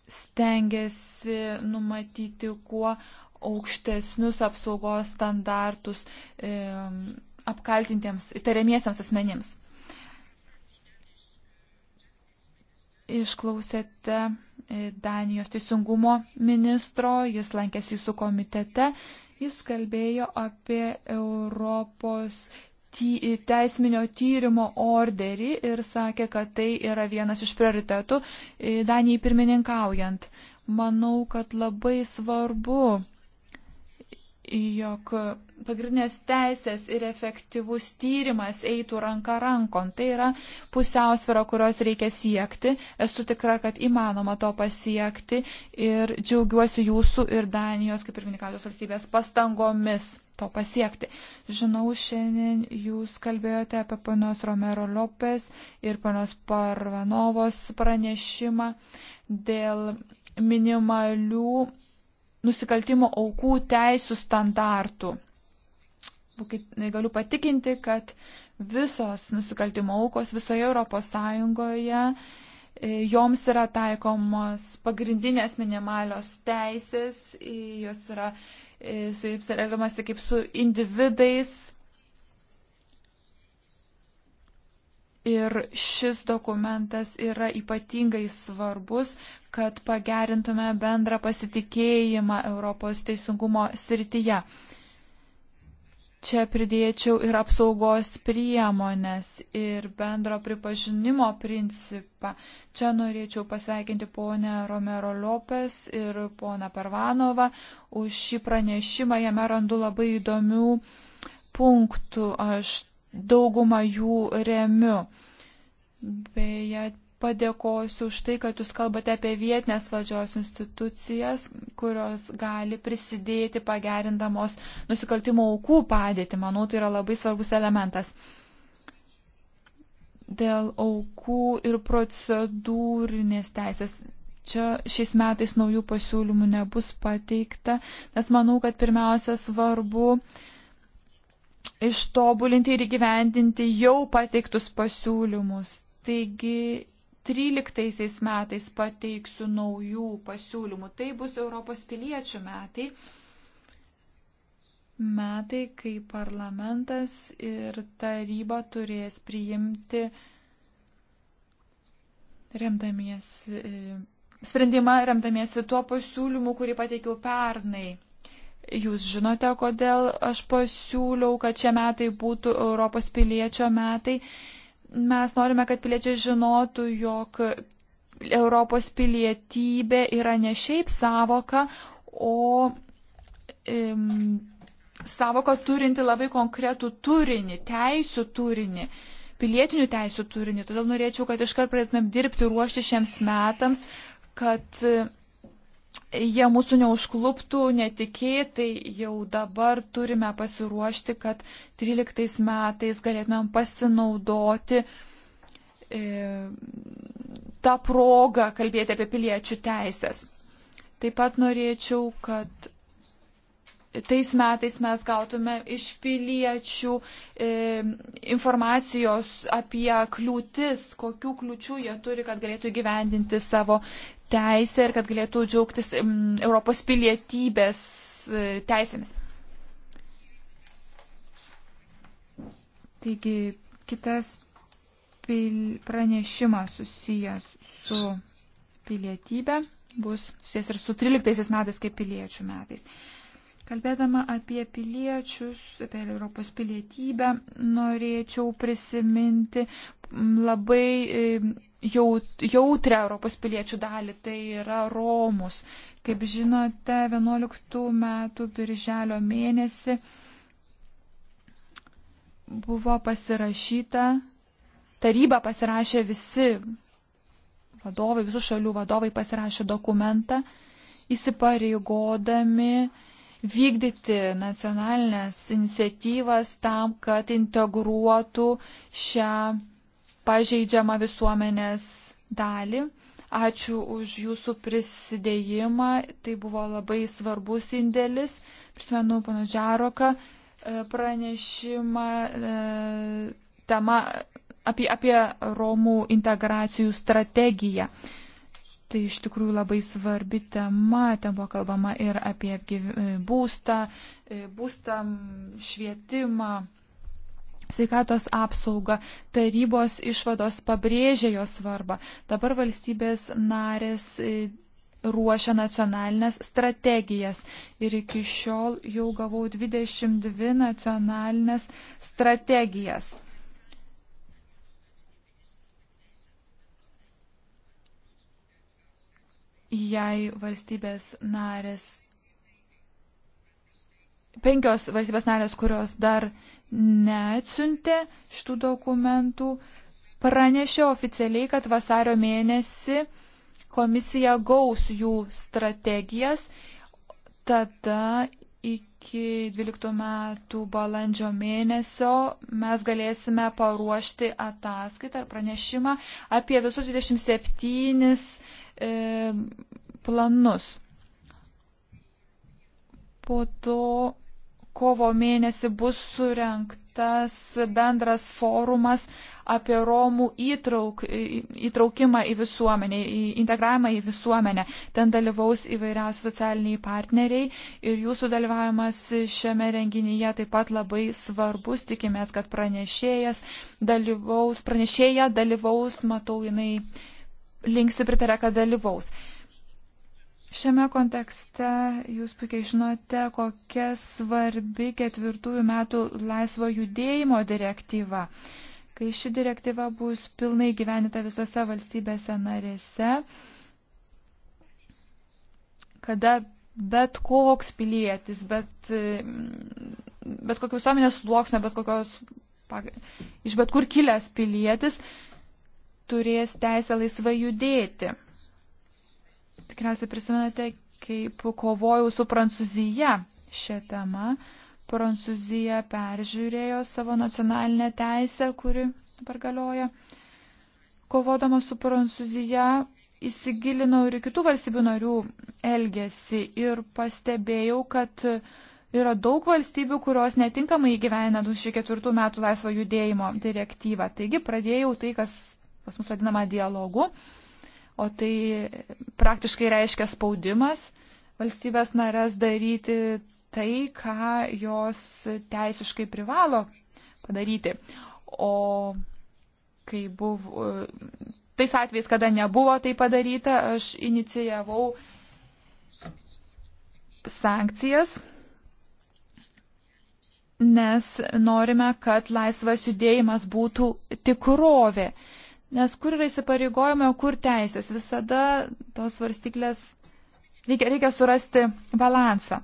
stengiasi numatyti kuo aukštesnius apsaugos standartus e, apkaltintiems, įtariamiesiams asmenims. Išklausėte e, Danijos teisingumo ministro, jis lankėsi jūsų komitete, jis kalbėjo apie Europos ty, teisminio tyrimo orderį ir sakė, kad tai yra vienas iš prioritetų e, Danijai pirmininkaujant. Manau, kad labai svarbu, jog pagrindinės teisės ir efektyvus tyrimas eitų ranka rankon. Tai yra pusiausvėra, kurios reikia siekti. Esu tikra, kad įmanoma to pasiekti ir džiaugiuosi jūsų ir Danijos kaip pirmininkausios valstybės pastangomis to pasiekti. Žinau, šiandien jūs kalbėjote apie ponios Romero Lopes ir ponios Parvanovos pranešimą dėl minimalių nusikaltimo aukų teisų standartų. Galiu patikinti, kad visos nusikaltimo aukos visoje Europos Sąjungoje e, joms yra taikomos pagrindinės minimalios teisės, jos yra E, su jais yra elgiamasi kaip su individais. Ir šis dokumentas yra ypatingai svarbus, kad pagerintume bendrą pasitikėjimą Europos teisingumo srityje. Čia pridėčiau ir apsaugos priemonės, ir bendro pripažinimo principą. Čia norėčiau pasveikinti ponę Romero Lopes ir poną Pervanovą už šį pranešimą. Jame randu labai įdomių punktų. Aš daugumą jų remiu. Beje, padėkosiu už tai, kad jūs kalbate apie vietinės valdžios institucijas, kurios gali prisidėti pagerindamos nusikaltimo aukų padėtį. Manau, tai yra labai svarbus elementas. Dėl aukų ir procedūrinės teisės. Čia šiais metais naujų pasiūlymų nebus pateikta, nes manau, kad pirmiausia svarbu ištobulinti ir įgyvendinti jau pateiktus pasiūlymus. Taigi 2013 metais pateiksiu naujų pasiūlymų. Tai bus Europos piliečių metai. Metai, kai parlamentas ir taryba turės priimti remdamiesi, e, sprendimą remdamiesi tuo pasiūlymu, kurį pateikiau pernai. Jūs žinote, kodėl aš pasiūliau, kad šie metai būtų Europos piliečio metai, Mes norime, kad piliečiai žinotų, jog Europos pilietybė yra ne šiaip savoka, o im, savoka turinti labai konkretų turinį, teisų turinį, pilietinių teisų turinį. Todėl norėčiau, kad iškart pradėtumėm dirbti ruošti šiems metams, kad jie mūsų neužkluptų netikėtai, jau dabar turime pasiruošti, kad 13 metais galėtumėm pasinaudoti e, tą progą kalbėti apie piliečių teisės. Taip pat norėčiau, kad tais metais mes gautume iš piliečių e, informacijos apie kliūtis, kokių kliučių jie turi, kad galėtų gyvendinti savo teisę ir kad galėtų džiaugtis mm, Europos pilietybės e, teisėmis. Taigi kitas pil... pranešimas susijęs su pilietybė bus susijęs ir su 13 metais kaip piliečių metais. Kalbėdama apie piliečius, apie Europos pilietybę, norėčiau prisiminti labai e, jautrę Europos piliečių dalį, tai yra Romus. Kaip žinote, 11 metų birželio mėnesį buvo pasirašyta, taryba pasirašė visi vadovai, visų šalių vadovai pasirašė dokumentą, įsipareigodami vykdyti nacionalinės iniciatyvas tam, kad integruotų šią pažeidžiamą visuomenės dalį. Ačiū už jūsų prisidėjimą, tai buvo labai svarbus indėlis. Prisimenu, panu Džaroką e, pranešimą e, tema apie, apie Romų integracijų strategiją. Tai iš tikrųjų labai svarbi tema, ten buvo kalbama ir apie e, būstą, būstą švietimą sveikatos apsaugą. Tarybos išvados pabrėžė jos svarbą. Dabar valstybės narės e, ruošia nacionalinės strategijas. Ir iki šiol jau gavau 22 nacionalinės strategijas. Jei valstybės narės, penkios valstybės narės, kurios dar neatsiuntė šitų dokumentų, pranešė oficialiai, kad vasario mėnesį komisija gaus jų strategijas, tada iki 12 metų balandžio mėnesio mes galėsime paruošti ataskaitą ar pranešimą apie visus 27 e, planus. Po to kovo mėnesį bus surenktas bendras forumas apie Romų įtrauk, įtraukimą į visuomenę, į integravimą į visuomenę. Ten dalyvaus įvairiausi socialiniai partneriai ir jūsų dalyvavimas šiame renginyje taip pat labai svarbus. Tikimės, kad pranešėjas dalyvaus, pranešėja dalyvaus, matau, jinai linksi pritarė, kad dalyvaus. Šiame kontekste jūs puikiai žinote, kokia svarbi ketvirtųjų metų laisvo judėjimo direktyva. Kai ši direktyva bus pilnai gyvenita visose valstybėse narėse, kada bet koks pilietis, bet, bet kokio visuomenės sluoksnio, bet kokios, iš bet kur kilęs pilietis turės teisę laisvai judėti. Tikriausiai prisimenate, kaip kovojau su Prancūzija šią temą. Prancūzija peržiūrėjo savo nacionalinę teisę, kuri dabar galioja. Kovodama su Prancūzija įsigilinau ir kitų valstybių narių elgesį ir pastebėjau, kad yra daug valstybių, kurios netinkamai įgyvena 2004 metų laisvo judėjimo direktyvą. Taigi pradėjau tai, kas pas mus vadinama dialogu o tai praktiškai reiškia spaudimas valstybės narės daryti tai, ką jos teisiškai privalo padaryti. O kai buvo, tais atvejais, kada nebuvo tai padaryta, aš inicijavau sankcijas, nes norime, kad laisvas judėjimas būtų tikrovė. Nes kur yra įsipareigojimai, o kur teisės? Visada tos svarstyklės reikia, reikia surasti balansą.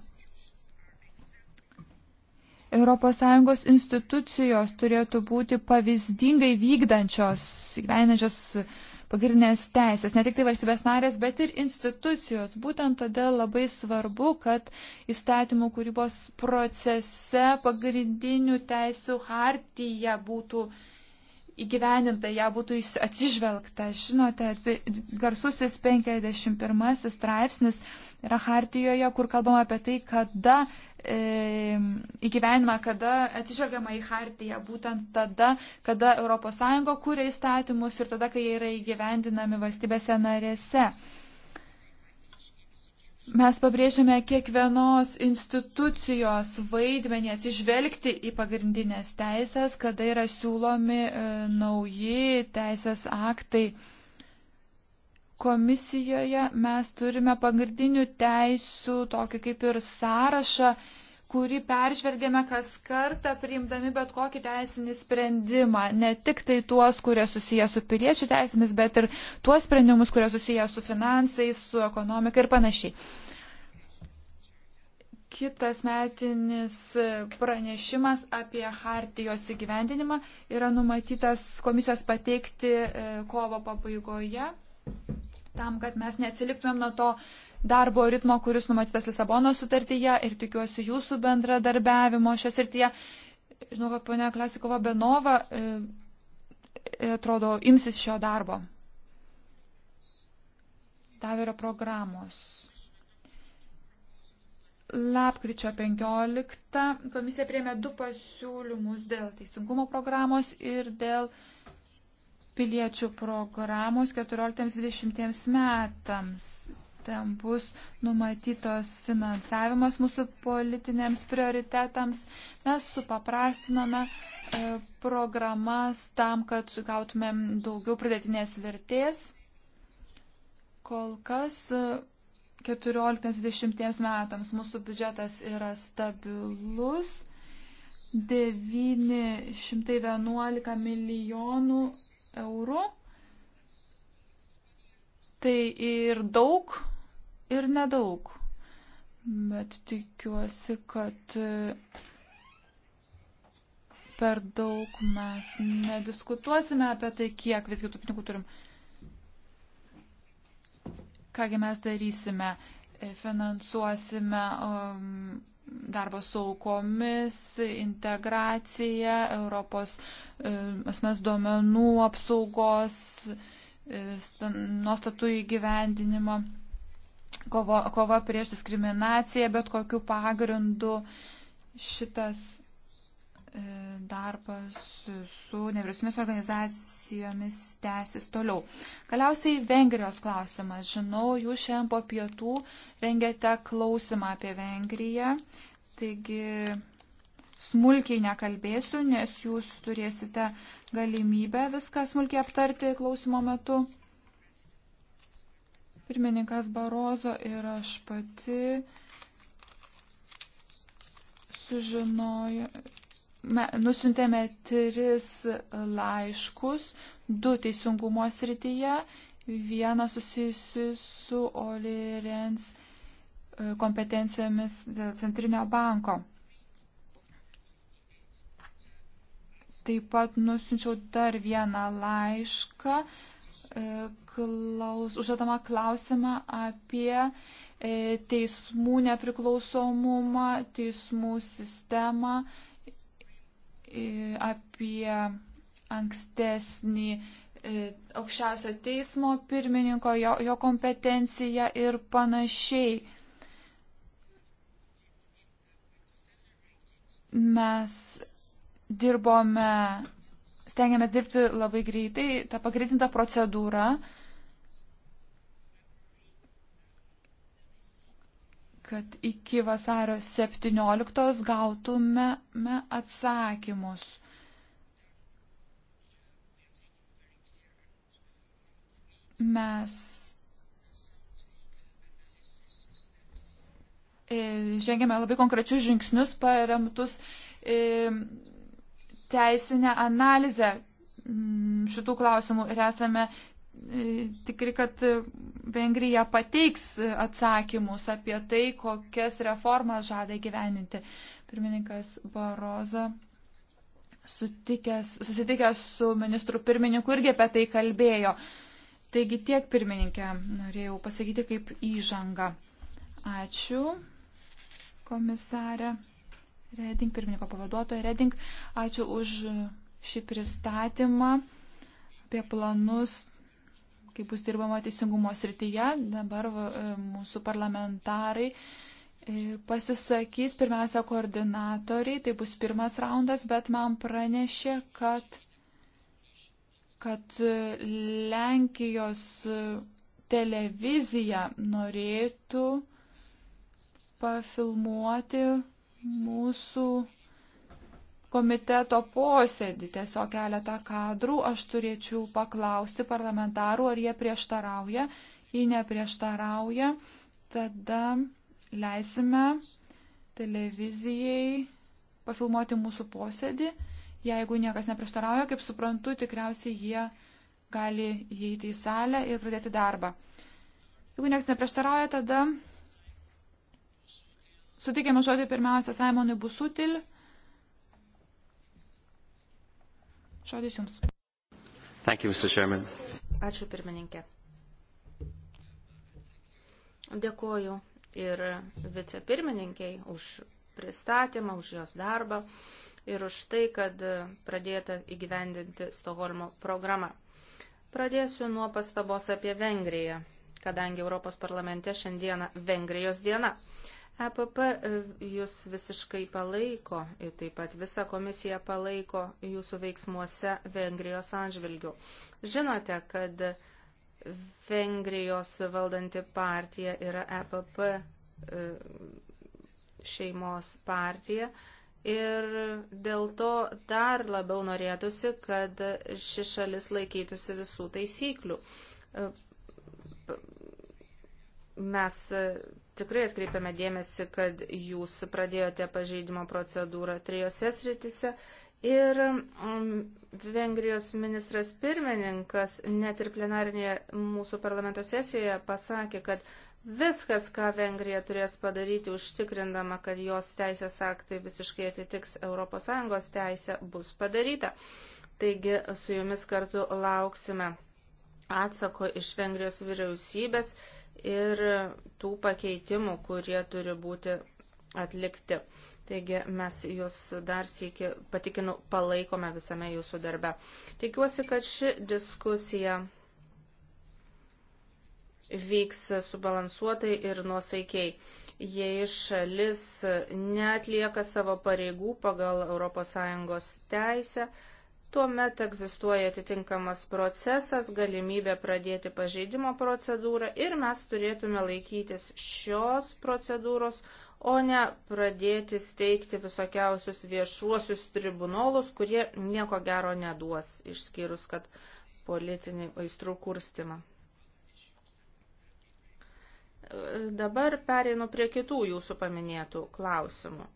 ES institucijos turėtų būti pavyzdingai vykdančios, gyvenančios pagrindinės teisės, ne tik tai valstybės narės, bet ir institucijos. Būtent todėl labai svarbu, kad įstatymų kūrybos procese pagrindinių teisų hartyje būtų uh, įgyveninta, ją būtų atsižvelgta. Žinote, tai garsusis 51 straipsnis yra Hartijoje, kur kalbama apie tai, kada e, įgyvenimą, kada atsižvelgiama į Hartiją, būtent tada, kada ES kūrė įstatymus ir tada, kai jie yra įgyvendinami valstybėse narėse. E, Mes pabrėžiame kiekvienos institucijos vaidmenį atsižvelgti į pagrindinės teisės, kada yra siūlomi e, nauji teisės aktai. Komisijoje mes turime pagrindinių teisų, tokį kaip ir sąrašą, kurį peržvelgėme kas kartą, priimdami bet kokį teisinį sprendimą. Ne tik tai tuos, kurie susiję su piliečių teisėmis, bet ir tuos sprendimus, kurie susiję su finansais, su ekonomika ir panašiai. Kitas metinis pranešimas apie hartijos įgyvendinimą yra numatytas komisijos pateikti e, kovo pabaigoje tam, kad mes neatsiliktumėm nuo to darbo ritmo, kuris numatytas Lisabono sutartyje ir tikiuosi jūsų bendradarbiavimo šios srityje. Žinau, kad ponia Klasikova Benova, e, e, atrodo, imsis šio darbo. Tav yra programos. Lapkričio 15 komisija priemė du pasiūlymus dėl teisingumo programos ir dėl piliečių programos 14-20 metams ten bus numatytos finansavimas mūsų politiniams prioritetams. Mes supaprastinome e, programas tam, kad gautumėm daugiau pridėtinės vertės. Kol kas 14-20 e, metams mūsų biudžetas yra stabilus. 911 milijonų eurų. Tai ir daug, ir nedaug. Bet tikiuosi, kad e, per daug mes nediskutuosime apie tai, kiek visgi tų pinigų turim. Kągi mes darysime? E, finansuosime um, darbo saukomis, integraciją, Europos um, asmens duomenų apsaugos, um, nuostatų įgyvendinimą. Um, kova, kova prieš diskriminaciją, bet kokiu pagrindu šitas e, darbas su nevyriausiamis organizacijomis tęsis toliau. Galiausiai Vengrijos klausimas. Žinau, jūs šiandien po pietų rengiate klausimą apie Vengriją. Taigi smulkiai nekalbėsiu, nes jūs turėsite galimybę viską smulkiai aptarti klausimo metu pirmininkas Barozo ir aš pati sužinojo, me, nusintėme tris laiškus, du teisingumo srityje, vieną susijusi su Oli Rens e, kompetencijomis dėl centrinio banko. Taip pat nusinčiau dar vieną laišką, e, klaus, užduodama klausimą apie e, teismų nepriklausomumą, teismų sistemą, e, apie ankstesnį e, aukščiausio teismo pirmininko, jo, jo kompetenciją ir panašiai. Mes dirbome, stengiamės dirbti labai greitai, ta pagreitinta procedūra kad iki vasario 17 gautume atsakymus. Mes e, žengėme labai konkrečius žingsnius paremtus e, teisinę analizę šitų klausimų ir esame tikri, kad Vengrija pateiks atsakymus apie tai, kokias reformas žada gyveninti. Pirmininkas Barozo sutikęs, susitikęs su ministru pirmininku irgi apie tai kalbėjo. Taigi tiek pirmininkė norėjau pasakyti kaip įžanga. Ačiū, komisarė Reding, pirmininko pavaduotoja Reding. Ačiū už šį pristatymą apie planus kaip bus dirbama teisingumo srityje. Dabar e, mūsų parlamentarai e, pasisakys, pirmiausia, koordinatoriai, tai bus pirmas raundas, bet man pranešė, kad, kad e, Lenkijos televizija norėtų pafilmuoti mūsų komiteto posėdį, tiesiog keletą kadrų, aš turėčiau paklausti parlamentarų, ar jie prieštarauja. Jei neprieštarauja, tada leisime televizijai pafilmuoti mūsų posėdį. Jeigu niekas neprieštarauja, kaip suprantu, tikriausiai jie gali įeiti į salę ir pradėti darbą. Jeigu niekas neprieštarauja, tada sutikėme žodį pirmiausia Simonui Busutil Žodis Jums. Thank you, Mr. Chairman. Ačiū pirmininkė. Dėkoju ir vicepirmininkiai už pristatymą, už jos darbą ir už tai, kad pradėta įgyvendinti Stoholmo programą. Pradėsiu nuo pastabos apie Vengriją, kadangi Europos parlamente šiandieną Vengrijos diena. diena. EPP e, jūs visiškai palaiko ir taip pat visa komisija palaiko jūsų veiksmuose Vengrijos atžvilgių. Žinote, kad Vengrijos valdanti partija yra EPP e, šeimos partija ir dėl to dar labiau norėtųsi, kad ši šalis laikytųsi visų taisyklių. E, mes tikrai atkreipiame dėmesį, kad jūs pradėjote pažeidimo procedūrą trijose sritise ir um, Vengrijos ministras pirmininkas net ir plenarinėje mūsų parlamento sesijoje pasakė, kad viskas, ką Vengrija turės padaryti, užtikrindama, kad jos teisės aktai visiškai atitiks ES teisę, bus padaryta. Taigi su jumis kartu lauksime atsako iš Vengrijos vyriausybės ir tų pakeitimų, kurie turi būti atlikti. Taigi mes jūs dar sėki, patikinu, palaikome visame jūsų darbe. Tikiuosi, kad ši diskusija vyks subalansuotai ir nuosaikiai. Jei šalis netlieka savo pareigų pagal ES teisę, tuomet egzistuoja atitinkamas procesas, galimybė pradėti pažeidimo procedūrą ir mes turėtume laikytis šios procedūros, o ne pradėti steigti visokiausius viešuosius tribunolus, kurie nieko gero neduos, išskyrus, kad politinį aistrų kurstimą. Dabar pereinu prie kitų jūsų paminėtų klausimų.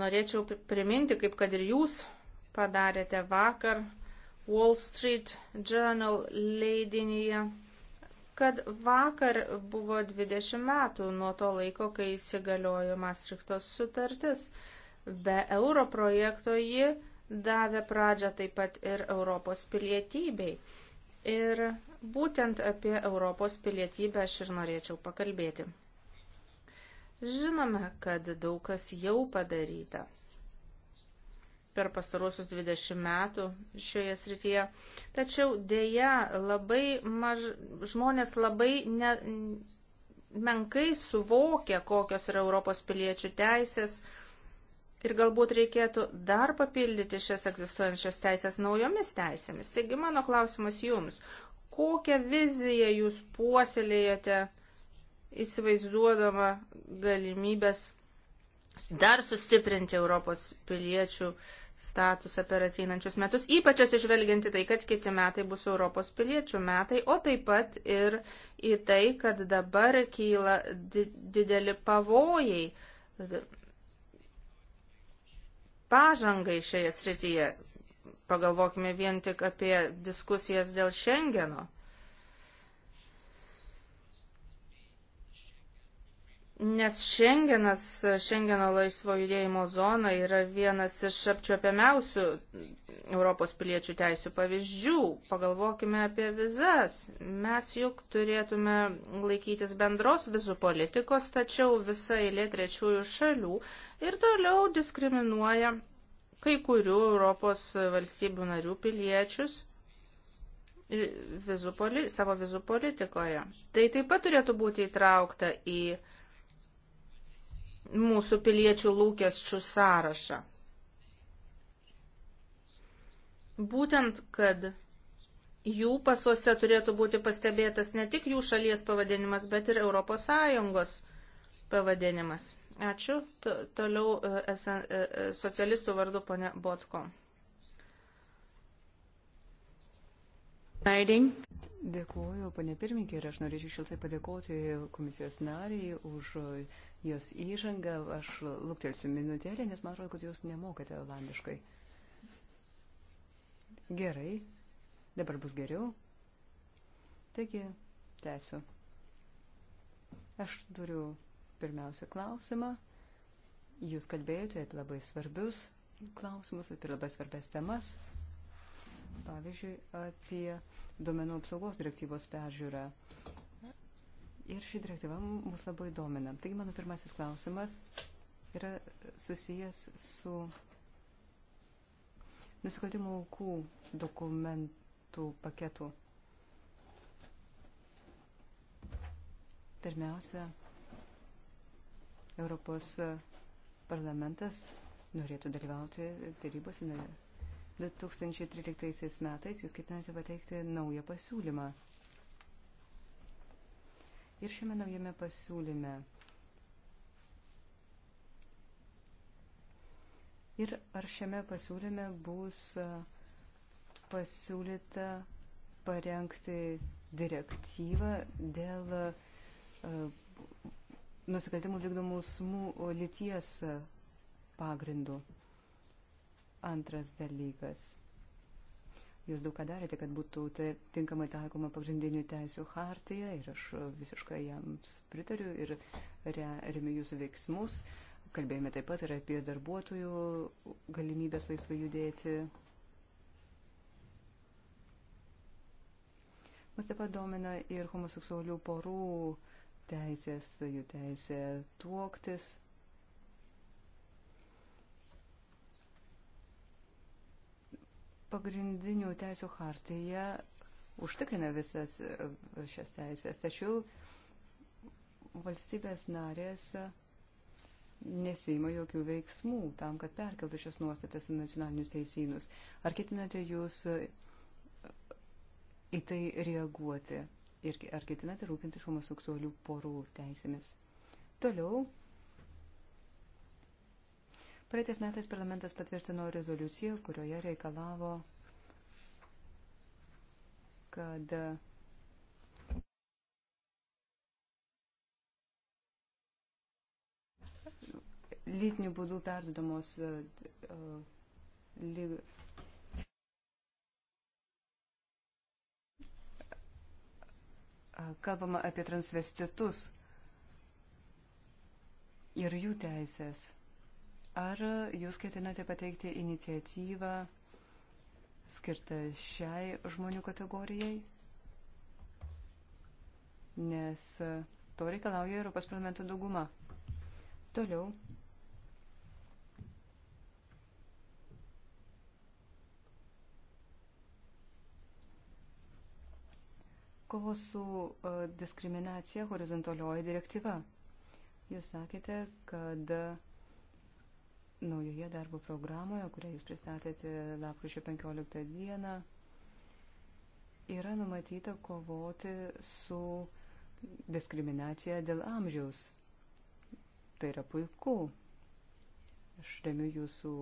Norėčiau priminti, kaip kad ir jūs padarėte vakar Wall Street Journal leidinyje, kad vakar buvo 20 metų nuo to laiko, kai įsigaliojo Maastrichto sutartis. Be euro projekto ji davė pradžią taip pat ir Europos pilietybei. Ir būtent apie Europos pilietybę aš ir norėčiau pakalbėti. Žinome, kad daug kas jau padaryta per pastarosius 20 metų šioje srityje. Tačiau dėja labai maž, žmonės labai ne, menkai suvokia, kokios yra Europos piliečių teisės. Ir galbūt reikėtų dar papildyti šias egzistuojančias teisės naujomis teisėmis. Taigi mano klausimas jums, kokią viziją jūs puoselėjate įsivaizduodama galimybės dar sustiprinti Europos piliečių teisės? statusą per ateinančius metus, ypač atsižvelgianti tai, kad kiti metai bus Europos piliečių metai, o taip pat ir į tai, kad dabar kyla di dideli pavojai pažangai šioje srityje. Pagalvokime vien tik apie diskusijas dėl Šengeno. Nes Šengenas, Šengeno laisvo judėjimo zona yra vienas iš apčiuopiamiausių Europos piliečių teisų pavyzdžių. Pagalvokime apie vizas. Mes juk turėtume laikytis bendros vizų politikos, tačiau visa eilė trečiųjų šalių ir toliau diskriminuoja kai kurių Europos valstybių narių piliečius vizų poli, savo vizų politikoje. Tai taip pat turėtų būti įtraukta į mūsų piliečių lūkesčių sąrašą. Būtent, kad jų pasuose turėtų būti pastebėtas ne tik jų šalies pavadinimas, bet ir ES pavadinimas. Ačiū. T Toliau e, e, e, socialistų vardu ponė Botko. Dėkuoju, panė pirmininkė, ir aš norėčiau šiltai padėkoti komisijos nariai už jos įžangą. Aš luktelsiu minutėlį, nes man atrodo, kad jūs nemokate olandiškai. Gerai, dabar bus geriau. Taigi, tęsiu. Aš turiu pirmiausia klausimą. Jūs kalbėjote apie labai svarbius klausimus, apie labai svarbias temas pavyzdžiui, apie duomenų apsaugos direktyvos peržiūrą. Ir ši direktyva mus labai domina. Taigi mano pirmasis klausimas yra susijęs su nusikaltimo aukų dokumentų paketu. Pirmiausia, Europos e, parlamentas norėtų dalyvauti darybose, 2013 metais jūs ketinate pateikti naują pasiūlymą. Ir šiame naujame pasiūlyme. Ir ar šiame pasiūlyme bus pasiūlyta parengti direktyvą dėl nusikaltimų vykdomų smų lyties pagrindų. Antras dalykas. Jūs daug ką darėte, kad būtų tinkamai taikoma pagrindinių teisų hartija ir aš visiškai jams pritariu ir remiu jūsų veiksmus. Kalbėjome taip pat ir apie darbuotojų galimybės laisvai judėti. Mus taip pat domina ir homoseksualių porų teisės, jų teisė tuoktis. pagrindinių teisų hartyje užtikrina visas e, šias teisės, tačiau valstybės narės nesima jokių veiksmų tam, kad perkeltų šias nuostatas į nacionalinius teisynus. Ar ketinate jūs e, į tai reaguoti ir ar ketinate rūpintis homoseksualių porų teisėmis? Toliau Praeitais metais parlamentas patvirtino rezoliuciją, kurioje reikalavo, kad lytinių būdų perdodamos e, lyg... Kalbama apie transvestitus ir jų teisės. Ar jūs ketinate pateikti iniciatyvą skirtą šiai žmonių kategorijai? Nes to reikalauja Europos parlamento dauguma. Toliau. kovos su e, diskriminacija horizontalioji direktyva. Jūs sakėte, kad naujoje darbo programoje, kurią jūs pristatėte lapkričio 15 dieną, yra numatyta kovoti su diskriminacija dėl amžiaus. Tai yra puiku. Aš remiu jūsų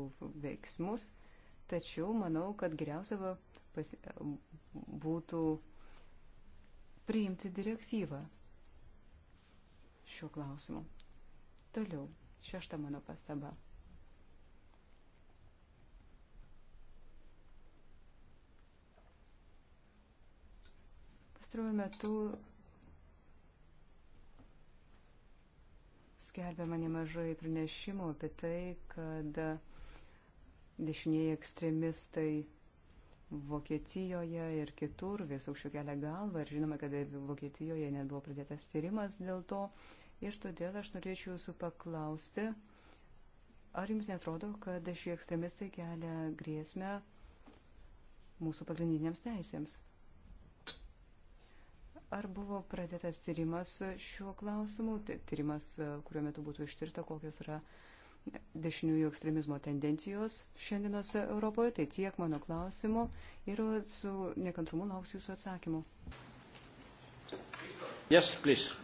veiksmus, tačiau manau, kad geriausia pasi... būtų priimti direktyvą šiuo klausimu. Toliau, šešta mano pastaba. pastaruoju metu skelbiama nemažai pranešimų apie tai, kad dešinieji ekstremistai Vokietijoje ir kitur vis aukščiau kelia galvą ir žinoma, kad Vokietijoje net buvo pradėtas tyrimas dėl to. Ir todėl aš norėčiau jūsų paklausti, ar jums netrodo, kad šie ekstremistai kelia grėsmę mūsų pagrindiniams teisėms? Ar buvo pradėtas tyrimas šiuo klausimu, tyrimas, e, kuriuo metu būtų ištirta, kokios yra dešiniųjų ekstremizmo tendencijos šiandienos Europoje? Tai tiek mano klausimų ir su nekantrumu lauksiu jūsų atsakymų. Yes, please.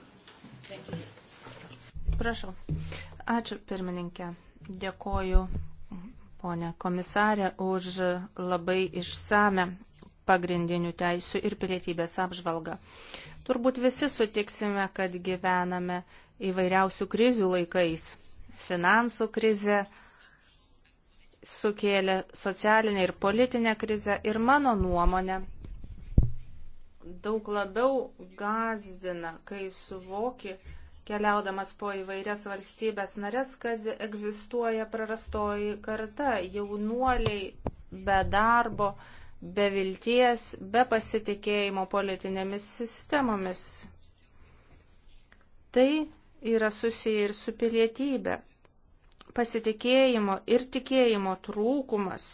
Thank you. Prašau. Ačiū pirmininkė. Dėkoju ponė komisarė už labai išsame pagrindinių teisų ir pilietybės apžvalgą. Turbūt visi sutiksime, kad gyvename įvairiausių krizių laikais. Finansų krizė sukėlė socialinę ir politinę krizę ir mano nuomonė daug labiau gazdina, kai suvoki, keliaudamas po įvairias valstybės narės, kad egzistuoja prarastoji karta, jaunuoliai be darbo, be vilties, be pasitikėjimo politinėmis sistemomis. Tai yra susiję ir su pilietybė. Pasitikėjimo ir tikėjimo trūkumas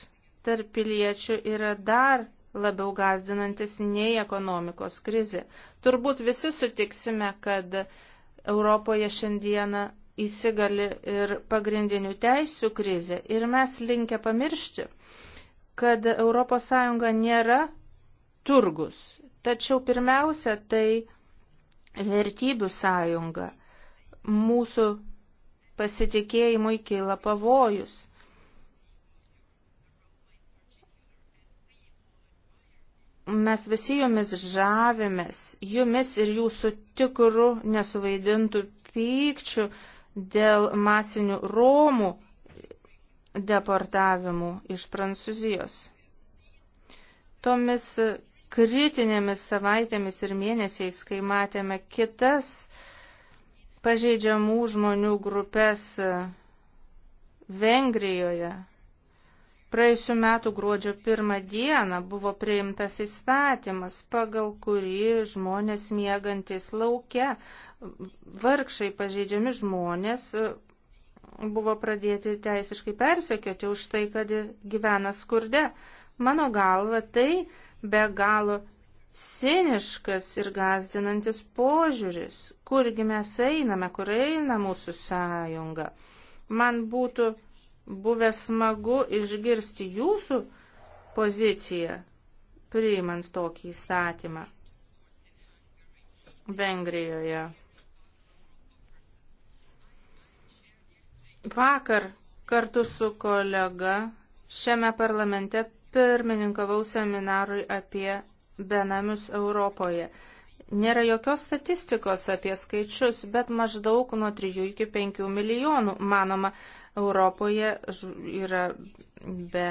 tarp piliečių yra dar labiau gazdinantis nei ekonomikos krizė. Turbūt visi sutiksime, kad Europoje šiandieną įsigali ir pagrindinių teisų krizė ir mes linkę pamiršti, kad ES nėra turgus, tačiau pirmiausia tai vertybių sąjunga. Mūsų pasitikėjimui kyla pavojus. Mes visi jumis žavimės, jumis ir jūsų tikrų nesuvaidintų pykčių dėl masinių Romų deportavimų iš Prancūzijos. Tomis kritinėmis savaitėmis ir mėnesiais, kai matėme kitas pažeidžiamų žmonių grupės Vengrijoje, praėjusiu metu gruodžio pirmą dieną buvo priimtas įstatymas, pagal kurį žmonės miegantis laukia, vargšai pažeidžiami žmonės buvo pradėti teisiškai persekioti už tai, kad gyvena skurde. Mano galva, tai be galo ciniškas ir gazdinantis požiūris, kurgi mes einame, kur eina mūsų sąjunga. Man būtų buvę smagu išgirsti jūsų poziciją, priimant tokį įstatymą. Vengrijoje Vakar kartu su kolega šiame parlamente pirmininkavau seminarui apie benamius Europoje. Nėra jokios statistikos apie skaičius, bet maždaug nuo 3 iki 5 milijonų, manoma, Europoje yra be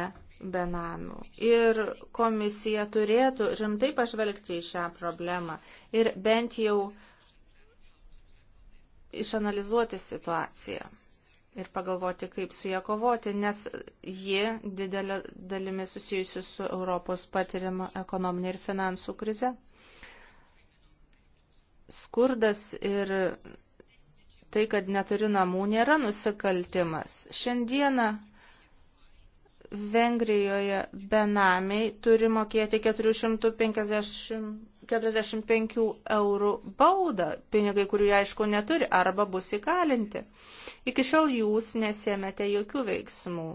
benamių. Ir komisija turėtų rimtai pažvelgti į šią problemą ir bent jau išanalizuoti situaciją ir pagalvoti, kaip su ją kovoti, nes ji didelė dalimi susijusi su Europos patiriama ekonominė ir finansų krize. Skurdas ir tai, kad neturiu namų, nėra nusikaltimas. Šiandieną Vengrijoje benamiai turi mokėti 450 45 eurų baudą, pinigai, kurių jie aišku neturi, arba bus įkalinti. Iki šiol jūs nesėmėte jokių veiksmų.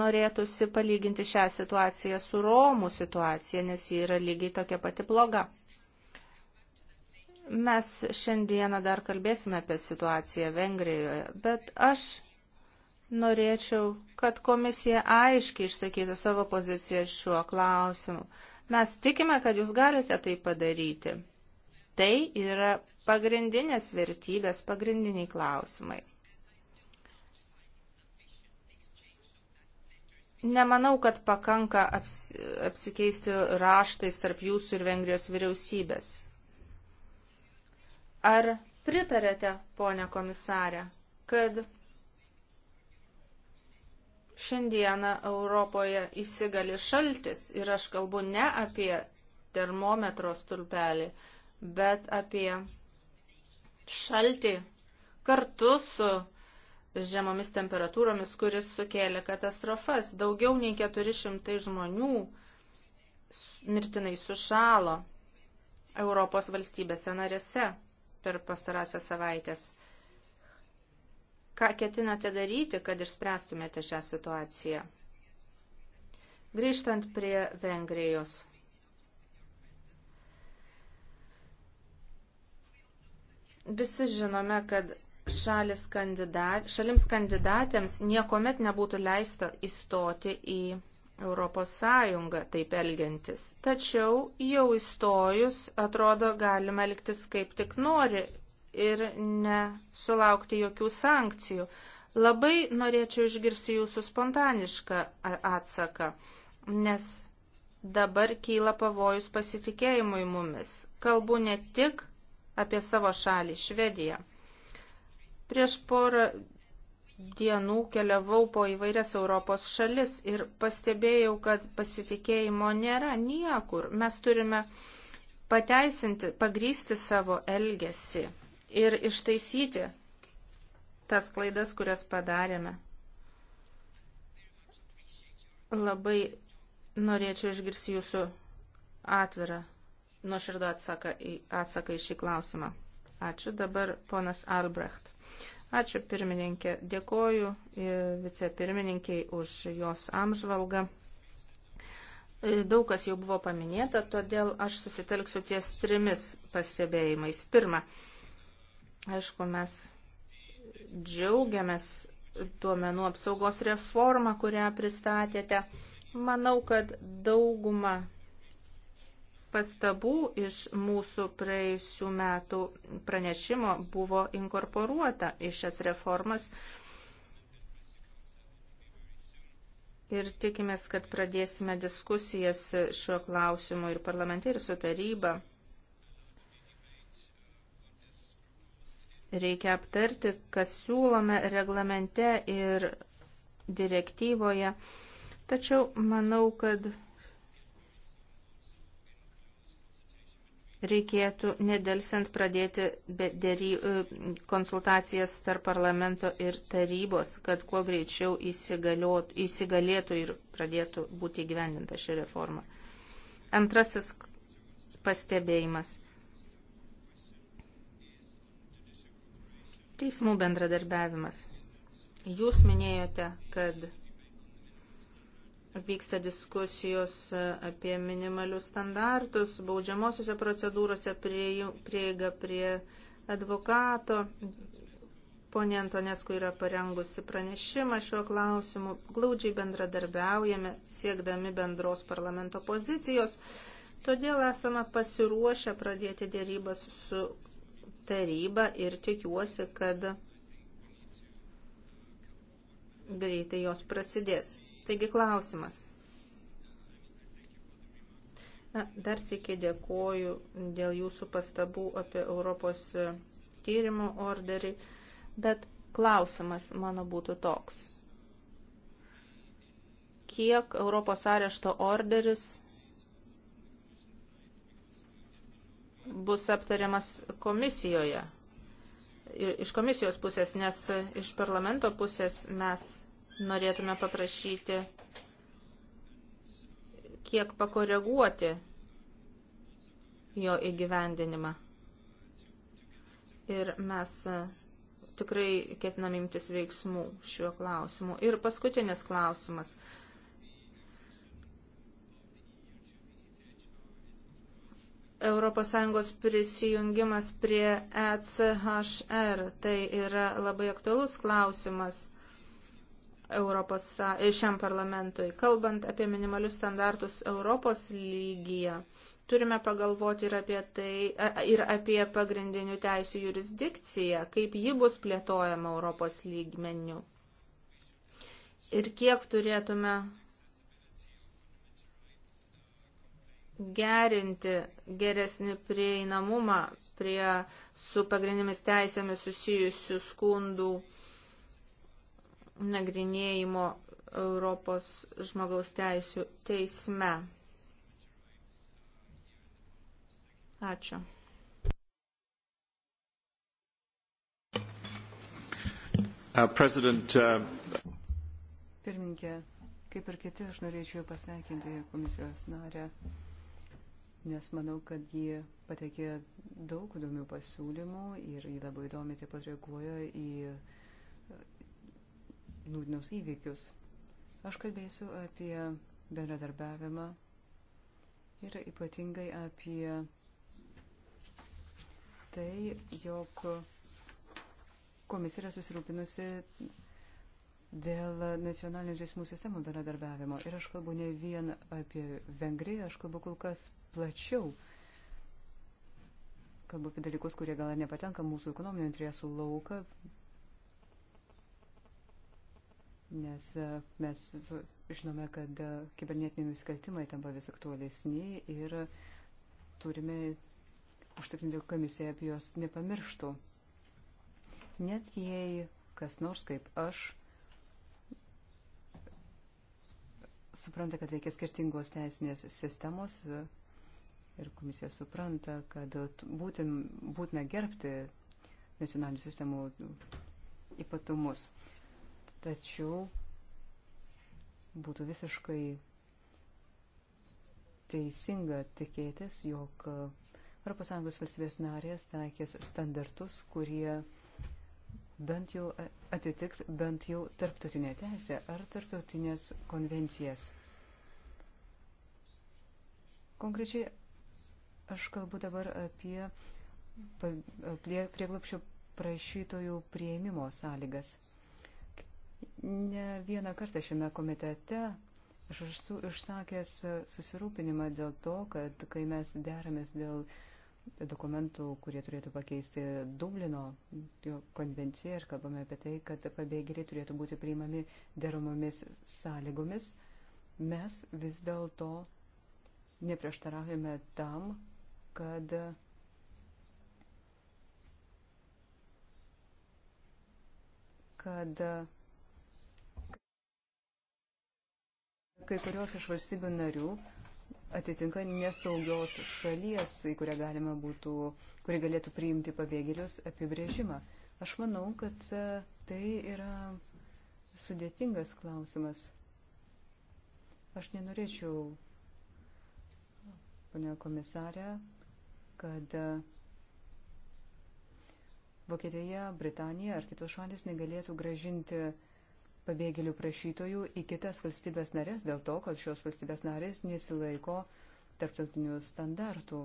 Norėtųsi palyginti šią situaciją su Romų situacija, nes ji yra lygiai tokia pati bloga. Mes šiandieną dar kalbėsime apie situaciją Vengrijoje, bet aš norėčiau, kad komisija aiškiai išsakytų savo poziciją šiuo klausimu. Mes tikime, kad jūs galite tai padaryti. Tai yra pagrindinės vertybės, pagrindiniai klausimai. Nemanau, kad pakanka aps, apsikeisti raštais tarp jūsų ir Vengrijos vyriausybės. Ar pritarėte, ponė komisarė, kad Šiandieną Europoje įsigali šaltis ir aš kalbu ne apie termometro stulpelį, bet apie šaltį kartu su žemomis temperatūromis, kuris sukėlė katastrofas. Daugiau nei 400 žmonių mirtinai sušalo Europos valstybėse narėse per pastarąsias savaitės. Ką ketinate daryti, kad išspręstumėte šią situaciją? Grįžtant prie Vengrijos. Visi žinome, kad kandidat, šalims kandidatėms niekuomet nebūtų leista įstoti į Europos Sąjungą taip elgiantis. Tačiau jau įstojus, atrodo, galima elgtis kaip tik nori ir nesulaukti jokių sankcijų. Labai norėčiau išgirsti jūsų spontanišką atsaką, nes dabar kyla pavojus pasitikėjimui mumis. Kalbu ne tik apie savo šalį, Švediją. Prieš porą dienų keliavau po įvairias Europos šalis ir pastebėjau, kad pasitikėjimo nėra niekur. Mes turime pateisinti, pagrysti savo elgesį ir ištaisyti tas klaidas, kurias padarėme. Labai norėčiau išgirsti jūsų atvirą nuoširdą atsaką, atsaką į šį klausimą. Ačiū dabar ponas Albrecht. Ačiū pirmininkė. Dėkoju e, vicepirmininkiai už jos amžvalgą. E, daug kas jau buvo paminėta, todėl aš susitelksiu ties trimis pastebėjimais. Pirma, Aišku, mes džiaugiamės duomenų apsaugos reformą, kurią pristatėte. Manau, kad dauguma pastabų iš mūsų praėjusių metų pranešimo buvo inkorporuota į šias reformas. Ir tikimės, kad pradėsime diskusijas šiuo klausimu ir parlamente, ir su taryba. Reikia aptarti, kas siūlome reglamente ir direktyvoje. Tačiau manau, kad reikėtų nedelsiant pradėti dėry, e, konsultacijas tarp parlamento ir tarybos, kad kuo greičiau įsigalėtų ir pradėtų būti įgyvendinta ši reforma. Antrasis pastebėjimas. Teismų bendradarbiavimas. Jūs minėjote, kad vyksta diskusijos apie minimalius standartus, baudžiamosiose procedūrose prieiga prie advokato. Pone Antonesku yra parengusi pranešimą šiuo klausimu. Glaudžiai bendradarbiaujame, siekdami bendros parlamento pozicijos. Todėl esame pasiruošę pradėti dėrybas su tarybą ir tikiuosi, kad greitai jos prasidės. Taigi klausimas. Na, dar sėkiai dėkoju dėl jūsų pastabų apie Europos tyrimų orderį, bet klausimas mano būtų toks. Kiek Europos arešto orderis bus aptariamas komisijoje, iš komisijos pusės, nes iš parlamento pusės mes norėtume paprašyti kiek pakoreguoti jo įgyvendinimą. Ir mes e, tikrai ketinam imtis veiksmų šiuo klausimu. Ir paskutinis klausimas. ES prisijungimas prie ECHR. Tai yra labai aktualus klausimas. Europos, šiam parlamentui. Kalbant apie minimalius standartus Europos lygyje, turime pagalvoti ir apie, tai, ir apie pagrindinių teisų jurisdikciją, kaip ji bus plėtojama Europos lygmeniu. Ir kiek turėtume gerinti geresnį prieinamumą prie su pagrindinėmis teisėmis susijusių skundų nagrinėjimo Europos žmogaus teisų teisme. Ačiū. Uh, uh... Pirmininkė, kaip ir kiti, aš norėčiau pasveikinti komisijos narę nes manau, kad ji patekė daug įdomių pasiūlymų ir ji labai įdomiai taip pat reaguoja į e, nūdinius įvykius. Aš kalbėsiu apie bendradarbiavimą ir ypatingai apie tai, jog komisija yra susirūpinusi dėl nacionalinių teismų sistemų bendradarbiavimo. Ir aš kalbu ne vien apie Vengriją, aš kalbu kol kas plačiau. Kalbu apie dalykus, kurie gal nepatenka mūsų ekonominių interesų lauką, nes e, mes žinome, kad e, kibernetiniai nusikaltimai tampa vis aktualesni ir turime užtikrinti, kad komisija apie juos nepamirštų. Net jei kas nors kaip aš supranta, kad veikia skirtingos teisinės sistemos, e, Ir komisija supranta, kad būtin, būtina gerbti nacionalinių sistemų ypatumus. Tačiau būtų visiškai teisinga tikėtis, jog ES valstybės narės taikės standartus, kurie bent jau atitiks bent jau tarptautinę teisę ar tarptautinės konvencijas. Konkrečiai Aš kalbu dabar apie prieglapšio prašytojų prieimimo sąlygas. Ne vieną kartą šiame komitete aš esu išsakęs susirūpinimą dėl to, kad kai mes deramės dėl dokumentų, kurie turėtų pakeisti Dublino konvenciją ir kalbame apie tai, kad pabėgėliai turėtų būti priimami deromomis sąlygomis, mes vis dėlto neprieštaraujame tam, kad kad kai kurios iš valstybių narių atitinka nesaugios šalies, į kurią galima būtų, kuri galėtų priimti pabėgėlius apibrėžimą. Aš manau, kad e, tai yra sudėtingas klausimas. Aš nenorėčiau, ponia komisarė, kad e, Vokietija, Britanija ar kitos šalis negalėtų gražinti pabėgėlių prašytojų į kitas valstybės narės dėl to, kad šios valstybės narės nesilaiko tarptautinių standartų.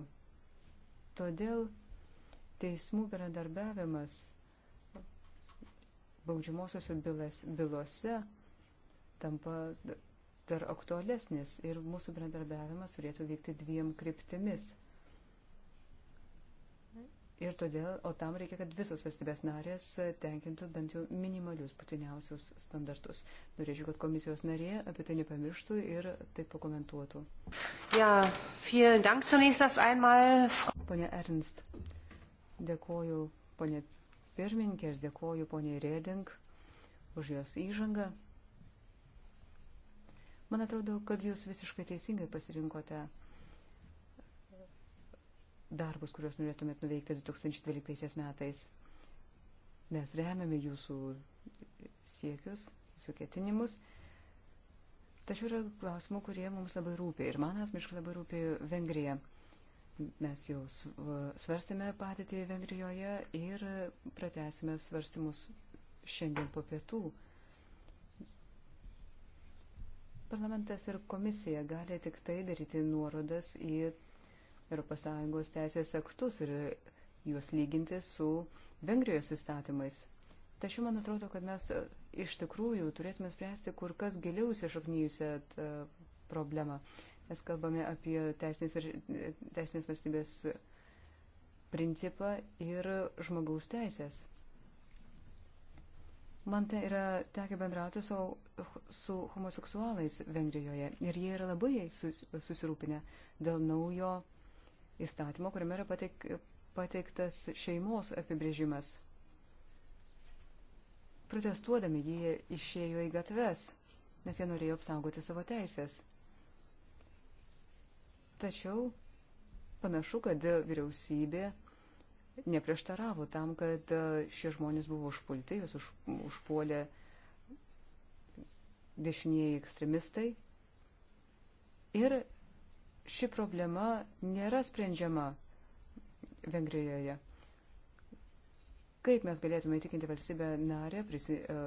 Todėl teismų bendradarbiavimas baudžiamosiose bylose tampa dar aktualesnis ir mūsų bendradarbiavimas turėtų vykti dviem kryptimis. Ir todėl, o tam reikia, kad visos valstybės narės tenkintų bent jau minimalius būtiniausius standartus. Norėčiau, kad komisijos narė apie tai nepamirštų ir tai pakomentuotų. Ja, dank zunächst das einmal. Pone Ernst, dėkoju ponė pirmininkė ir dėkoju ponė Reding už jos įžangą. Man atrodo, kad jūs visiškai teisingai pasirinkote darbus, kuriuos norėtumėt nuveikti 2012 metais. Mes remiame jūsų siekius, jūsų ketinimus. Tačiau yra klausimų, kurie mums labai rūpi. Ir man asmeniškai labai rūpi Vengrija. Mes jau svarstėme patirtį Vengrijoje ir pratęsime svarstymus šiandien po pietų. Parlamentas ir komisija gali tik tai daryti nuorodas į ES teisės aktus ir juos lyginti su Vengrijos įstatymais. Tačiau man atrodo, kad mes e, iš tikrųjų turėtume spręsti kur kas giliau įsišaknyjusią e, problemą. Mes kalbame apie teisinės, ir, e, teisinės valstybės principą ir žmogaus teisės. Man tai yra tekę bendrauti su, su homoseksualais Vengrijoje ir jie yra labai susirūpinę dėl naujo uh, įstatymo, kuriame yra pateik, pateiktas šeimos apibrėžimas. Protestuodami jie išėjo į gatves, nes jie norėjo apsaugoti savo teisės. Tačiau panašu, kad vyriausybė neprieštaravo tam, kad šie žmonės buvo užpulti, juos už, užpuolė dešinieji ekstremistai. Ir ši problema nėra sprendžiama Vengrijoje. Kaip mes galėtume įtikinti valstybę narę prisi, e,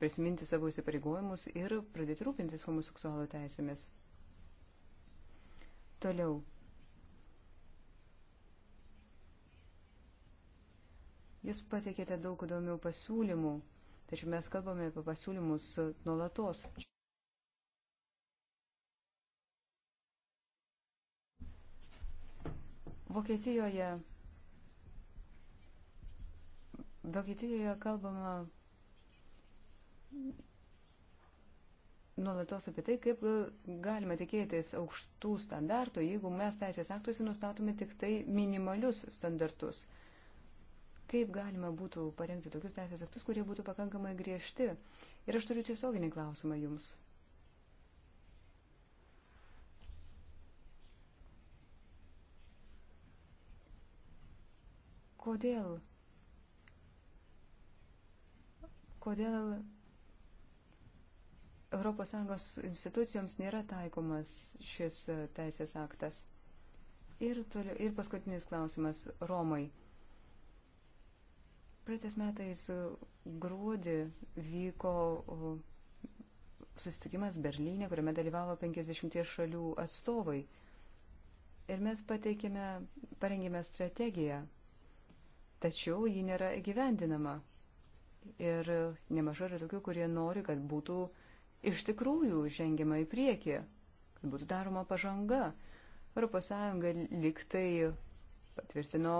prisiminti savo įsipareigojimus ir pradėti rūpintis homoseksualų teisėmis? Toliau. Jūs pateikėte daug įdomių pasiūlymų, tačiau mes kalbame apie pasiūlymus nuolatos. Vokietijoje, Vokietijoje kalbama nuolatos apie tai, kaip galima tikėtis aukštų standartų, jeigu mes teisės aktuose nustatome tik tai minimalius standartus. Kaip galima būtų parengti tokius teisės aktus, kurie būtų pakankamai griežti? Ir aš turiu tiesioginį klausimą jums. Kodėl? Kodėl ES institucijoms nėra taikomas šis e, teisės aktas? Ir, toliau, ir paskutinis klausimas Romai. Praeitais metais gruodį vyko susitikimas Berlyne, kuriame dalyvavo 50 šalių atstovai. Ir mes pateikėme, parengėme strategiją tačiau ji nėra gyvendinama. Ir nemažai yra tokių, kurie nori, kad būtų iš tikrųjų žengiama į priekį, kad būtų daroma pažanga. ES liktai patvirtino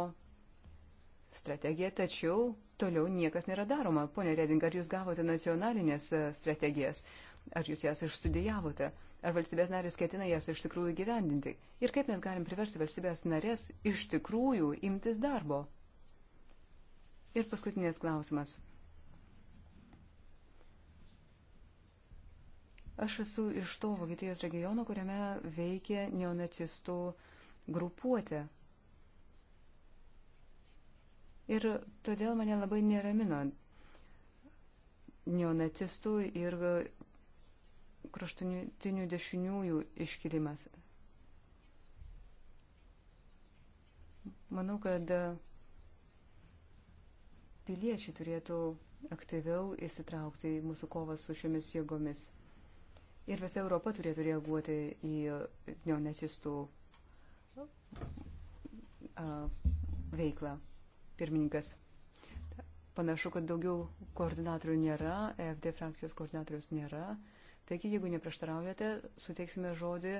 strategiją, tačiau toliau niekas nėra daroma. Pone Reding, ar jūs gavote nacionalinės e, strategijas, ar jūs jas išstudijavote, ar valstybės narės ketina jas iš tikrųjų gyvendinti ir kaip mes galim priversti valstybės narės iš tikrųjų imtis darbo? Ir paskutinės klausimas. Aš esu iš to Vokietijos regiono, kuriame veikia neonacistų grupuotė. Ir todėl mane labai neramino neonacistų ir kraštutinių dešiniųjų iškilimas. Manau, kad piliečiai turėtų aktyviau įsitraukti į mūsų kovą su šiomis jėgomis. Ir visa Europa turėtų reaguoti į neonacistų veiklą. Pirmininkas. Panašu, kad daugiau koordinatorių nėra, FD frakcijos koordinatorius nėra. Taigi, jeigu neprieštaraujate, suteiksime žodį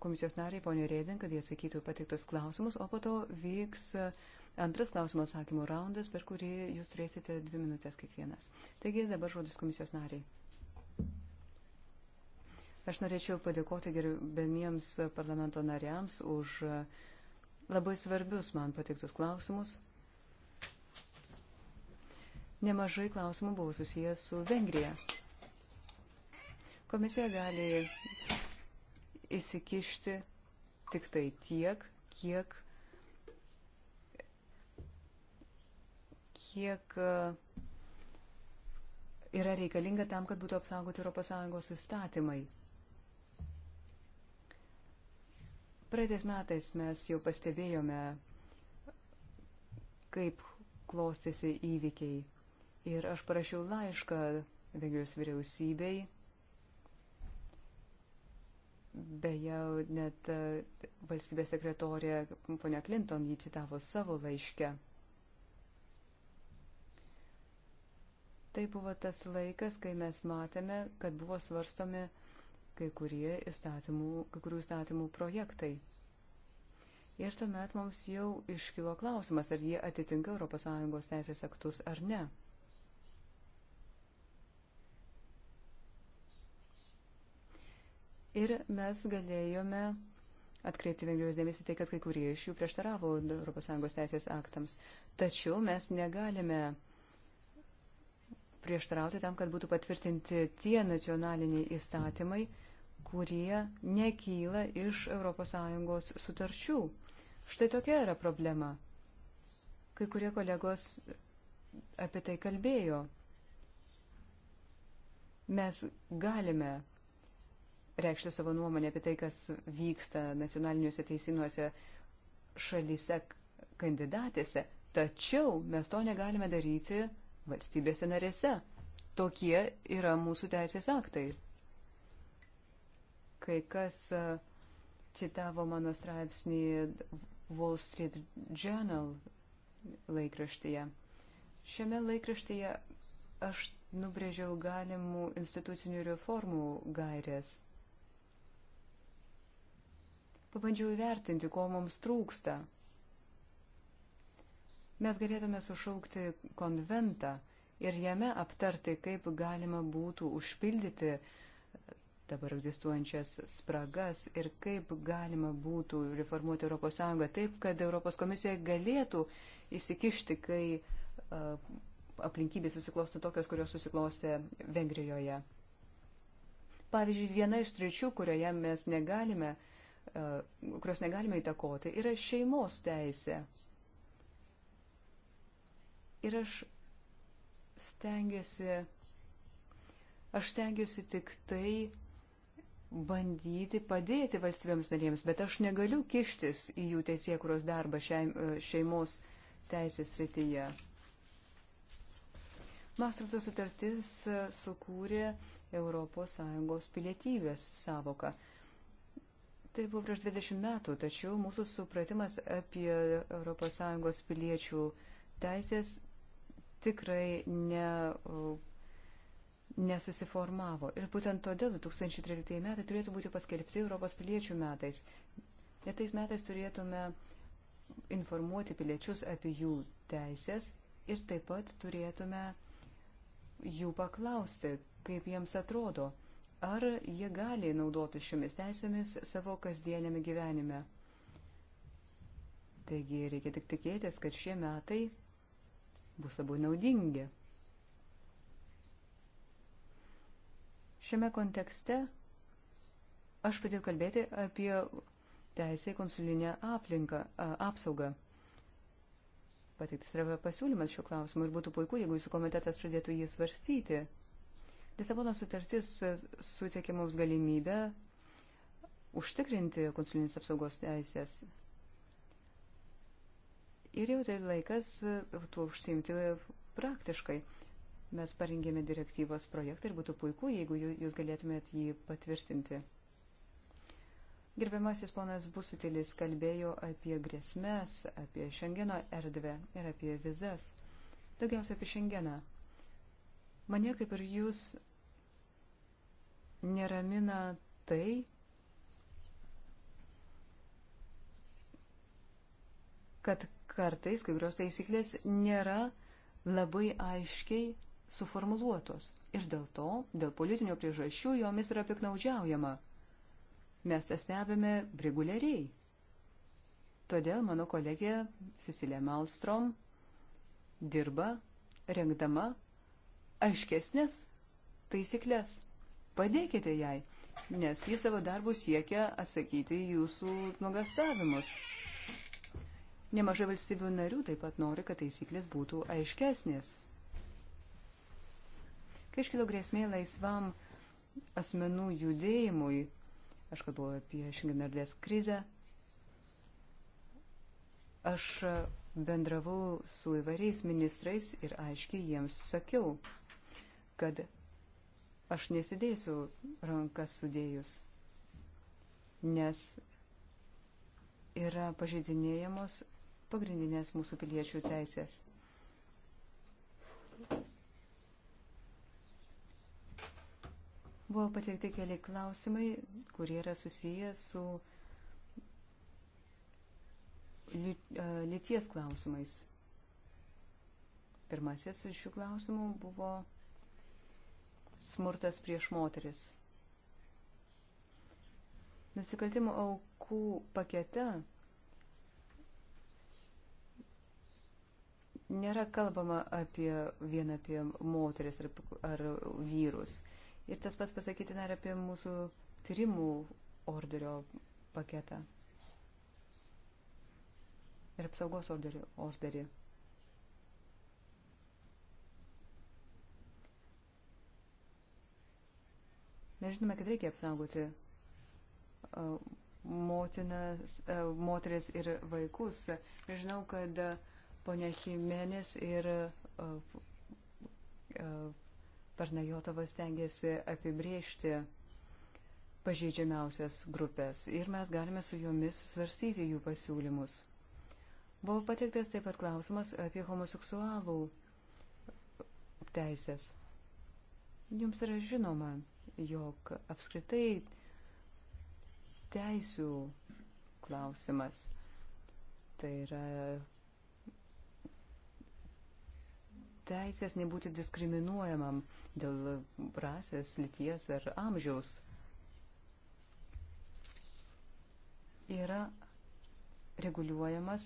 komisijos nariai, ponė Rėdin, kad jie atsakytų pateiktus klausimus, o po to vyks uh, Antras klausimo atsakymų raundas, per kurį jūs turėsite dvi minutės kiekvienas. Taigi dabar žodis komisijos nariai. Aš norėčiau padėkoti gerbėmiems parlamento nariams už labai svarbius man patiktus klausimus. Nemažai klausimų buvo susijęs su Vengrija. Komisija gali įsikišti tik tai tiek, kiek kiek e, yra reikalinga tam, kad būtų apsaugoti ES įstatymai. Praeitais metais mes jau pastebėjome, kaip klostėsi įvykiai. Ir aš parašiau laišką Vengrijos vyriausybei. Beje, net e, valstybės sekretorė ponia Clinton jį citavo savo laiške. Tai buvo tas laikas, kai mes matėme, kad buvo svarstomi kai, kurie įstatymų, kai kurių įstatymų projektai. Ir tuomet mums jau iškilo klausimas, ar jie atitinka ES teisės aktus ar ne. Ir mes galėjome atkreipti Vengrijos dėmesį tai, kad kai kurie iš jų prieštaravo ES teisės aktams. Tačiau mes negalime prieštarauti tam, kad būtų patvirtinti tie nacionaliniai įstatymai, kurie nekyla iš ES sutarčių. Štai tokia yra problema. Kai kurie kolegos apie tai kalbėjo. Mes galime reikšti savo nuomonę apie tai, kas vyksta nacionaliniuose teisinuose šalyse kandidatėse, tačiau mes to negalime daryti valstybėse narėse. Tokie yra mūsų teisės aktai. Kai kas e, citavo mano straipsnį Wall Street Journal laikraštyje. Šiame laikraštyje aš nubrėžiau galimų institucinių reformų gairės. Pabandžiau įvertinti, ko mums trūksta Mes galėtume sušaukti konventą ir jame aptarti, kaip galima būtų užpildyti dabar egzistuojančias spragas ir kaip galima būtų reformuoti ES taip, kad ES galėtų įsikišti, kai aplinkybės susiklostų tokios, kurios susiklostė Vengrijoje. Pavyzdžiui, viena iš sričių, kurioje mes negalime, kurios negalime įtakoti, yra šeimos teisė. Ir aš stengiuosi, aš stengiuosi tik tai bandyti padėti valstybėms narėms, bet aš negaliu kištis į jų teisėkuros darbą šeimos teisės rytyje. Mastrofto sutartis sukūrė ES pilietybės savoką. Tai buvo prieš 20 metų, tačiau mūsų supratimas apie ES piliečių teisės tikrai ne, nesusiformavo. Ir būtent todėl 2013 metai turėtų būti paskelbti Europos piliečių metais. Ir tais metais turėtume informuoti piliečius apie jų teisės ir taip pat turėtume jų paklausti, kaip jiems atrodo, ar jie gali naudoti šiomis teisėmis savo kasdienėme gyvenime. Taigi reikia tik tikėtis, kad šie metai bus labai naudingi. Šiame kontekste aš pradėjau kalbėti apie teisę į konsulinę aplinką, apsaugą. Pateiktas yra pasiūlymas šiuo klausimu ir būtų puiku, jeigu jūsų komitetas pradėtų jį svarstyti. Lisabono sutartis e, suteikia mums galimybę užtikrinti konsulinės apsaugos teisės Ir jau tai laikas e, tuo užsimti praktiškai. Mes parengėme direktyvos projektą ir būtų puiku, jeigu jūs galėtumėt jį patvirtinti. Gerbiamasis ponas Busutilis kalbėjo apie grėsmės, apie Šengeno erdvę ir apie vizas. Daugiausia apie Šengeną. Mane kaip ir jūs neramina tai, kad kartais kai kurios taisyklės nėra labai aiškiai suformuluotos. Ir dėl to, dėl politinių priežasčių, jomis yra piknaudžiaujama. Mes tą stebime reguliariai. Todėl mano kolegė Cecilė Malstrom dirba rengdama aiškesnės taisyklės. Padėkite jai, nes ji savo darbų siekia atsakyti jūsų nugastavimus. Nemažai valstybių narių taip pat nori, kad taisyklės būtų aiškesnės. Kai iškilo grėsmė laisvam asmenų judėjimui, aš kalbu apie šiandienardės krizę, aš bendravau su įvairiais ministrais ir aiškiai jiems sakiau, kad aš nesidėsiu rankas sudėjus, nes yra pažeidinėjamos pagrindinės mūsų piliečių teisės. Buvo pateikti keli klausimai, kurie yra susiję su lyties klausimais. Pirmasis iš šių klausimų buvo smurtas prieš moteris. Nusikaltimo aukų pakete nėra kalbama apie vien apie moteris ar, ar vyrus. Ir tas pats pasakytina ir apie mūsų tyrimų orderio paketą. Ir apsaugos orderį. orderį. Mes žinome, kad reikia apsaugoti motinas, moteris ir vaikus. Ir žinau, kad uh, ponia Jimenez ir Parnajotovas tengiasi apibriežti pažeidžiamiausias grupės ir mes galime su jomis svarstyti jų pasiūlymus. Buvo pateiktas taip pat klausimas apie homoseksualų teisės. Jums yra žinoma, jog apskritai teisių klausimas tai yra teisės nebūti diskriminuojamam dėl rasės, lyties ar amžiaus. Yra reguliuojamas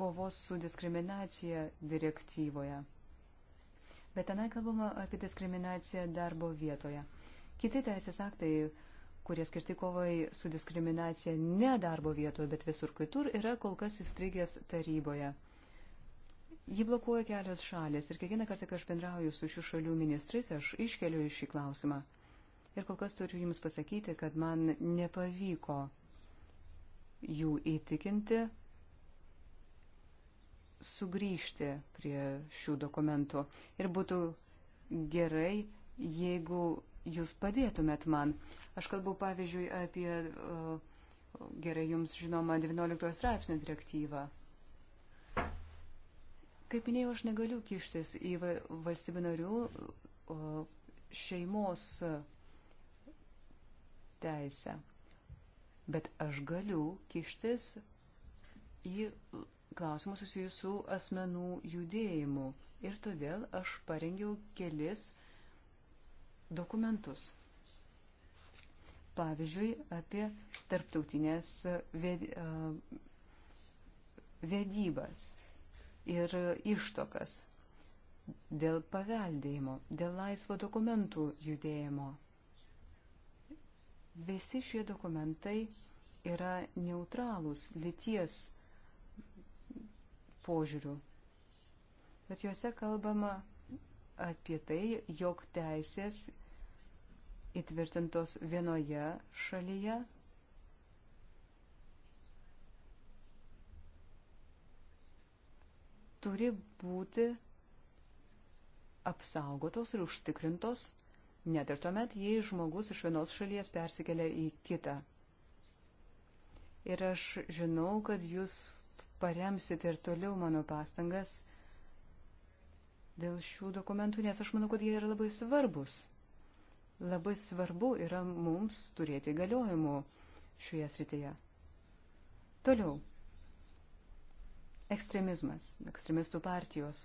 kovos su diskriminacija direktyvoje. Bet tenai kalbama apie diskriminaciją darbo vietoje. Kiti teisės aktai, kurie skirti kovai su diskriminacija ne darbo vietoje, bet visur kitur, yra kol kas įstrigęs taryboje. Jį blokuoja kelios šalės ir kiekvieną kartą, kai aš bendrauju su šių šalių ministrais, aš iškeliu iš šį klausimą. Ir kol kas turiu Jums pasakyti, kad man nepavyko jų įtikinti sugrįžti prie šių dokumentų. Ir būtų gerai, jeigu Jūs padėtumėt man. Aš kalbu, pavyzdžiui, apie uh, gerai Jums žinoma 12 straipsnių direktyvą. Kaip minėjau, aš negaliu kištis į valstybių narių šeimos teisę, bet aš galiu kištis į klausimus susijusius su asmenų judėjimu. Ir todėl aš parengiau kelis dokumentus pavyzdžiui, apie tarptautinės vedybas ir ištokas, dėl paveldėjimo, dėl laisvo dokumentų judėjimo. Visi šie dokumentai yra neutralūs lyties požiūrių. Bet juose kalbama apie tai, jog teisės įtvirtintos vienoje šalyje turi būti apsaugotos ir užtikrintos, net ir tuomet, jei žmogus iš vienos šalies persikelia į kitą. Ir aš žinau, kad jūs paremsite ir toliau mano pastangas dėl šių dokumentų, nes aš manau, kad jie yra labai svarbus. Labai svarbu yra mums turėti galiojimų šioje srityje. Toliau ekstremizmas, ekstremistų partijos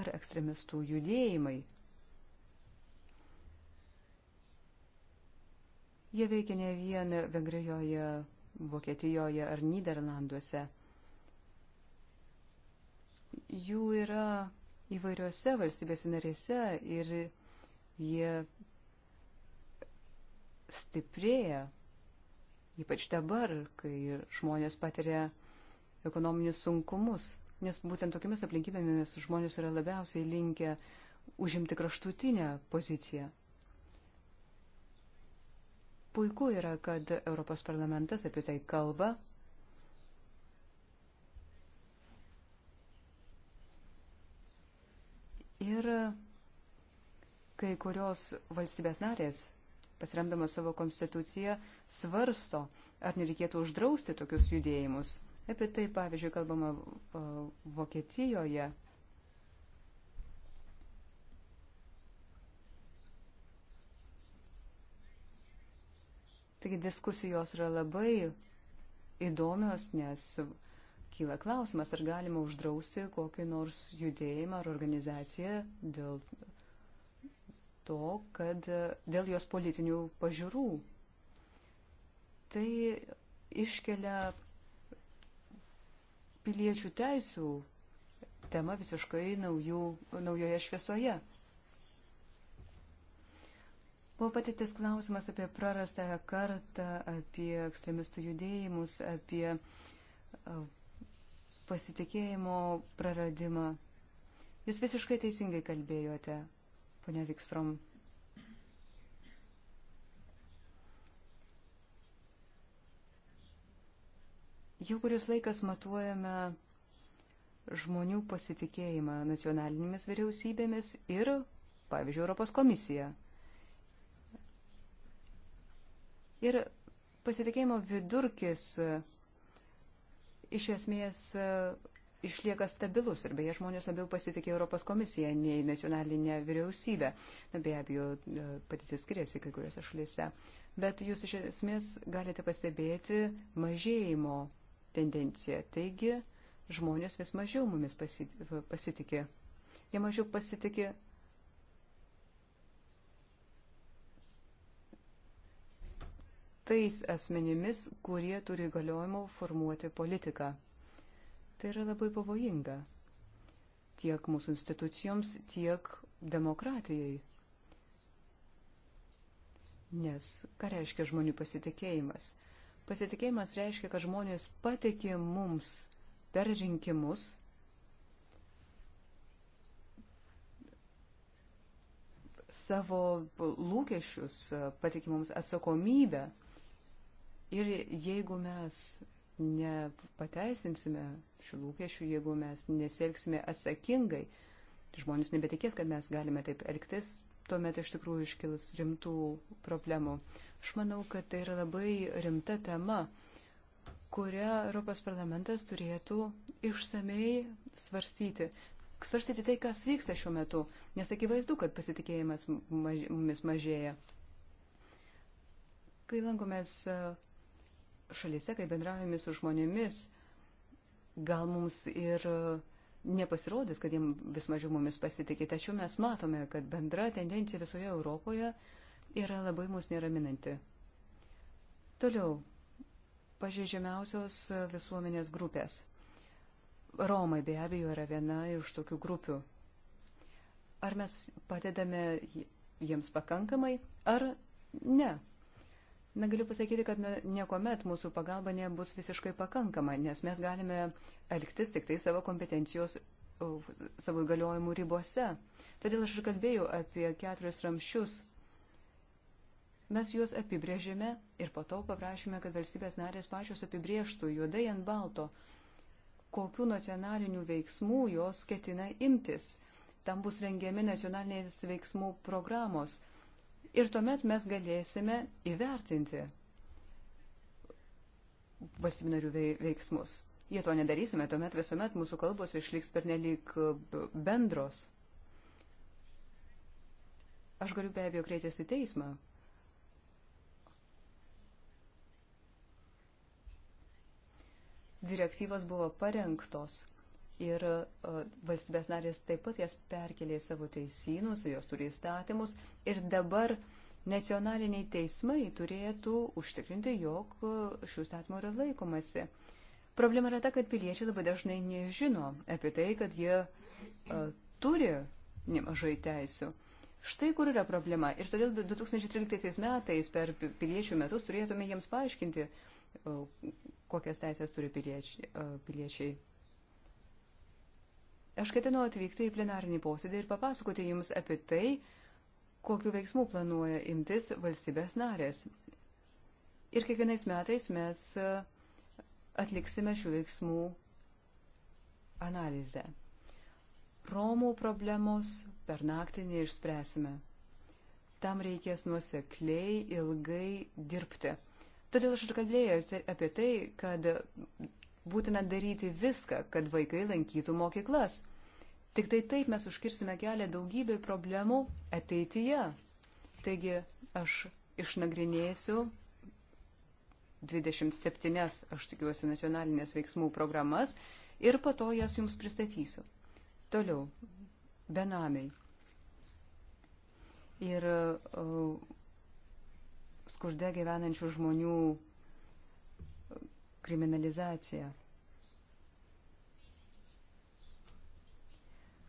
ar ekstremistų judėjimai. Jie veikia ne vien Vengrijoje, Vokietijoje ar Niderlanduose. Jų yra įvairiose valstybėse narėse ir jie stiprėja, ypač dabar, kai žmonės patiria ekonominius sunkumus, nes būtent tokiamis aplinkybėmis žmonės yra labiausiai linkę užimti kraštutinę poziciją. Puiku yra, kad Europos parlamentas apie tai kalba. Ir kai kurios valstybės narės, pasiremdamos savo konstituciją, svarsto, ar nereikėtų uždrausti tokius judėjimus. Apie tai, pavyzdžiui, kalbama Vokietijoje. Taigi diskusijos yra labai įdomios, nes kyla klausimas, ar galima uždrausti kokį nors judėjimą ar organizaciją dėl to, kad dėl jos politinių pažiūrų. Tai iškelia piliečių teisų temą visiškai naujų, naujoje šviesoje. Buvo patytis klausimas apie prarastąją kartą, apie ekstremistų judėjimus, apie pasitikėjimo praradimą. Jūs visiškai teisingai kalbėjote, ponia Vikstrom. Jau kuris laikas matuojame žmonių pasitikėjimą nacionalinėmis vyriausybėmis ir, pavyzdžiui, Europos komisija. Ir pasitikėjimo vidurkis e, iš esmės e, išlieka stabilus ir beje žmonės labiau pasitikė Europos komisiją nei nacionalinė vyriausybė. Na, be abejo, e, patytis skiriasi kai kuriuose šalyse. Bet jūs iš esmės galite pastebėti mažėjimo tendencija. Taigi žmonės vis mažiau mumis pasitikė. Jie mažiau pasitikė tais asmenimis, kurie turi galiojimo formuoti politiką. Tai yra labai pavojinga tiek mūsų institucijoms, tiek demokratijai. Nes ką reiškia žmonių pasitikėjimas? Pasitikėjimas reiškia, kad žmonės patikė mums per rinkimus. savo lūkesčius, patikimus atsakomybę. Ir jeigu mes nepateisinsime šių lūkesčių, jeigu mes nesielgsime atsakingai, žmonės nebetikės, kad mes galime taip elgtis, tuomet iš tikrųjų iškils rimtų problemų. Aš manau, kad tai yra labai rimta tema, kurią Europos parlamentas turėtų išsamei svarstyti. Svarstyti tai, kas vyksta šiuo metu, nes akivaizdu, kad pasitikėjimas mumis mažėja. Kai lankomės e, šalyse, kai bendravėme su žmonėmis, gal mums ir e, nepasirodys, kad jiems vis mažiau mumis pasitikė, tačiau mes matome, kad bendra tendencija visoje Europoje yra yra labai mus neraminanti. Toliau, pažeidžiamiausios visuomenės grupės. Romai be abejo yra viena iš tokių grupių. Ar mes padedame jiems pakankamai, ar ne? Na, galiu pasakyti, kad niekuomet mūsų pagalba nebus visiškai pakankama, nes mes galime elgtis tik tai savo kompetencijos, savo įgaliojimų ribose. Todėl aš ir kalbėjau apie keturis ramščius Mes juos apibrėžėme ir po to paprašėme, kad valstybės narės pačios apibrėžtų juodai ant balto, kokiu nacionaliniu veiksmu jos ketina imtis. Tam bus rengiami nacionalinės veiksmų programos. Ir tuomet mes galėsime įvertinti valstybinarių veiksmus. Jei to nedarysime, tuomet visuomet mūsų kalbos išliks pernelyg bendros. Aš galiu be abejo kreitės į teismą, direktyvos buvo parengtos ir e, valstybės narės taip pat jas perkelė į savo teisynus, jos turi įstatymus ir dabar nacionaliniai teismai turėtų užtikrinti, jog e, šių statymų yra laikomasi. Problema yra ta, kad piliečiai labai dažnai nežino apie tai, kad jie a, e, turi nemažai teisių. Štai kur yra problema. Ir todėl 2013 metais per piliečių metus turėtume jiems paaiškinti, kokias teisės turi piliečiai. E, piliečiai. Aš ketinu atvykti į plenarinį posėdį ir papasakoti jums apie tai, kokiu veiksmu planuoja imtis valstybės narės. Ir kiekvienais metais mes e, atliksime šių veiksmų analizę. Romų problemos per naktį neišspręsime. Tam reikės nuosekliai ilgai dirbti. Todėl aš ir kalbėjau apie tai, kad būtina daryti viską, kad vaikai lankytų mokyklas. Tik tai taip mes užkirsime kelią daugybė problemų ateityje. Taigi aš išnagrinėsiu 27, aš tikiuosi, nacionalinės veiksmų programas ir po to jas jums pristatysiu. Toliau, benamiai. Ir uh, skurde gyvenančių žmonių kriminalizacija.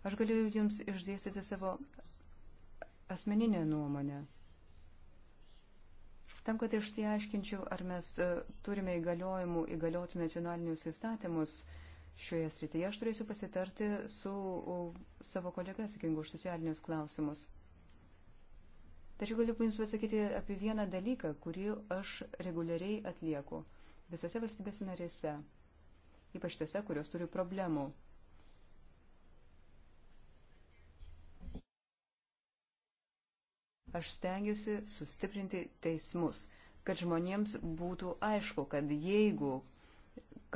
Aš galiu Jums išdėstyti savo asmeninę nuomonę. Tam, kad išsiaiškinčiau, ar mes e, turime įgaliojimų įgalioti nacionalinius įstatymus šioje srityje, aš turėsiu pasitarti su savo kolega atsakingu už socialinius klausimus. Tačiau galiu Jums pasakyti apie vieną dalyką, kurį aš reguliariai atlieku visose valstybės narėse, ypač tose, kurios turi problemų. Aš stengiuosi sustiprinti teismus, kad žmonėms būtų aišku, kad jeigu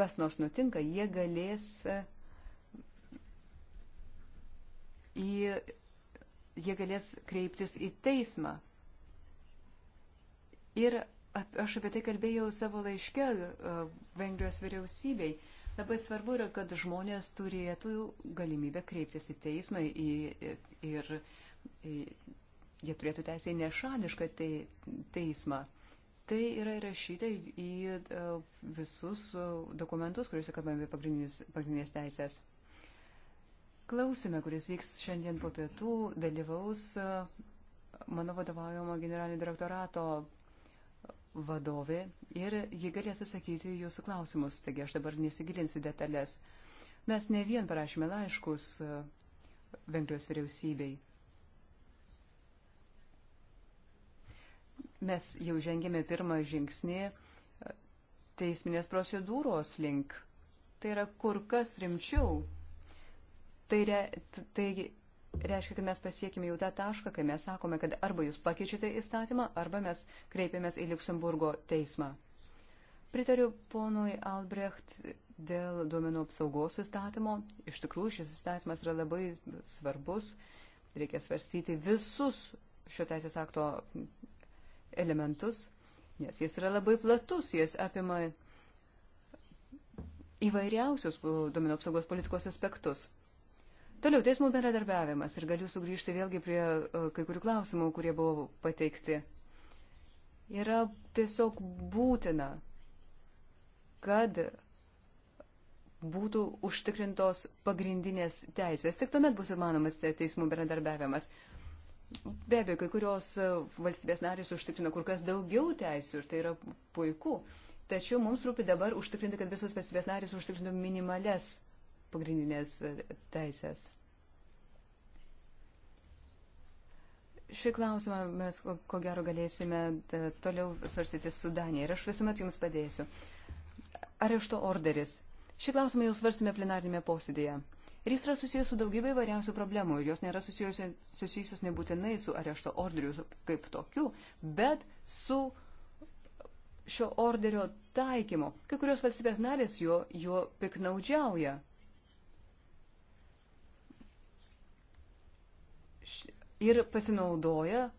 kas nors nutinka, jie galės e, į jie galės kreiptis į teismą. Ir aš apie tai kalbėjau savo laiške e, Vengrijos vyriausybei. Labai svarbu yra, kad žmonės turėtų galimybę kreiptis į teismą į, e, ir į, e, jie turėtų teisę į nešališką te, teismą. Tai yra įrašyta į visus dokumentus, kuriuose kalbame apie pagrindinės teisės klausime, kuris vyks šiandien po pietų, dalyvaus e, mano vadovaujamo generalinio direktorato vadovė ir ji galės atsakyti jūsų klausimus, taigi aš dabar nesigilinsiu detalės. Mes ne vien parašėme laiškus e, Vengrijos vyriausybei. Mes jau žengėme pirmą žingsnį e, teisminės procedūros link. Tai yra kur kas rimčiau Tai, re, tai reiškia, kad mes pasiekime jau tą tašką, kai mes sakome, kad arba jūs pakeičiate įstatymą, arba mes kreipiamės į Luxemburgo teismą. Pritariu ponui Albrecht dėl duomenų apsaugos įstatymo. Iš tikrųjų, šis įstatymas yra labai svarbus. Reikia svarstyti visus šio teisės akto elementus, nes jis yra labai platus, jis apima įvairiausius duomenų apsaugos politikos aspektus. Toliau teismų bendradarbiavimas ir galiu sugrįžti vėlgi prie e, kai kurių klausimų, kurie buvo pateikti. Yra tiesiog būtina, kad būtų užtikrintos pagrindinės teisės. Tik tuomet bus įmanomas teismų bendradarbiavimas. Be abejo, kai kurios e, valstybės narės užtikrina kur kas daugiau teisų ir tai yra puiku. Tačiau mums rūpi dabar užtikrinti, kad visos valstybės narės užtikrintų minimales pagrindinės e, teisės. Šį klausimą mes ko gero galėsime e, toliau svarstyti su Danija ir aš visuomet jums padėsiu. Arešto orderis. Šį klausimą jau svarstėme plenarinėme posėdėje. Ir jis yra susijęs su daugybė įvairiausių problemų ir jos nėra susijusios nebūtinai su arešto orderiu kaip tokiu, bet su šio orderio taikymu. Kai kurios valstybės narės juo, juo piknaudžiauja. ir pasinaudoja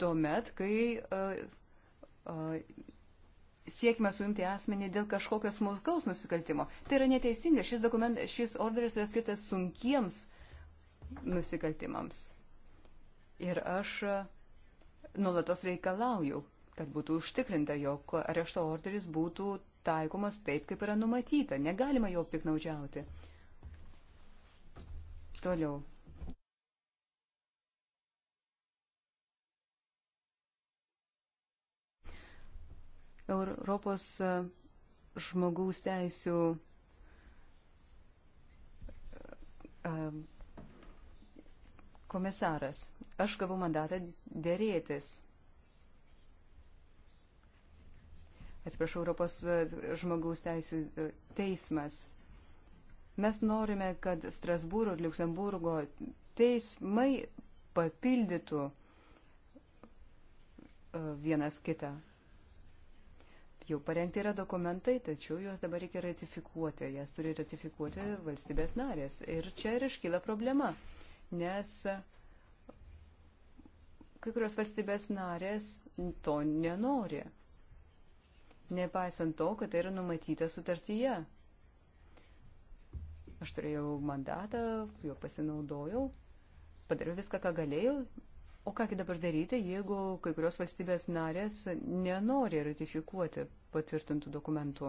tuomet, kai e, e, siekime suimti asmenį dėl kažkokio smulkaus nusikaltimo. Tai yra neteisinga. Šis, dokument, šis orderis yra skirtas sunkiems nusikaltimams. Ir aš e, nulatos reikalauju, kad būtų užtikrinta, jog arešto orderis būtų taikomas taip, kaip yra numatyta. Negalima jo piknaudžiauti. Toliau. Europos e, žmogaus teisų e, komisaras. Aš gavau mandatą dėrėtis. Atsiprašau, Europos e, žmogaus teisų teismas. Mes norime, kad Strasbūro ir Luksemburgo teismai papildytų vienas kitą. Jau parengti yra dokumentai, tačiau juos dabar reikia ratifikuoti. Jas turi ratifikuoti valstybės narės. Ir čia ir iškyla problema, nes kai kurios valstybės narės to nenori. Nepaisant to, kad tai yra numatyta sutartyje. Aš turėjau mandatą, juo pasinaudojau, padariau viską, ką galėjau, O kągi dabar daryti, jeigu kai kurios valstybės narės nenori ratifikuoti patvirtintų dokumentų?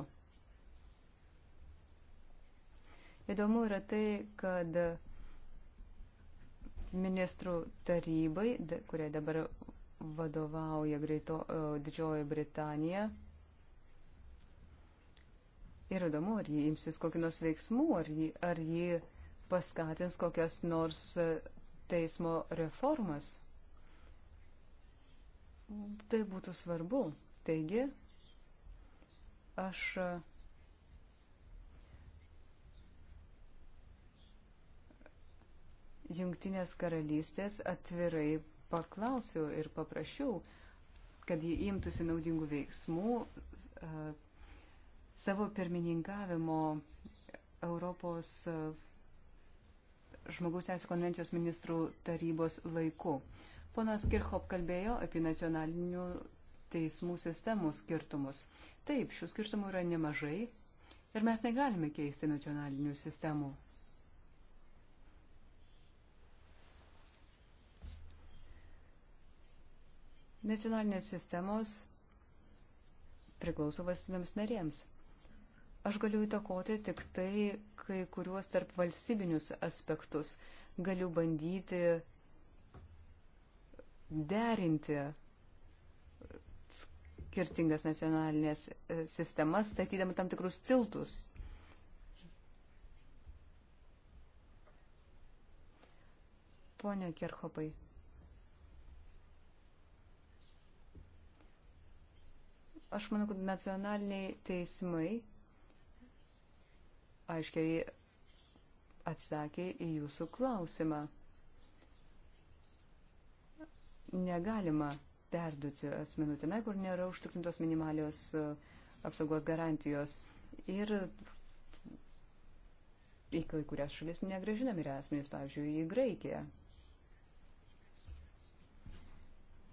Įdomu yra tai, kad ministrų tarybai, kurie dabar vadovauja greito, Didžioji Britanija, Ir įdomu, ar jį imsis kokį nors veiksmų, ar jį, ar jį paskatins kokias nors e, teismo reformas. Tai būtų svarbu. Taigi, aš Junktinės karalystės atvirai paklausiau ir paprašiau, kad jie imtųsi naudingų veiksmų savo pirmininkavimo Europos žmogaus teisų konvencijos ministrų tarybos laiku. Ponas Kirchop kalbėjo apie nacionalinių teismų sistemų skirtumus. Taip, šių skirtumų yra nemažai ir mes negalime keisti nacionalinių sistemų. Nacionalinės sistemos priklauso valstybėms narėms. Aš galiu įtakoti tik tai kai kuriuos tarp valstybinius aspektus. Galiu bandyti derinti skirtingas nacionalinės e, sistemas, statydami tam tikrus tiltus. Pone Kirchopai. Aš manau, kad nacionaliniai teismai aiškiai atsakė į jūsų klausimą negalima perduoti asmenų tenai, kur nėra užtikrintos minimalios e, apsaugos garantijos. Ir į kai kurias šalis negražinami yra asmenys, pavyzdžiui, į Graikiją.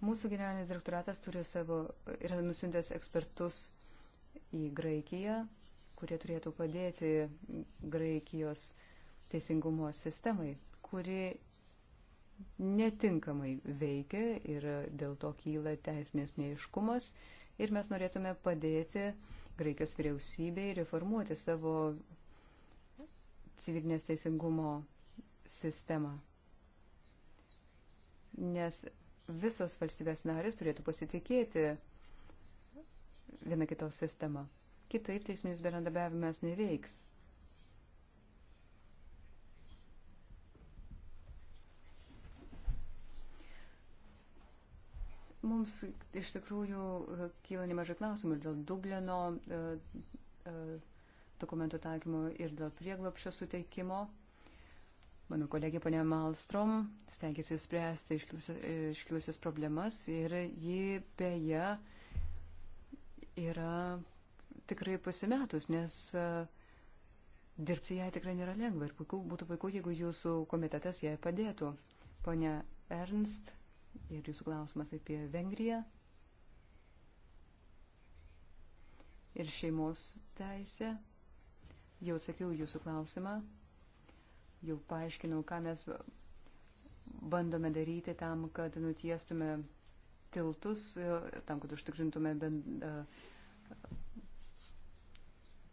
Mūsų generalinis direktoratas turi savo, yra nusintęs ekspertus į Graikiją, kurie turėtų padėti Graikijos teisingumo sistemai, kuri netinkamai veikia ir dėl to kyla teisinės neiškumas ir mes norėtume padėti Graikijos vyriausybei reformuoti savo civilinės teisingumo sistemą. Nes visos valstybės narės turėtų pasitikėti viena kitos sistema. Kitaip teisminis bendradarbiavimas neveiks. Mums iš tikrųjų e, kyla nemažai klausimų ir dėl Dublino e, e, dokumentų taikymo ir dėl prieglopščio suteikimo. Mano kolegė ponė Malstrom stengiasi spręsti iškilusias problemas ir ji beje yra tikrai pasimetus, nes dirbti ją tikrai nėra lengva ir puiku, būtų puiku, jeigu jūsų komitetas jai padėtų. Pone Ernst ir jūsų klausimas apie Vengriją ir šeimos teisę. Jau atsakiau jūsų klausimą, jau paaiškinau, ką mes bandome daryti tam, kad nutiestume tiltus, tam, kad užtikrintume bend,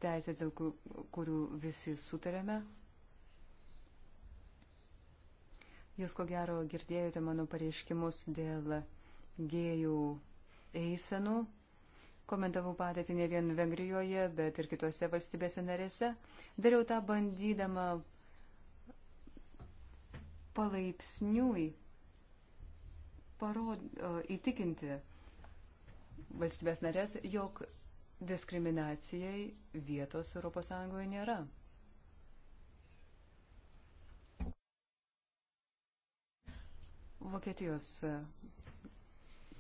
teisės, dėl kurių visi sutarėme. Jūs ko gero girdėjote mano pareiškimus dėl gėjų eisenų. Komentavau padėtį ne vien Vengrijoje, bet ir kitose valstybėse narėse. Dariau tą bandydama palaipsniui parod, įtikinti valstybės narės, jog diskriminacijai vietos ES nėra. Vokietijos e,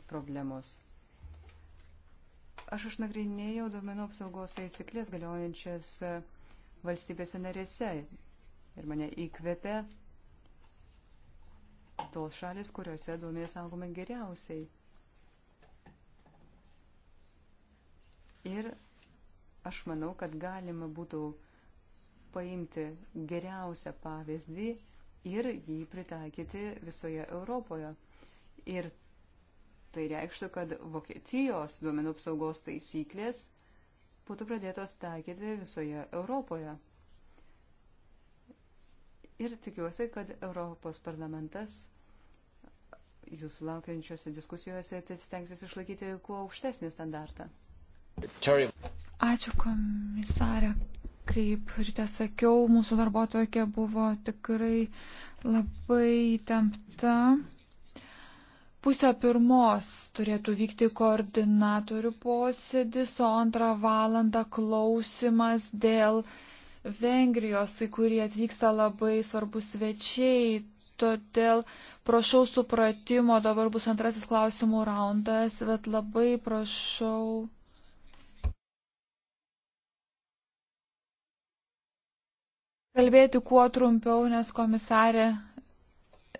problemos. Aš išnagrinėjau duomenų apsaugos taisyklės galiojančias e, valstybėse narėse ir mane įkvėpė tos šalis, kuriuose duomenys saugomi geriausiai. Ir aš manau, kad galima būtų paimti geriausią pavyzdį ir jį pritaikyti visoje Europoje. Ir tai reikštų, kad Vokietijos duomenų apsaugos taisyklės būtų pradėtos taikyti visoje Europoje. Ir tikiuosi, kad Europos parlamentas jūsų laukiančiose diskusijose tai stengsis išlaikyti kuo aukštesnį standartą. Ačiū komisarė Kaip ryte sakiau, mūsų darbo atvarkė buvo tikrai labai tempta. Pusę pirmos turėtų vykti koordinatorių posėdis, o antrą valandą klausimas dėl Vengrijos, į kurį atvyksta labai svarbus svečiai. Todėl prašau supratimo, dabar bus antrasis klausimų raundas, bet labai prašau kalbėti kuo trumpiau, nes komisarė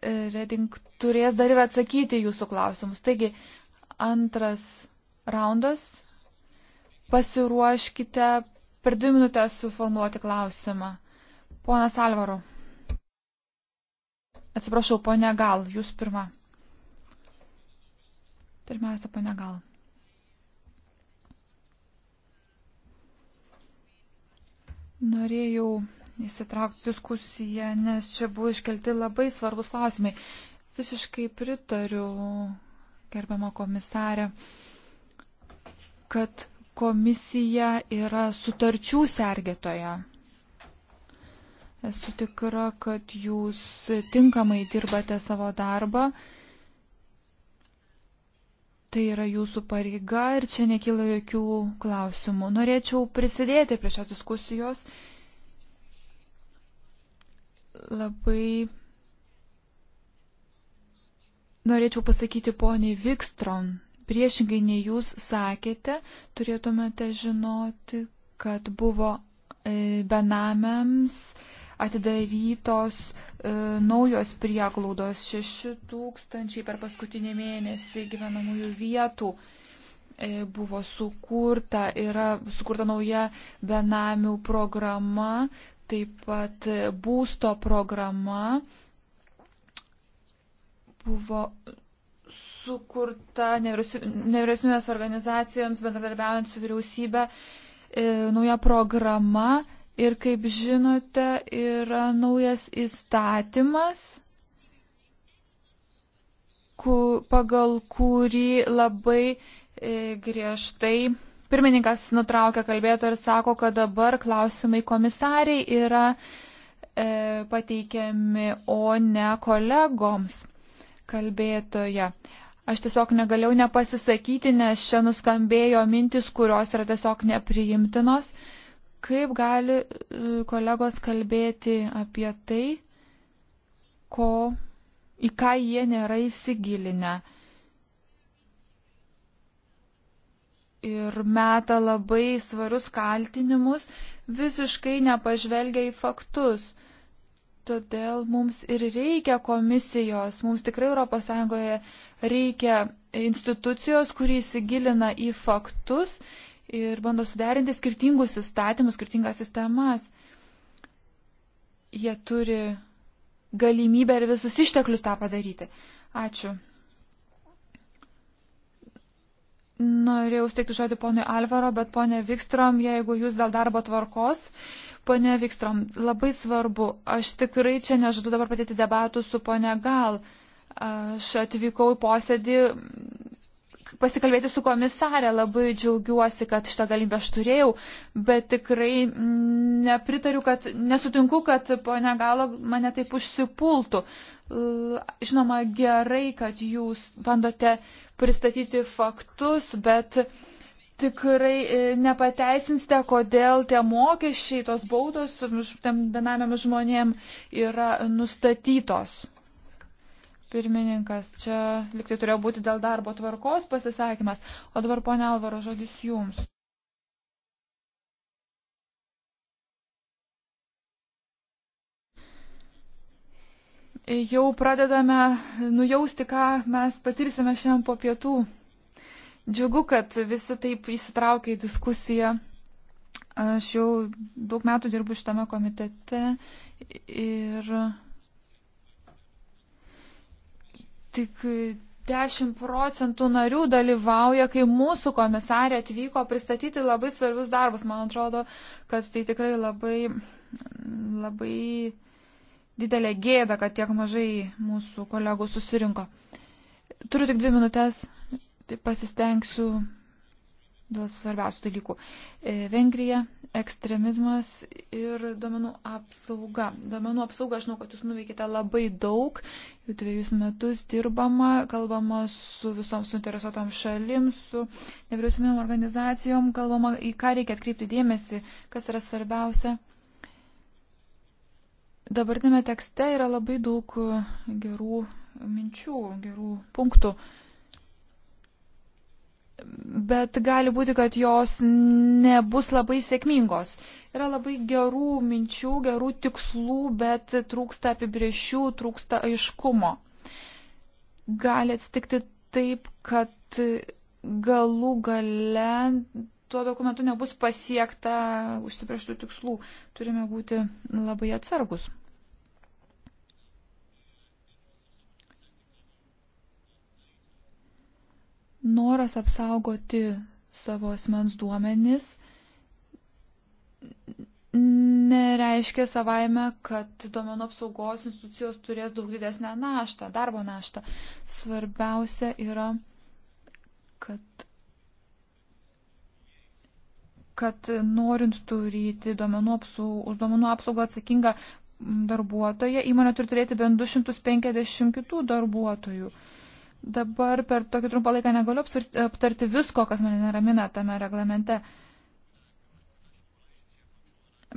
e, Reding turės dar ir atsakyti jūsų klausimus. Taigi, antras raundas. Pasiruoškite per dvi minutės suformuoluoti klausimą. Ponas Alvaro. Atsiprašau, ponia Gal, jūs pirma. Pirmiausia, ponia Gal. Norėjau įsitraukti diskusiją, nes čia buvo iškelti labai svarbus klausimai. Visiškai pritariu, gerbiama komisarė, kad komisija yra sutarčių sergėtoja. Esu tikra, kad jūs tinkamai dirbate savo darbą. Tai yra jūsų pareiga ir čia nekyla jokių klausimų. Norėčiau prisidėti prie šios diskusijos labai norėčiau pasakyti poniai Vikstron. Priešingai nei jūs sakėte, turėtumėte žinoti, kad buvo e, benamiams atidarytos e, naujos prieglaudos 6000 per paskutinį mėnesį gyvenamųjų vietų e, buvo sukurta, yra sukurta nauja benamių programa, Taip pat būsto programa buvo sukurta nevyriausybinės organizacijoms bendradarbiaujant su vyriausybė e, nauja programa ir kaip žinote yra naujas įstatymas, ku, pagal kurį labai e, griežtai Pirmininkas nutraukė kalbėtoją ir sako, kad dabar klausimai komisariai yra e, pateikiami, o ne kolegoms kalbėtoje. Aš tiesiog negalėjau nepasisakyti, nes čia nuskambėjo mintis, kurios yra tiesiog nepriimtinos. Kaip gali e, kolegos kalbėti apie tai, ko, į ką jie nėra įsigilinę? ir meta labai svarius kaltinimus, visiškai nepažvelgia į faktus. Todėl mums ir reikia komisijos, mums tikrai ES reikia institucijos, kurį įsigilina į faktus ir bando suderinti skirtingus įstatymus, skirtingas sistemas. Jie turi galimybę ir visus išteklius tą padaryti. Ačiū. Norėjau steigti žodį ponui Alvaro, bet ponė Vikstrom, jeigu jūs dėl darbo tvarkos, ponė Vikstrom, labai svarbu, aš tikrai čia nežadu dabar patėti debatų su ponė Gal. Aš atvykau į posėdį pasikalbėti su komisarė. Labai džiaugiuosi, kad šitą galimybę aš turėjau, bet tikrai nepritariu, kad nesutinku, kad ponia Galo mane taip užsipultų. Žinoma, gerai, kad jūs bandote pristatyti faktus, bet tikrai e, nepateisinsite, kodėl tie mokesčiai, tos baudos benamiam žmonėm yra nustatytos pirmininkas. Čia liktai turėjo būti dėl darbo tvarkos pasisakymas. O dabar, ponia Alvaro, žodis jums. Jau pradedame nujausti, ką mes patirsime šiandien po pietų. Džiugu, kad visi taip įsitraukia į diskusiją. Aš jau daug metų dirbu šitame komitete ir tik 10 procentų narių dalyvauja, kai mūsų komisarė atvyko pristatyti labai svarbius darbus. Man atrodo, kad tai tikrai labai, labai didelė gėda, kad tiek mažai mūsų kolegų susirinko. Turiu tik dvi minutės, tai pasistengsiu dėl svarbiausių dalykų. E, Vengrija, ekstremizmas ir duomenų apsauga. Duomenų apsauga, žinau, kad jūs nuveikite labai daug, jau dviejus metus dirbama, kalbama su visom suinteresuotom šalim, su nevyriausybinėm organizacijom, kalbama, į ką reikia atkreipti dėmesį, kas yra svarbiausia. Dabartinėme tekste yra labai daug gerų minčių, gerų punktų. Uh, bet gali būti, kad jos nebus labai sėkmingos. Yra labai gerų minčių, gerų tikslų, bet trūksta apibriešių, trūksta aiškumo. Gali atsitikti taip, kad galų gale tuo dokumentu nebus pasiekta užsiprieštų tikslų. Turime būti labai atsargus. noras apsaugoti savo asmens duomenis nereiškia savaime, kad duomenų apsaugos institucijos turės daug didesnę naštą, darbo naštą. Svarbiausia yra, kad, kad norint turėti duomenų apsaugą, už duomenų apsaugą atsakingą darbuotoją, įmonė turi turėti bent 250 kitų darbuotojų. Uh, dabar per tokį trumpą laiką negaliu aptarti visko, kas mane neramina tame reglamente.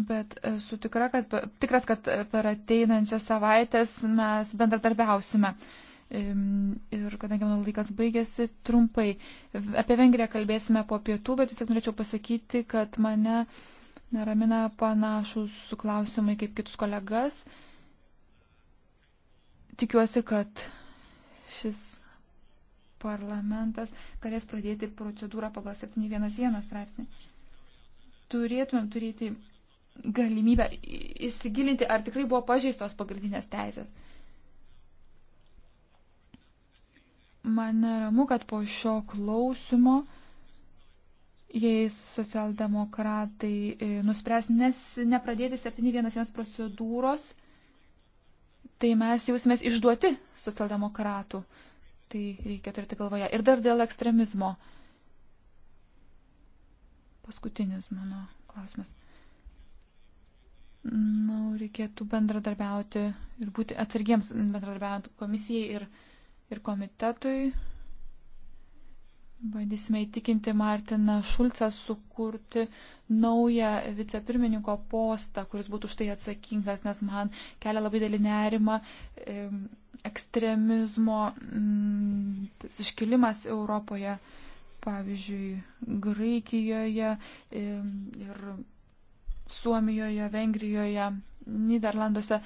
Bet esu tikra, kad, tikras, kad per ateinančias savaitės mes bendradarbiausime. Ir kadangi mano laikas baigėsi trumpai, apie Vengriją kalbėsime po pietų, bet vis tiek norėčiau pasakyti, kad mane neramina panašus klausimai kaip kitus kolegas. Tikiuosi, kad šis parlamentas galės pradėti procedūrą pagal 711 straipsnį. Turėtumėm turėti galimybę įsigilinti, ar tikrai buvo pažeistos pagrindinės teisės. Man neramu, kad po šio klausimo, jei socialdemokratai e, nuspręs nes nepradėti 711 procedūros, tai mes jausimės išduoti socialdemokratų. Tai reikia turėti galvoje. Ir dar dėl ekstremizmo. Paskutinis mano klausimas. Na, reikėtų bendradarbiauti ir būti atsargiems bendradarbiaujant komisijai ir, ir komitetui. Bandysime įtikinti Martiną Šulcą sukurti naują vicepirmininko postą, kuris būtų už tai atsakingas, nes man kelia labai dėlį nerimą. E, ekstremizmo m, mm, iškilimas Europoje, pavyzdžiui, Graikijoje ir Suomijoje, Vengrijoje, Niderlanduose,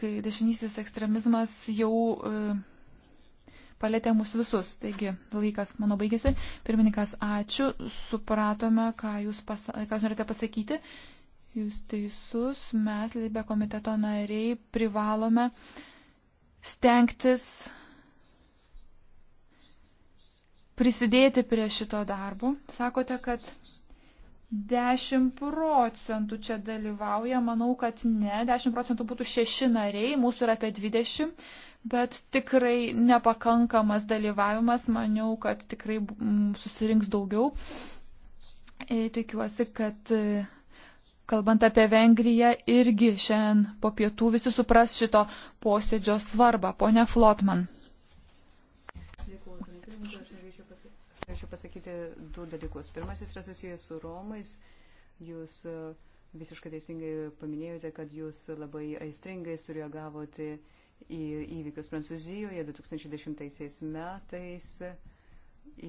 kai dešinysis ekstremizmas jau e, palėtė mus visus. Taigi, laikas mano baigėsi. Pirmininkas, ačiū. Supratome, ką jūs, pasa ką jūs norite pasakyti. Jūs teisus, mes, Libė komiteto nariai, privalome uh, stengtis prisidėti prie šito darbo. Sakote, kad 10 procentų čia dalyvauja, manau, kad ne, 10 procentų būtų 6 nariai, mūsų yra apie 20, bet tikrai nepakankamas dalyvavimas, maniau, kad tikrai susirinks daugiau. Ir e, tikiuosi, kad kalbant apie Vengriją, irgi šiandien po pietų visi supras šito posėdžio svarbą. Pone Flotman. Norėčiau pasakyti du dalykus. Pirmasis yra susijęs su Romais. Jūs e, visiškai teisingai paminėjote, kad jūs labai aistringai sureagavote į įvykius Prancūzijoje 2010 metais.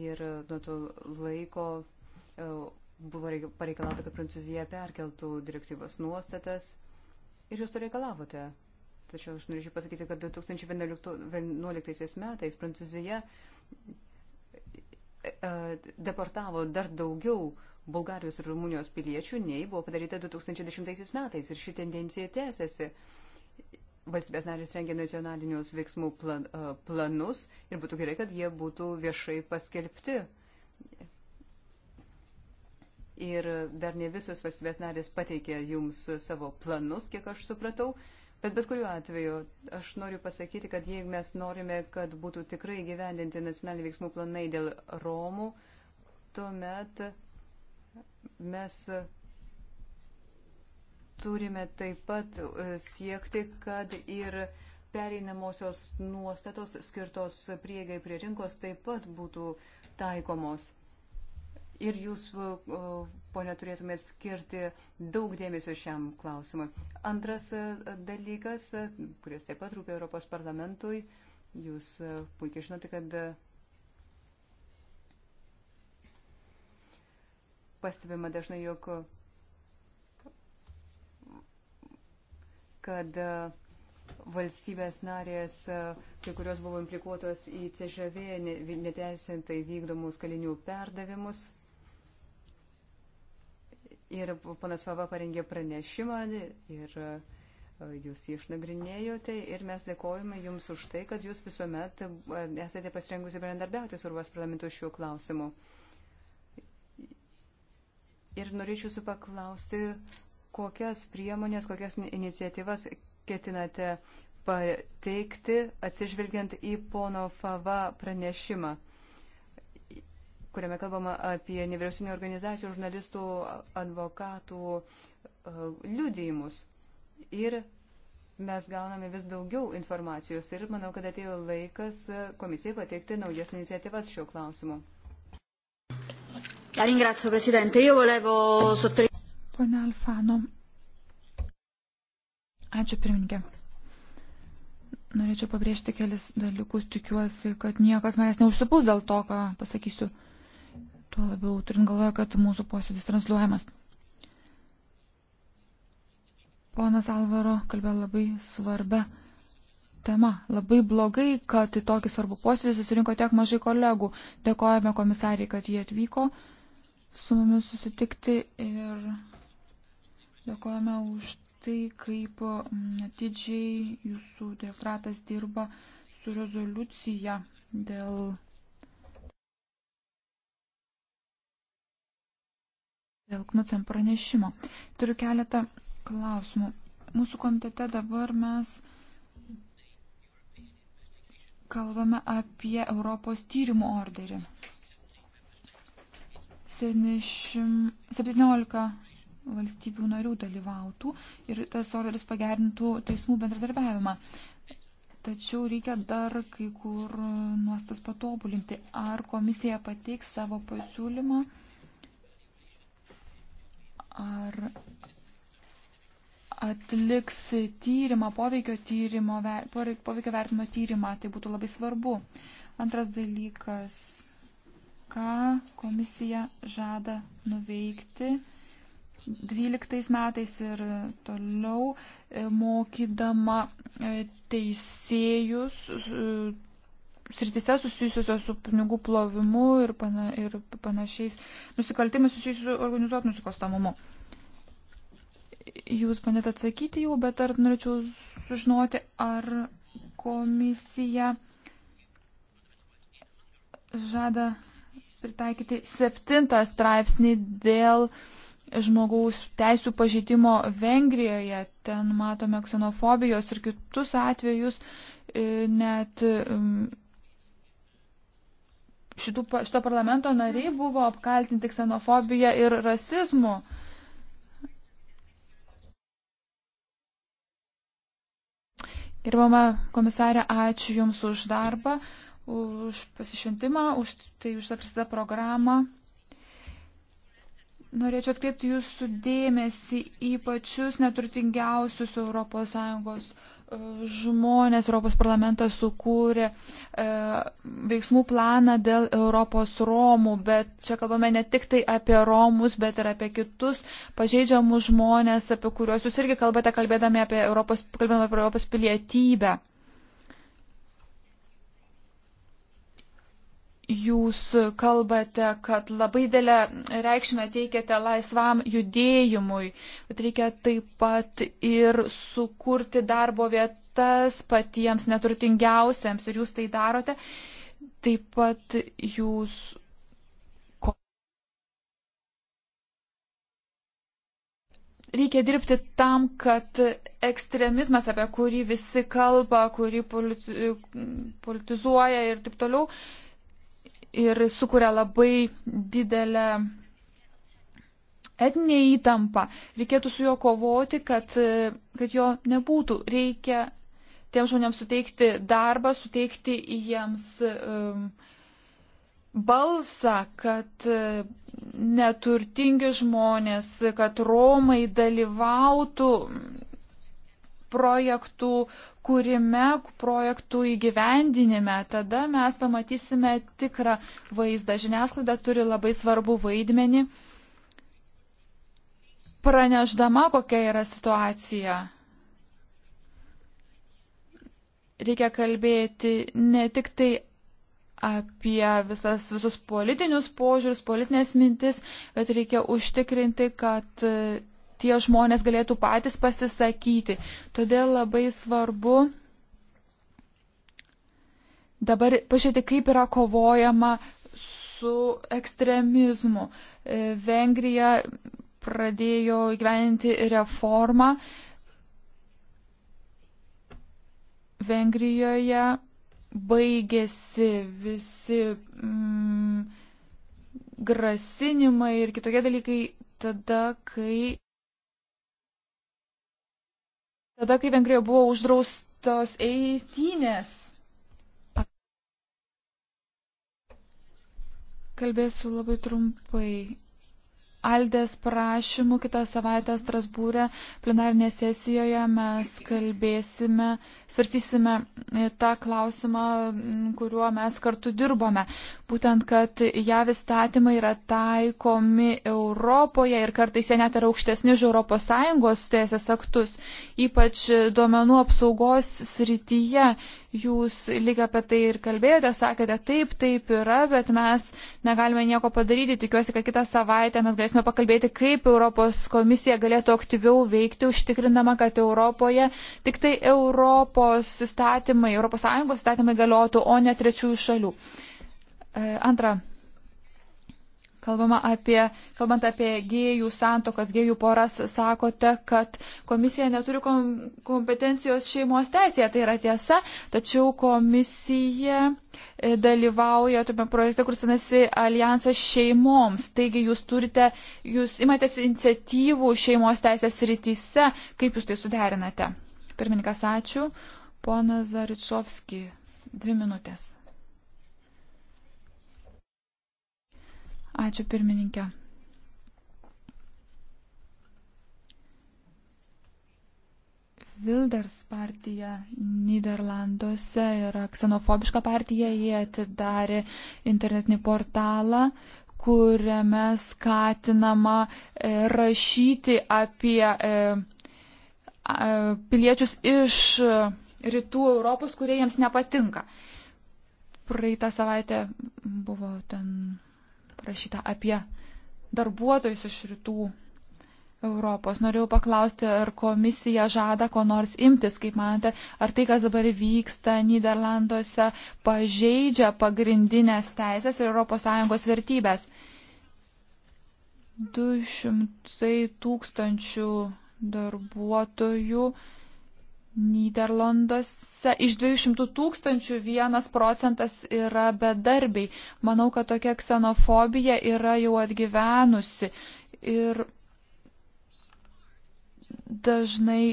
Ir nuo to laiko e, buvo pareikalauta, kad Prancūzija perkeltų direktyvos nuostatas ir jūs to reikalavote. Tačiau aš norėčiau pasakyti, kad 2011 metais Prancūzija e, e, deportavo dar daugiau Bulgarijos ir Rumunijos piliečių, nei buvo padaryta 2010 metais. Ir ši tendencija tęsiasi. Valstybės narės rengia nacionalinius veiksmų plan, e, planus ir būtų gerai, kad jie būtų viešai paskelbti ir dar ne visos valstybės narės pateikė jums savo planus, kiek aš supratau. Bet bet kuriuo atveju aš noriu pasakyti, kad jeigu mes norime, kad būtų tikrai gyvendinti nacionaliniai veiksmų planai dėl Romų, tuomet mes turime taip pat e, siekti, kad ir pereinamosios nuostatos skirtos prieigai prie rinkos taip pat būtų taikomos. Ir jūs, ponė, turėtumėte skirti daug dėmesio šiam klausimui. Antras e, dalykas, e, kuris taip pat rūpia Europos parlamentui, jūs e, puikiai žinote, kad pastebima dažnai, jog kad valstybės narės, kai kurios buvo implikuotos į CŽV neteisėtai vykdomus kalinių perdavimus. Ir panas Fava parengė pranešimą ir e, jūs jį išnagrinėjote ir mes dėkojame jums už tai, kad jūs visuomet e, esate pasirengusi bendarbiauti su Urvas parlamentu šiuo klausimu. Ir norėčiau jūsų paklausti, kokias priemonės, kokias iniciatyvas ketinate pateikti atsižvelgiant į pono Fava pranešimą kuriame kalbama apie nevyriausinių organizacijų, žurnalistų, advokatų e, liudijimus. Ir mes gauname vis daugiau informacijos ir manau, kad atėjo laikas komisijai pateikti naujas iniciatyvas šiuo klausimu. Pone Alfano. Ačiū pirmininkė. Norėčiau pabrėžti kelis dalykus, tikiuosi, kad niekas manęs neužsipuls dėl to, ką pasakysiu. Tuo labiau turint galvoje, kad mūsų posėdis transliuojamas. Ponas Alvaro kalbėjo labai svarbę temą. Labai blogai, kad į tokį svarbų posėdį susirinko tiek mažai kolegų. Dėkojame komisariai, kad jie atvyko su mumis susitikti ir dėkojame už tai, kaip mm, atidžiai jūsų direktoratas dirba su rezoliucija dėl dėl Knutsen pranešimo. Turiu keletą klausimų. Mūsų komitete dabar mes kalbame apie Europos tyrimų orderį. 17 valstybių narių dalyvautų ir tas orderis pagerintų teismų bendradarbiavimą. Tačiau reikia dar kai kur nuostas patobulinti. Ar komisija pateiks savo pasiūlymą? ar atliks tyrimą, poveikio, tyrimo, poveikio vertimo tyrimą. Tai būtų labai svarbu. Antras dalykas, ką komisija žada nuveikti 12 metais ir toliau mokydama e, teisėjus e, sritise susijusiuose su pinigų plovimu ir, pana, ir panašiais nusikaltimais susijusiu su organizuotų nusikalstamumu. Jūs panėt atsakyti jau, bet ar norėčiau sužinoti, ar komisija žada pritaikyti septintą straipsnį dėl žmogaus teisų pažeidimo Vengrijoje. Ten matome ksenofobijos ir kitus atvejus, e, net šitų, šito parlamento nariai buvo apkaltinti ksenofobiją ir rasizmu. Gerbama komisarė, ačiū Jums už darbą, už pasišventimą, už tai už apsitą programą. Norėčiau atkreipti Jūsų dėmesį į pačius neturtingiausius ES žmonės, Europos parlamentas sukūrė e, veiksmų planą dėl Europos Romų, bet čia kalbame ne tik tai apie Romus, bet ir apie kitus pažeidžiamus žmonės, apie kuriuos jūs irgi kalbate, kalbėdami apie Europos, kalbėdami apie Europos pilietybę. Jūs kalbate, kad labai dėlę reikšmę teikiate laisvam judėjimui, bet reikia taip pat ir sukurti darbo vietas patiems neturtingiausiams ir jūs tai darote. Taip pat jūs. Reikia dirbti tam, kad ekstremizmas, apie kurį visi kalba, kurį politizuoja ir taip toliau, ir sukuria labai didelę etinė įtampa. Reikėtų su juo kovoti, kad, kad jo nebūtų. Reikia tiem žmonėms suteikti darbą, suteikti jiems um, balsą, kad um, neturtingi žmonės, kad Romai dalyvautų projektų kūrime, projektų įgyvendinime, tada mes pamatysime tikrą vaizdą. Žiniasklaida turi labai svarbu vaidmenį, praneždama, kokia yra situacija. Reikia kalbėti ne tik tai apie visas, visus politinius požiūrius, politinės mintis, bet reikia užtikrinti, kad tie žmonės galėtų patys pasisakyti. Todėl labai svarbu dabar pažiūrėti, kaip yra kovojama su ekstremizmu. E, Vengrija pradėjo gyventi reformą. Vengrijoje baigėsi visi mm, grasinimai ir kitokie dalykai tada, kai Tada, kai Vengrijoje buvo uždraustos eitynės. Kalbėsiu labai trumpai. Aldės prašymų kitą savaitę Strasbūrė plenarinėje sesijoje mes kalbėsime, svartysime tą klausimą, kuriuo mes kartu dirbome. Būtent, kad jav įstatymai yra taikomi Europoje ir kartais jie net yra aukštesni už ES teisės aktus, ypač duomenų apsaugos srityje Jūs lyg apie tai ir kalbėjote, sakėte, taip, taip yra, bet mes negalime nieko padaryti. Tikiuosi, kad kitą savaitę mes galėsime pakalbėti, kaip Europos komisija galėtų aktyviau veikti, užtikrindama, kad Europoje tik tai Europos įstatymai, ES įstatymai galiotų, o ne trečiųjų šalių. E, antra, Kalbama apie, kalbant apie gėjų santokas, gėjų poras, sakote, kad komisija neturi kom, kompetencijos šeimos teisėje, tai yra tiesa, tačiau komisija e, dalyvauja tame projekte, kuris vadinasi Alijansas šeimoms. Taigi jūs turite, jūs imatės iniciatyvų šeimos teisės rytise, kaip jūs tai suderinate. Pirmininkas, ačiū. Ponas Zaričovski, dvi minutės. Ačiū pirmininkė. Wilders partija Niderlanduose yra ksenofobiška partija. Jie atidarė internetinį portalą, kuriame skatinama e, rašyti apie e, piliečius iš rytų Europos, kurie jiems nepatinka. Praeitą savaitę buvo ten parašyta apie darbuotojus iš rytų Europos. Norėjau paklausti, ar komisija žada ko nors imtis, kaip manate, ar tai, kas dabar vyksta Niderlanduose, pažeidžia pagrindinės teisės ir ES vertybės. 200 tūkstančių darbuotojų Niderlanduose iš 200 tūkstančių vienas procentas yra bedarbiai. Manau, kad tokia ksenofobija yra jau atgyvenusi ir dažnai.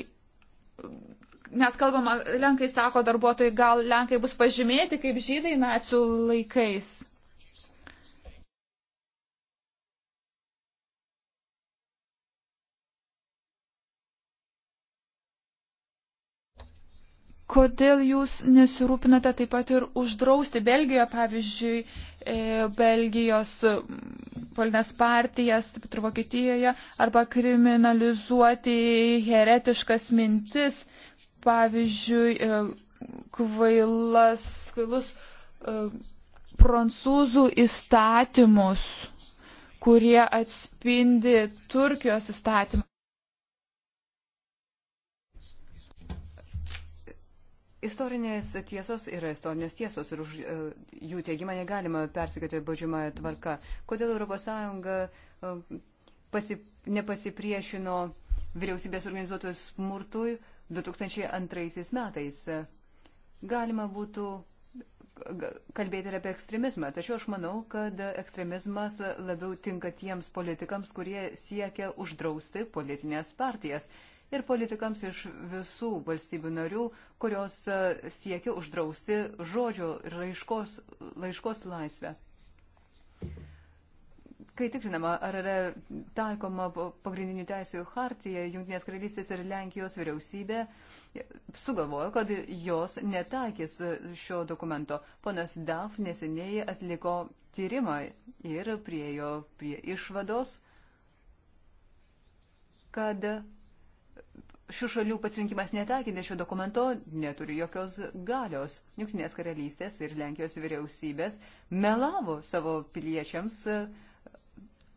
Net kalbama, lenkai sako darbuotojai, gal lenkai bus pažymėti kaip žydai nacijų laikais. Kodėl jūs nesirūpinate taip pat ir uždrausti Belgijoje, pavyzdžiui, e, Belgijos mm, politinės partijas, taip pat ir Vokietijoje, arba kriminalizuoti heretiškas mintis, pavyzdžiui, e, kvailas, kvailus e, prancūzų įstatymus, kurie atspindi Turkijos įstatymą. Istorinės tiesos yra istorinės tiesos ir už e, jų teigimą negalima persikėti baudžiamąją tvarką. Kodėl ES e, pasi, nepasipriešino vyriausybės organizuotojų smurtui 2002 metais? Galima būtų kalbėti ir apie ekstremizmą. Tačiau aš manau, kad ekstremizmas labiau tinka tiems politikams, kurie siekia uždrausti politinės partijas ir politikams iš visų valstybių narių, kurios e, siekia uždrausti žodžio ir laiškos, laiškos laisvę. Kai tikrinama, ar yra taikoma pagrindinių teisų hartija, Junktinės karalystės ir Lenkijos vyriausybė sugalvojo, kad jos netaikys e, šio dokumento. Ponas Daf neseniai atliko tyrimą ir priejo prie išvados, kad šių šalių pasirinkimas netekinti šio dokumento neturi jokios galios. Junktinės karalystės ir Lenkijos vyriausybės melavo savo piliečiams,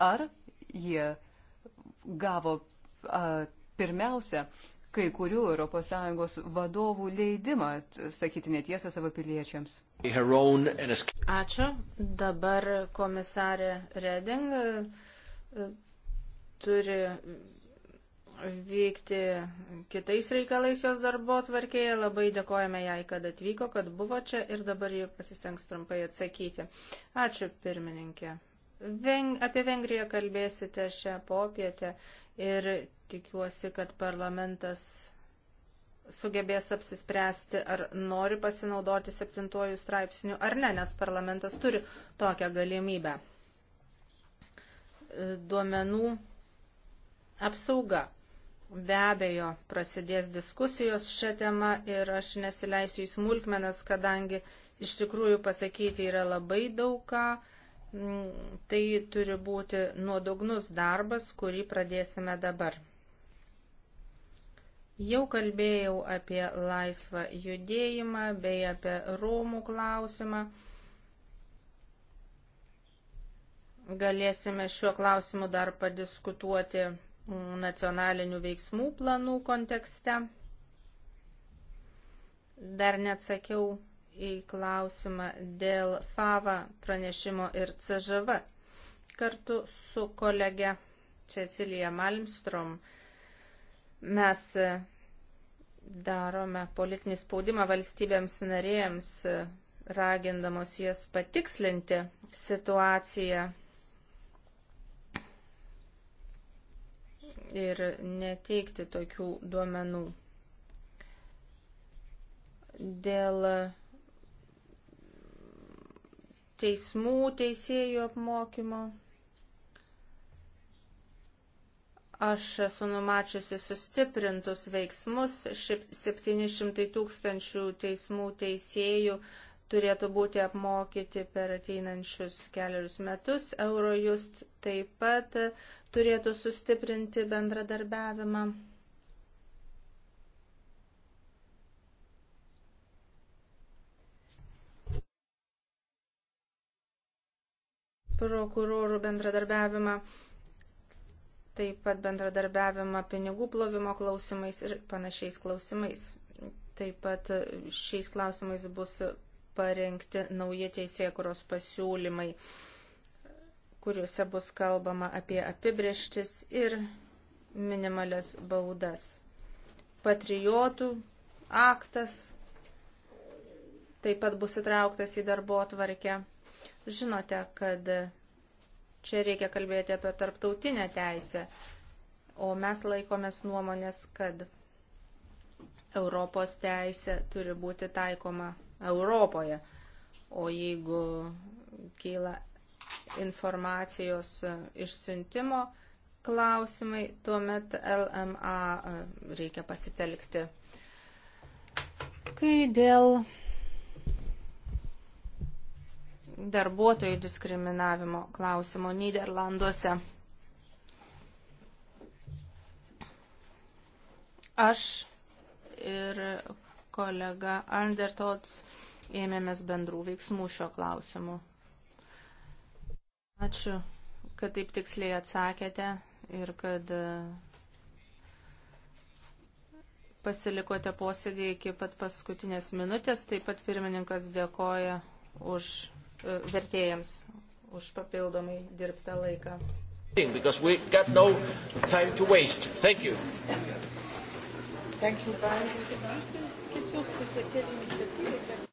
ar jie gavo a, pirmiausia kai kurių ES vadovų leidimą sakyti netiesą savo piliečiams. Ačiū. Dabar komisarė Reding e, turi vykti kitais reikalais jos darbo tvarkėje. Labai dėkojame jai, kad atvyko, kad buvo čia ir dabar ji pasistengs trumpai atsakyti. Ačiū, pirmininkė. Veng, apie Vengriją kalbėsite šią popietę ir tikiuosi, kad parlamentas sugebės apsispręsti, ar nori pasinaudoti septintojų straipsnių ar ne, nes parlamentas turi tokią galimybę. Duomenų apsauga. Be abejo, prasidės diskusijos šią temą ir aš nesileisiu į smulkmenas, kadangi iš tikrųjų pasakyti yra labai daug ką. Mm, tai turi būti nuodognus darbas, kurį pradėsime dabar. Jau kalbėjau apie laisvą judėjimą bei apie Romų klausimą. Galėsime šiuo klausimu dar padiskutuoti nacionalinių veiksmų planų kontekste. Dar neatsakiau į klausimą dėl FAVA pranešimo ir CŽV. Kartu su kolege Cecilija Malmstrom mes darome politinį spaudimą valstybėms narėjams, ragindamos jas patikslinti situaciją ir neteikti tokių duomenų. Dėl teismų teisėjų apmokymo aš esu numačiusi sustiprintus veiksmus, 700 tūkstančių teismų teisėjų turėtų būti apmokyti per ateinančius keliarius metus. Eurojust taip pat turėtų sustiprinti bendradarbiavimą. prokurorų bendradarbiavimą, taip pat bendradarbiavimą pinigų plovimo klausimais ir panašiais klausimais. Taip pat šiais klausimais bus parengti nauji teisėkuros pasiūlymai, kuriuose bus kalbama apie apibrieštis ir minimales baudas. Patriotų aktas taip pat bus įtrauktas į darbo atvarkę. Žinote, kad čia reikia kalbėti apie tarptautinę teisę, o mes laikomės nuomonės, kad Europos teisė turi būti taikoma Europoje. O jeigu keila informacijos išsiuntimo klausimai, tuomet LMA e, reikia pasitelkti. Kai dėl darbuotojų diskriminavimo klausimo Niderlanduose. Aš ir kolega Andertots ėmėmės bendrų veiksmų šio klausimu. Ačiū, kad taip tiksliai atsakėte ir kad e, pasilikote posėdį iki pat paskutinės minutės. Taip pat pirmininkas dėkoja už e, vertėjams už papildomai dirbtą laiką. Because we got no time to waste. Thank you. Thank you. Ben, question sur ce côté de l'initiative.